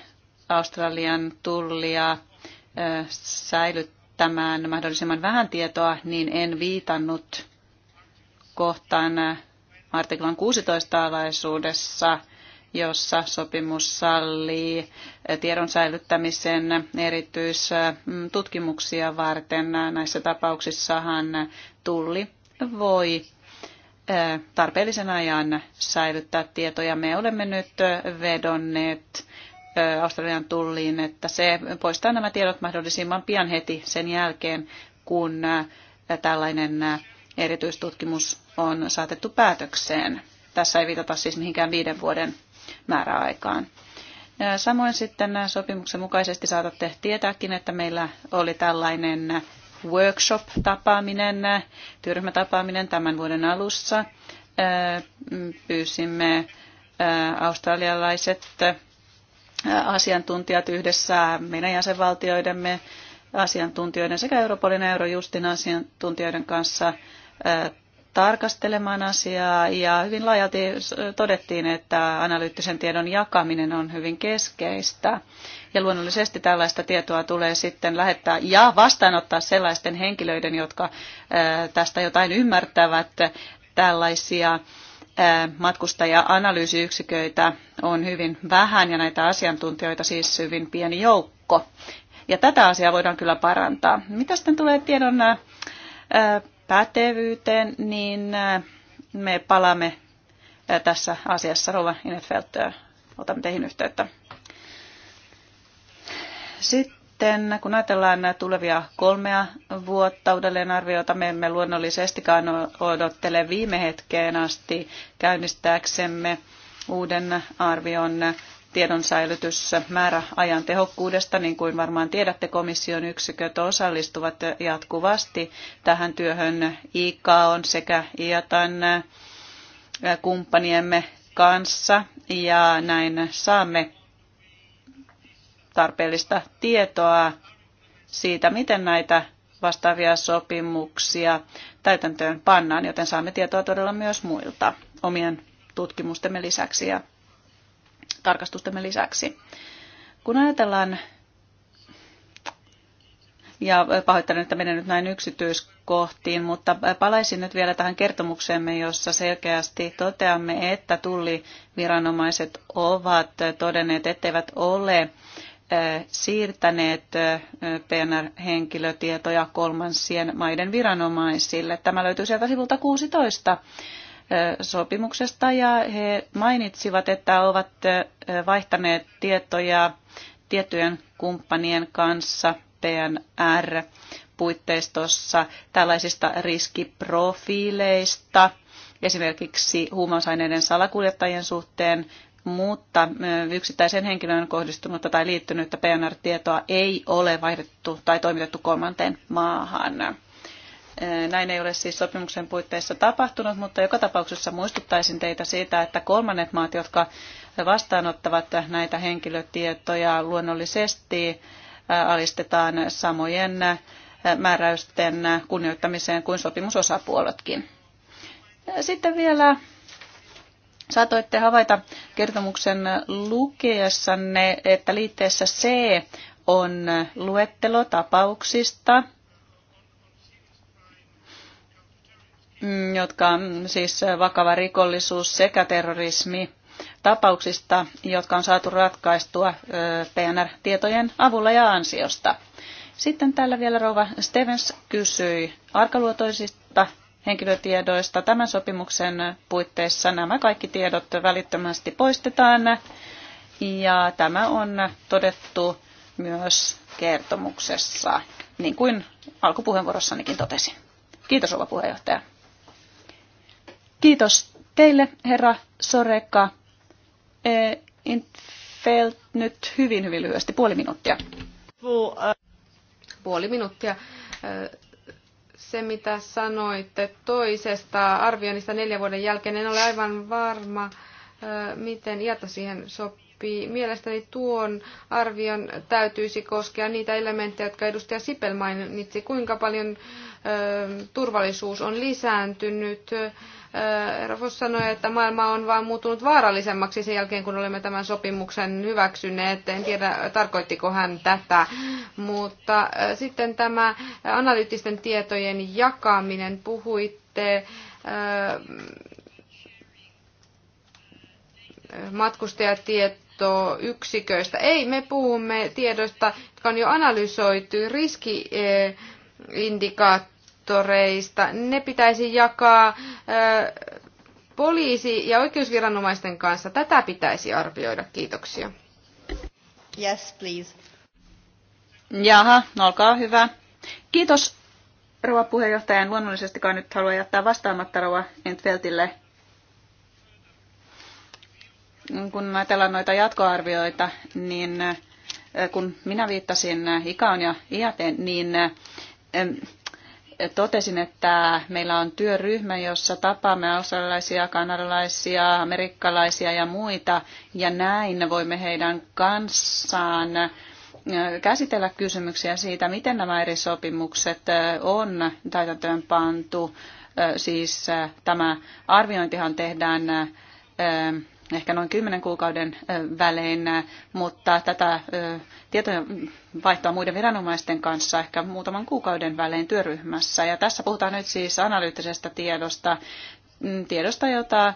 Australian tullia säilyttämään käyttämään mahdollisimman vähän tietoa, niin en viitannut kohtaan artiklan 16 alaisuudessa, jossa sopimus sallii tiedon säilyttämisen erityistutkimuksia varten. Näissä tapauksissahan tulli voi tarpeellisen ajan säilyttää tietoja. Me olemme nyt vedonneet Australian tulliin, että se poistaa nämä tiedot mahdollisimman pian heti sen jälkeen, kun tällainen erityistutkimus on saatettu päätökseen. Tässä ei viitata siis mihinkään viiden vuoden määräaikaan. Samoin sitten sopimuksen mukaisesti saatatte tietääkin, että meillä oli tällainen workshop-tapaaminen, työryhmätapaaminen tämän vuoden alussa. Pyysimme australialaiset asiantuntijat yhdessä meidän jäsenvaltioidemme asiantuntijoiden sekä Europolin ja Eurojustin asiantuntijoiden kanssa tarkastelemaan asiaa ja hyvin laajalti todettiin, että analyyttisen tiedon jakaminen on hyvin keskeistä. Ja luonnollisesti tällaista tietoa tulee sitten lähettää ja vastaanottaa sellaisten henkilöiden, jotka tästä jotain ymmärtävät, tällaisia matkustaja-analyysiyksiköitä on hyvin vähän ja näitä asiantuntijoita siis hyvin pieni joukko. Ja tätä asiaa voidaan kyllä parantaa. Mitä sitten tulee tiedon äh, pätevyyteen, niin äh, me palaamme äh, tässä asiassa. Rova Inetfeldt, otamme teihin yhteyttä. Sitten sitten kun ajatellaan tulevia kolmea vuotta arvioita, me emme luonnollisestikaan odottele viime hetkeen asti käynnistääksemme uuden arvion tiedon säilytyssä määräajan tehokkuudesta, niin kuin varmaan tiedätte, komission yksiköt osallistuvat jatkuvasti tähän työhön on sekä IATAN kumppaniemme kanssa ja näin saamme tarpeellista tietoa siitä, miten näitä vastaavia sopimuksia täytäntöön pannaan, joten saamme tietoa todella myös muilta omien tutkimustemme lisäksi ja tarkastustemme lisäksi. Kun ajatellaan, ja pahoittelen, että menen nyt näin yksityiskohtiin, mutta palaisin nyt vielä tähän kertomukseemme, jossa selkeästi toteamme, että tulliviranomaiset ovat todenneet, etteivät ole siirtäneet PNR-henkilötietoja kolmansien maiden viranomaisille. Tämä löytyy sieltä sivulta 16 sopimuksesta ja he mainitsivat, että ovat vaihtaneet tietoja tiettyjen kumppanien kanssa PNR-puitteistossa tällaisista riskiprofiileista, esimerkiksi huumausaineiden salakuljettajien suhteen, mutta yksittäisen henkilöön kohdistunutta tai liittynyttä PNR-tietoa ei ole vaihdettu tai toimitettu kolmanteen maahan. Näin ei ole siis sopimuksen puitteissa tapahtunut, mutta joka tapauksessa muistuttaisin teitä siitä, että kolmannet maat, jotka vastaanottavat näitä henkilötietoja, luonnollisesti alistetaan samojen määräysten kunnioittamiseen kuin sopimusosapuoletkin. Sitten vielä Saatoitte havaita kertomuksen lukiessanne, että liitteessä C on luettelo tapauksista, jotka siis vakava rikollisuus sekä terrorismi tapauksista, jotka on saatu ratkaistua PNR-tietojen avulla ja ansiosta. Sitten täällä vielä rouva Stevens kysyi arkaluotoisista henkilötiedoista. Tämän sopimuksen puitteissa nämä kaikki tiedot välittömästi poistetaan ja tämä on todettu myös kertomuksessa, niin kuin alkupuheenvuorossanikin totesin. Kiitos rouva puheenjohtaja. Kiitos teille, herra Soreka. E, Infeld nyt hyvin, hyvin lyhyesti, puoli minuuttia. Puoli minuuttia se, mitä sanoitte toisesta arvioinnista neljän vuoden jälkeen. En ole aivan varma, miten IATA siihen sopii sopii. Mielestäni tuon arvion täytyisi koskea niitä elementtejä, jotka edustaja Sipel mainitsi, kuinka paljon turvallisuus on lisääntynyt. Rafos sanoi, että maailma on vain muuttunut vaarallisemmaksi sen jälkeen, kun olemme tämän sopimuksen hyväksyneet. En tiedä, tarkoittiko hän tätä, mutta sitten tämä analyyttisten tietojen jakaminen. Puhuitte matkustajatiet tiedostoyksiköistä. Ei, me puhumme tiedosta, jotka on jo analysoitu, riskiindikaattoreista. Ne pitäisi jakaa poliisi- ja oikeusviranomaisten kanssa. Tätä pitäisi arvioida. Kiitoksia. Yes, please. Jaha, olkaa hyvä. Kiitos rouva puheenjohtaja. En luonnollisestikaan nyt halua jättää vastaamatta rouva Entveltille kun ajatellaan noita jatkoarvioita, niin kun minä viittasin ICAon ja iäteen, niin totesin, että meillä on työryhmä, jossa tapaamme australialaisia, kanadalaisia, amerikkalaisia ja muita, ja näin voimme heidän kanssaan käsitellä kysymyksiä siitä, miten nämä eri sopimukset on täytäntöön pantu. Siis tämä arviointihan tehdään ehkä noin 10 kuukauden välein, mutta tätä tietojen vaihtoa muiden viranomaisten kanssa ehkä muutaman kuukauden välein työryhmässä. Ja tässä puhutaan nyt siis analyyttisestä tiedosta, mm, tiedosta, jota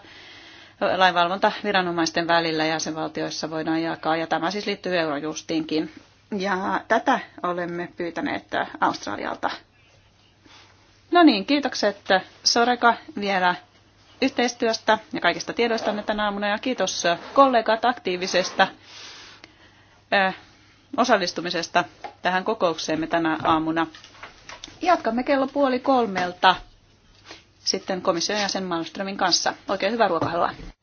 lainvalvontaviranomaisten välillä jäsenvaltioissa voidaan jakaa, ja tämä siis liittyy Eurojustiinkin. Ja tätä olemme pyytäneet Australialta. No niin, kiitokset Soreka vielä yhteistyöstä ja kaikista tiedoista tänä aamuna ja kiitos äh, kollegat aktiivisesta äh, osallistumisesta tähän kokoukseemme tänä aamuna. Jatkamme kello puoli kolmelta sitten komission jäsen Malmströmin kanssa. Oikein hyvää ruokahalua.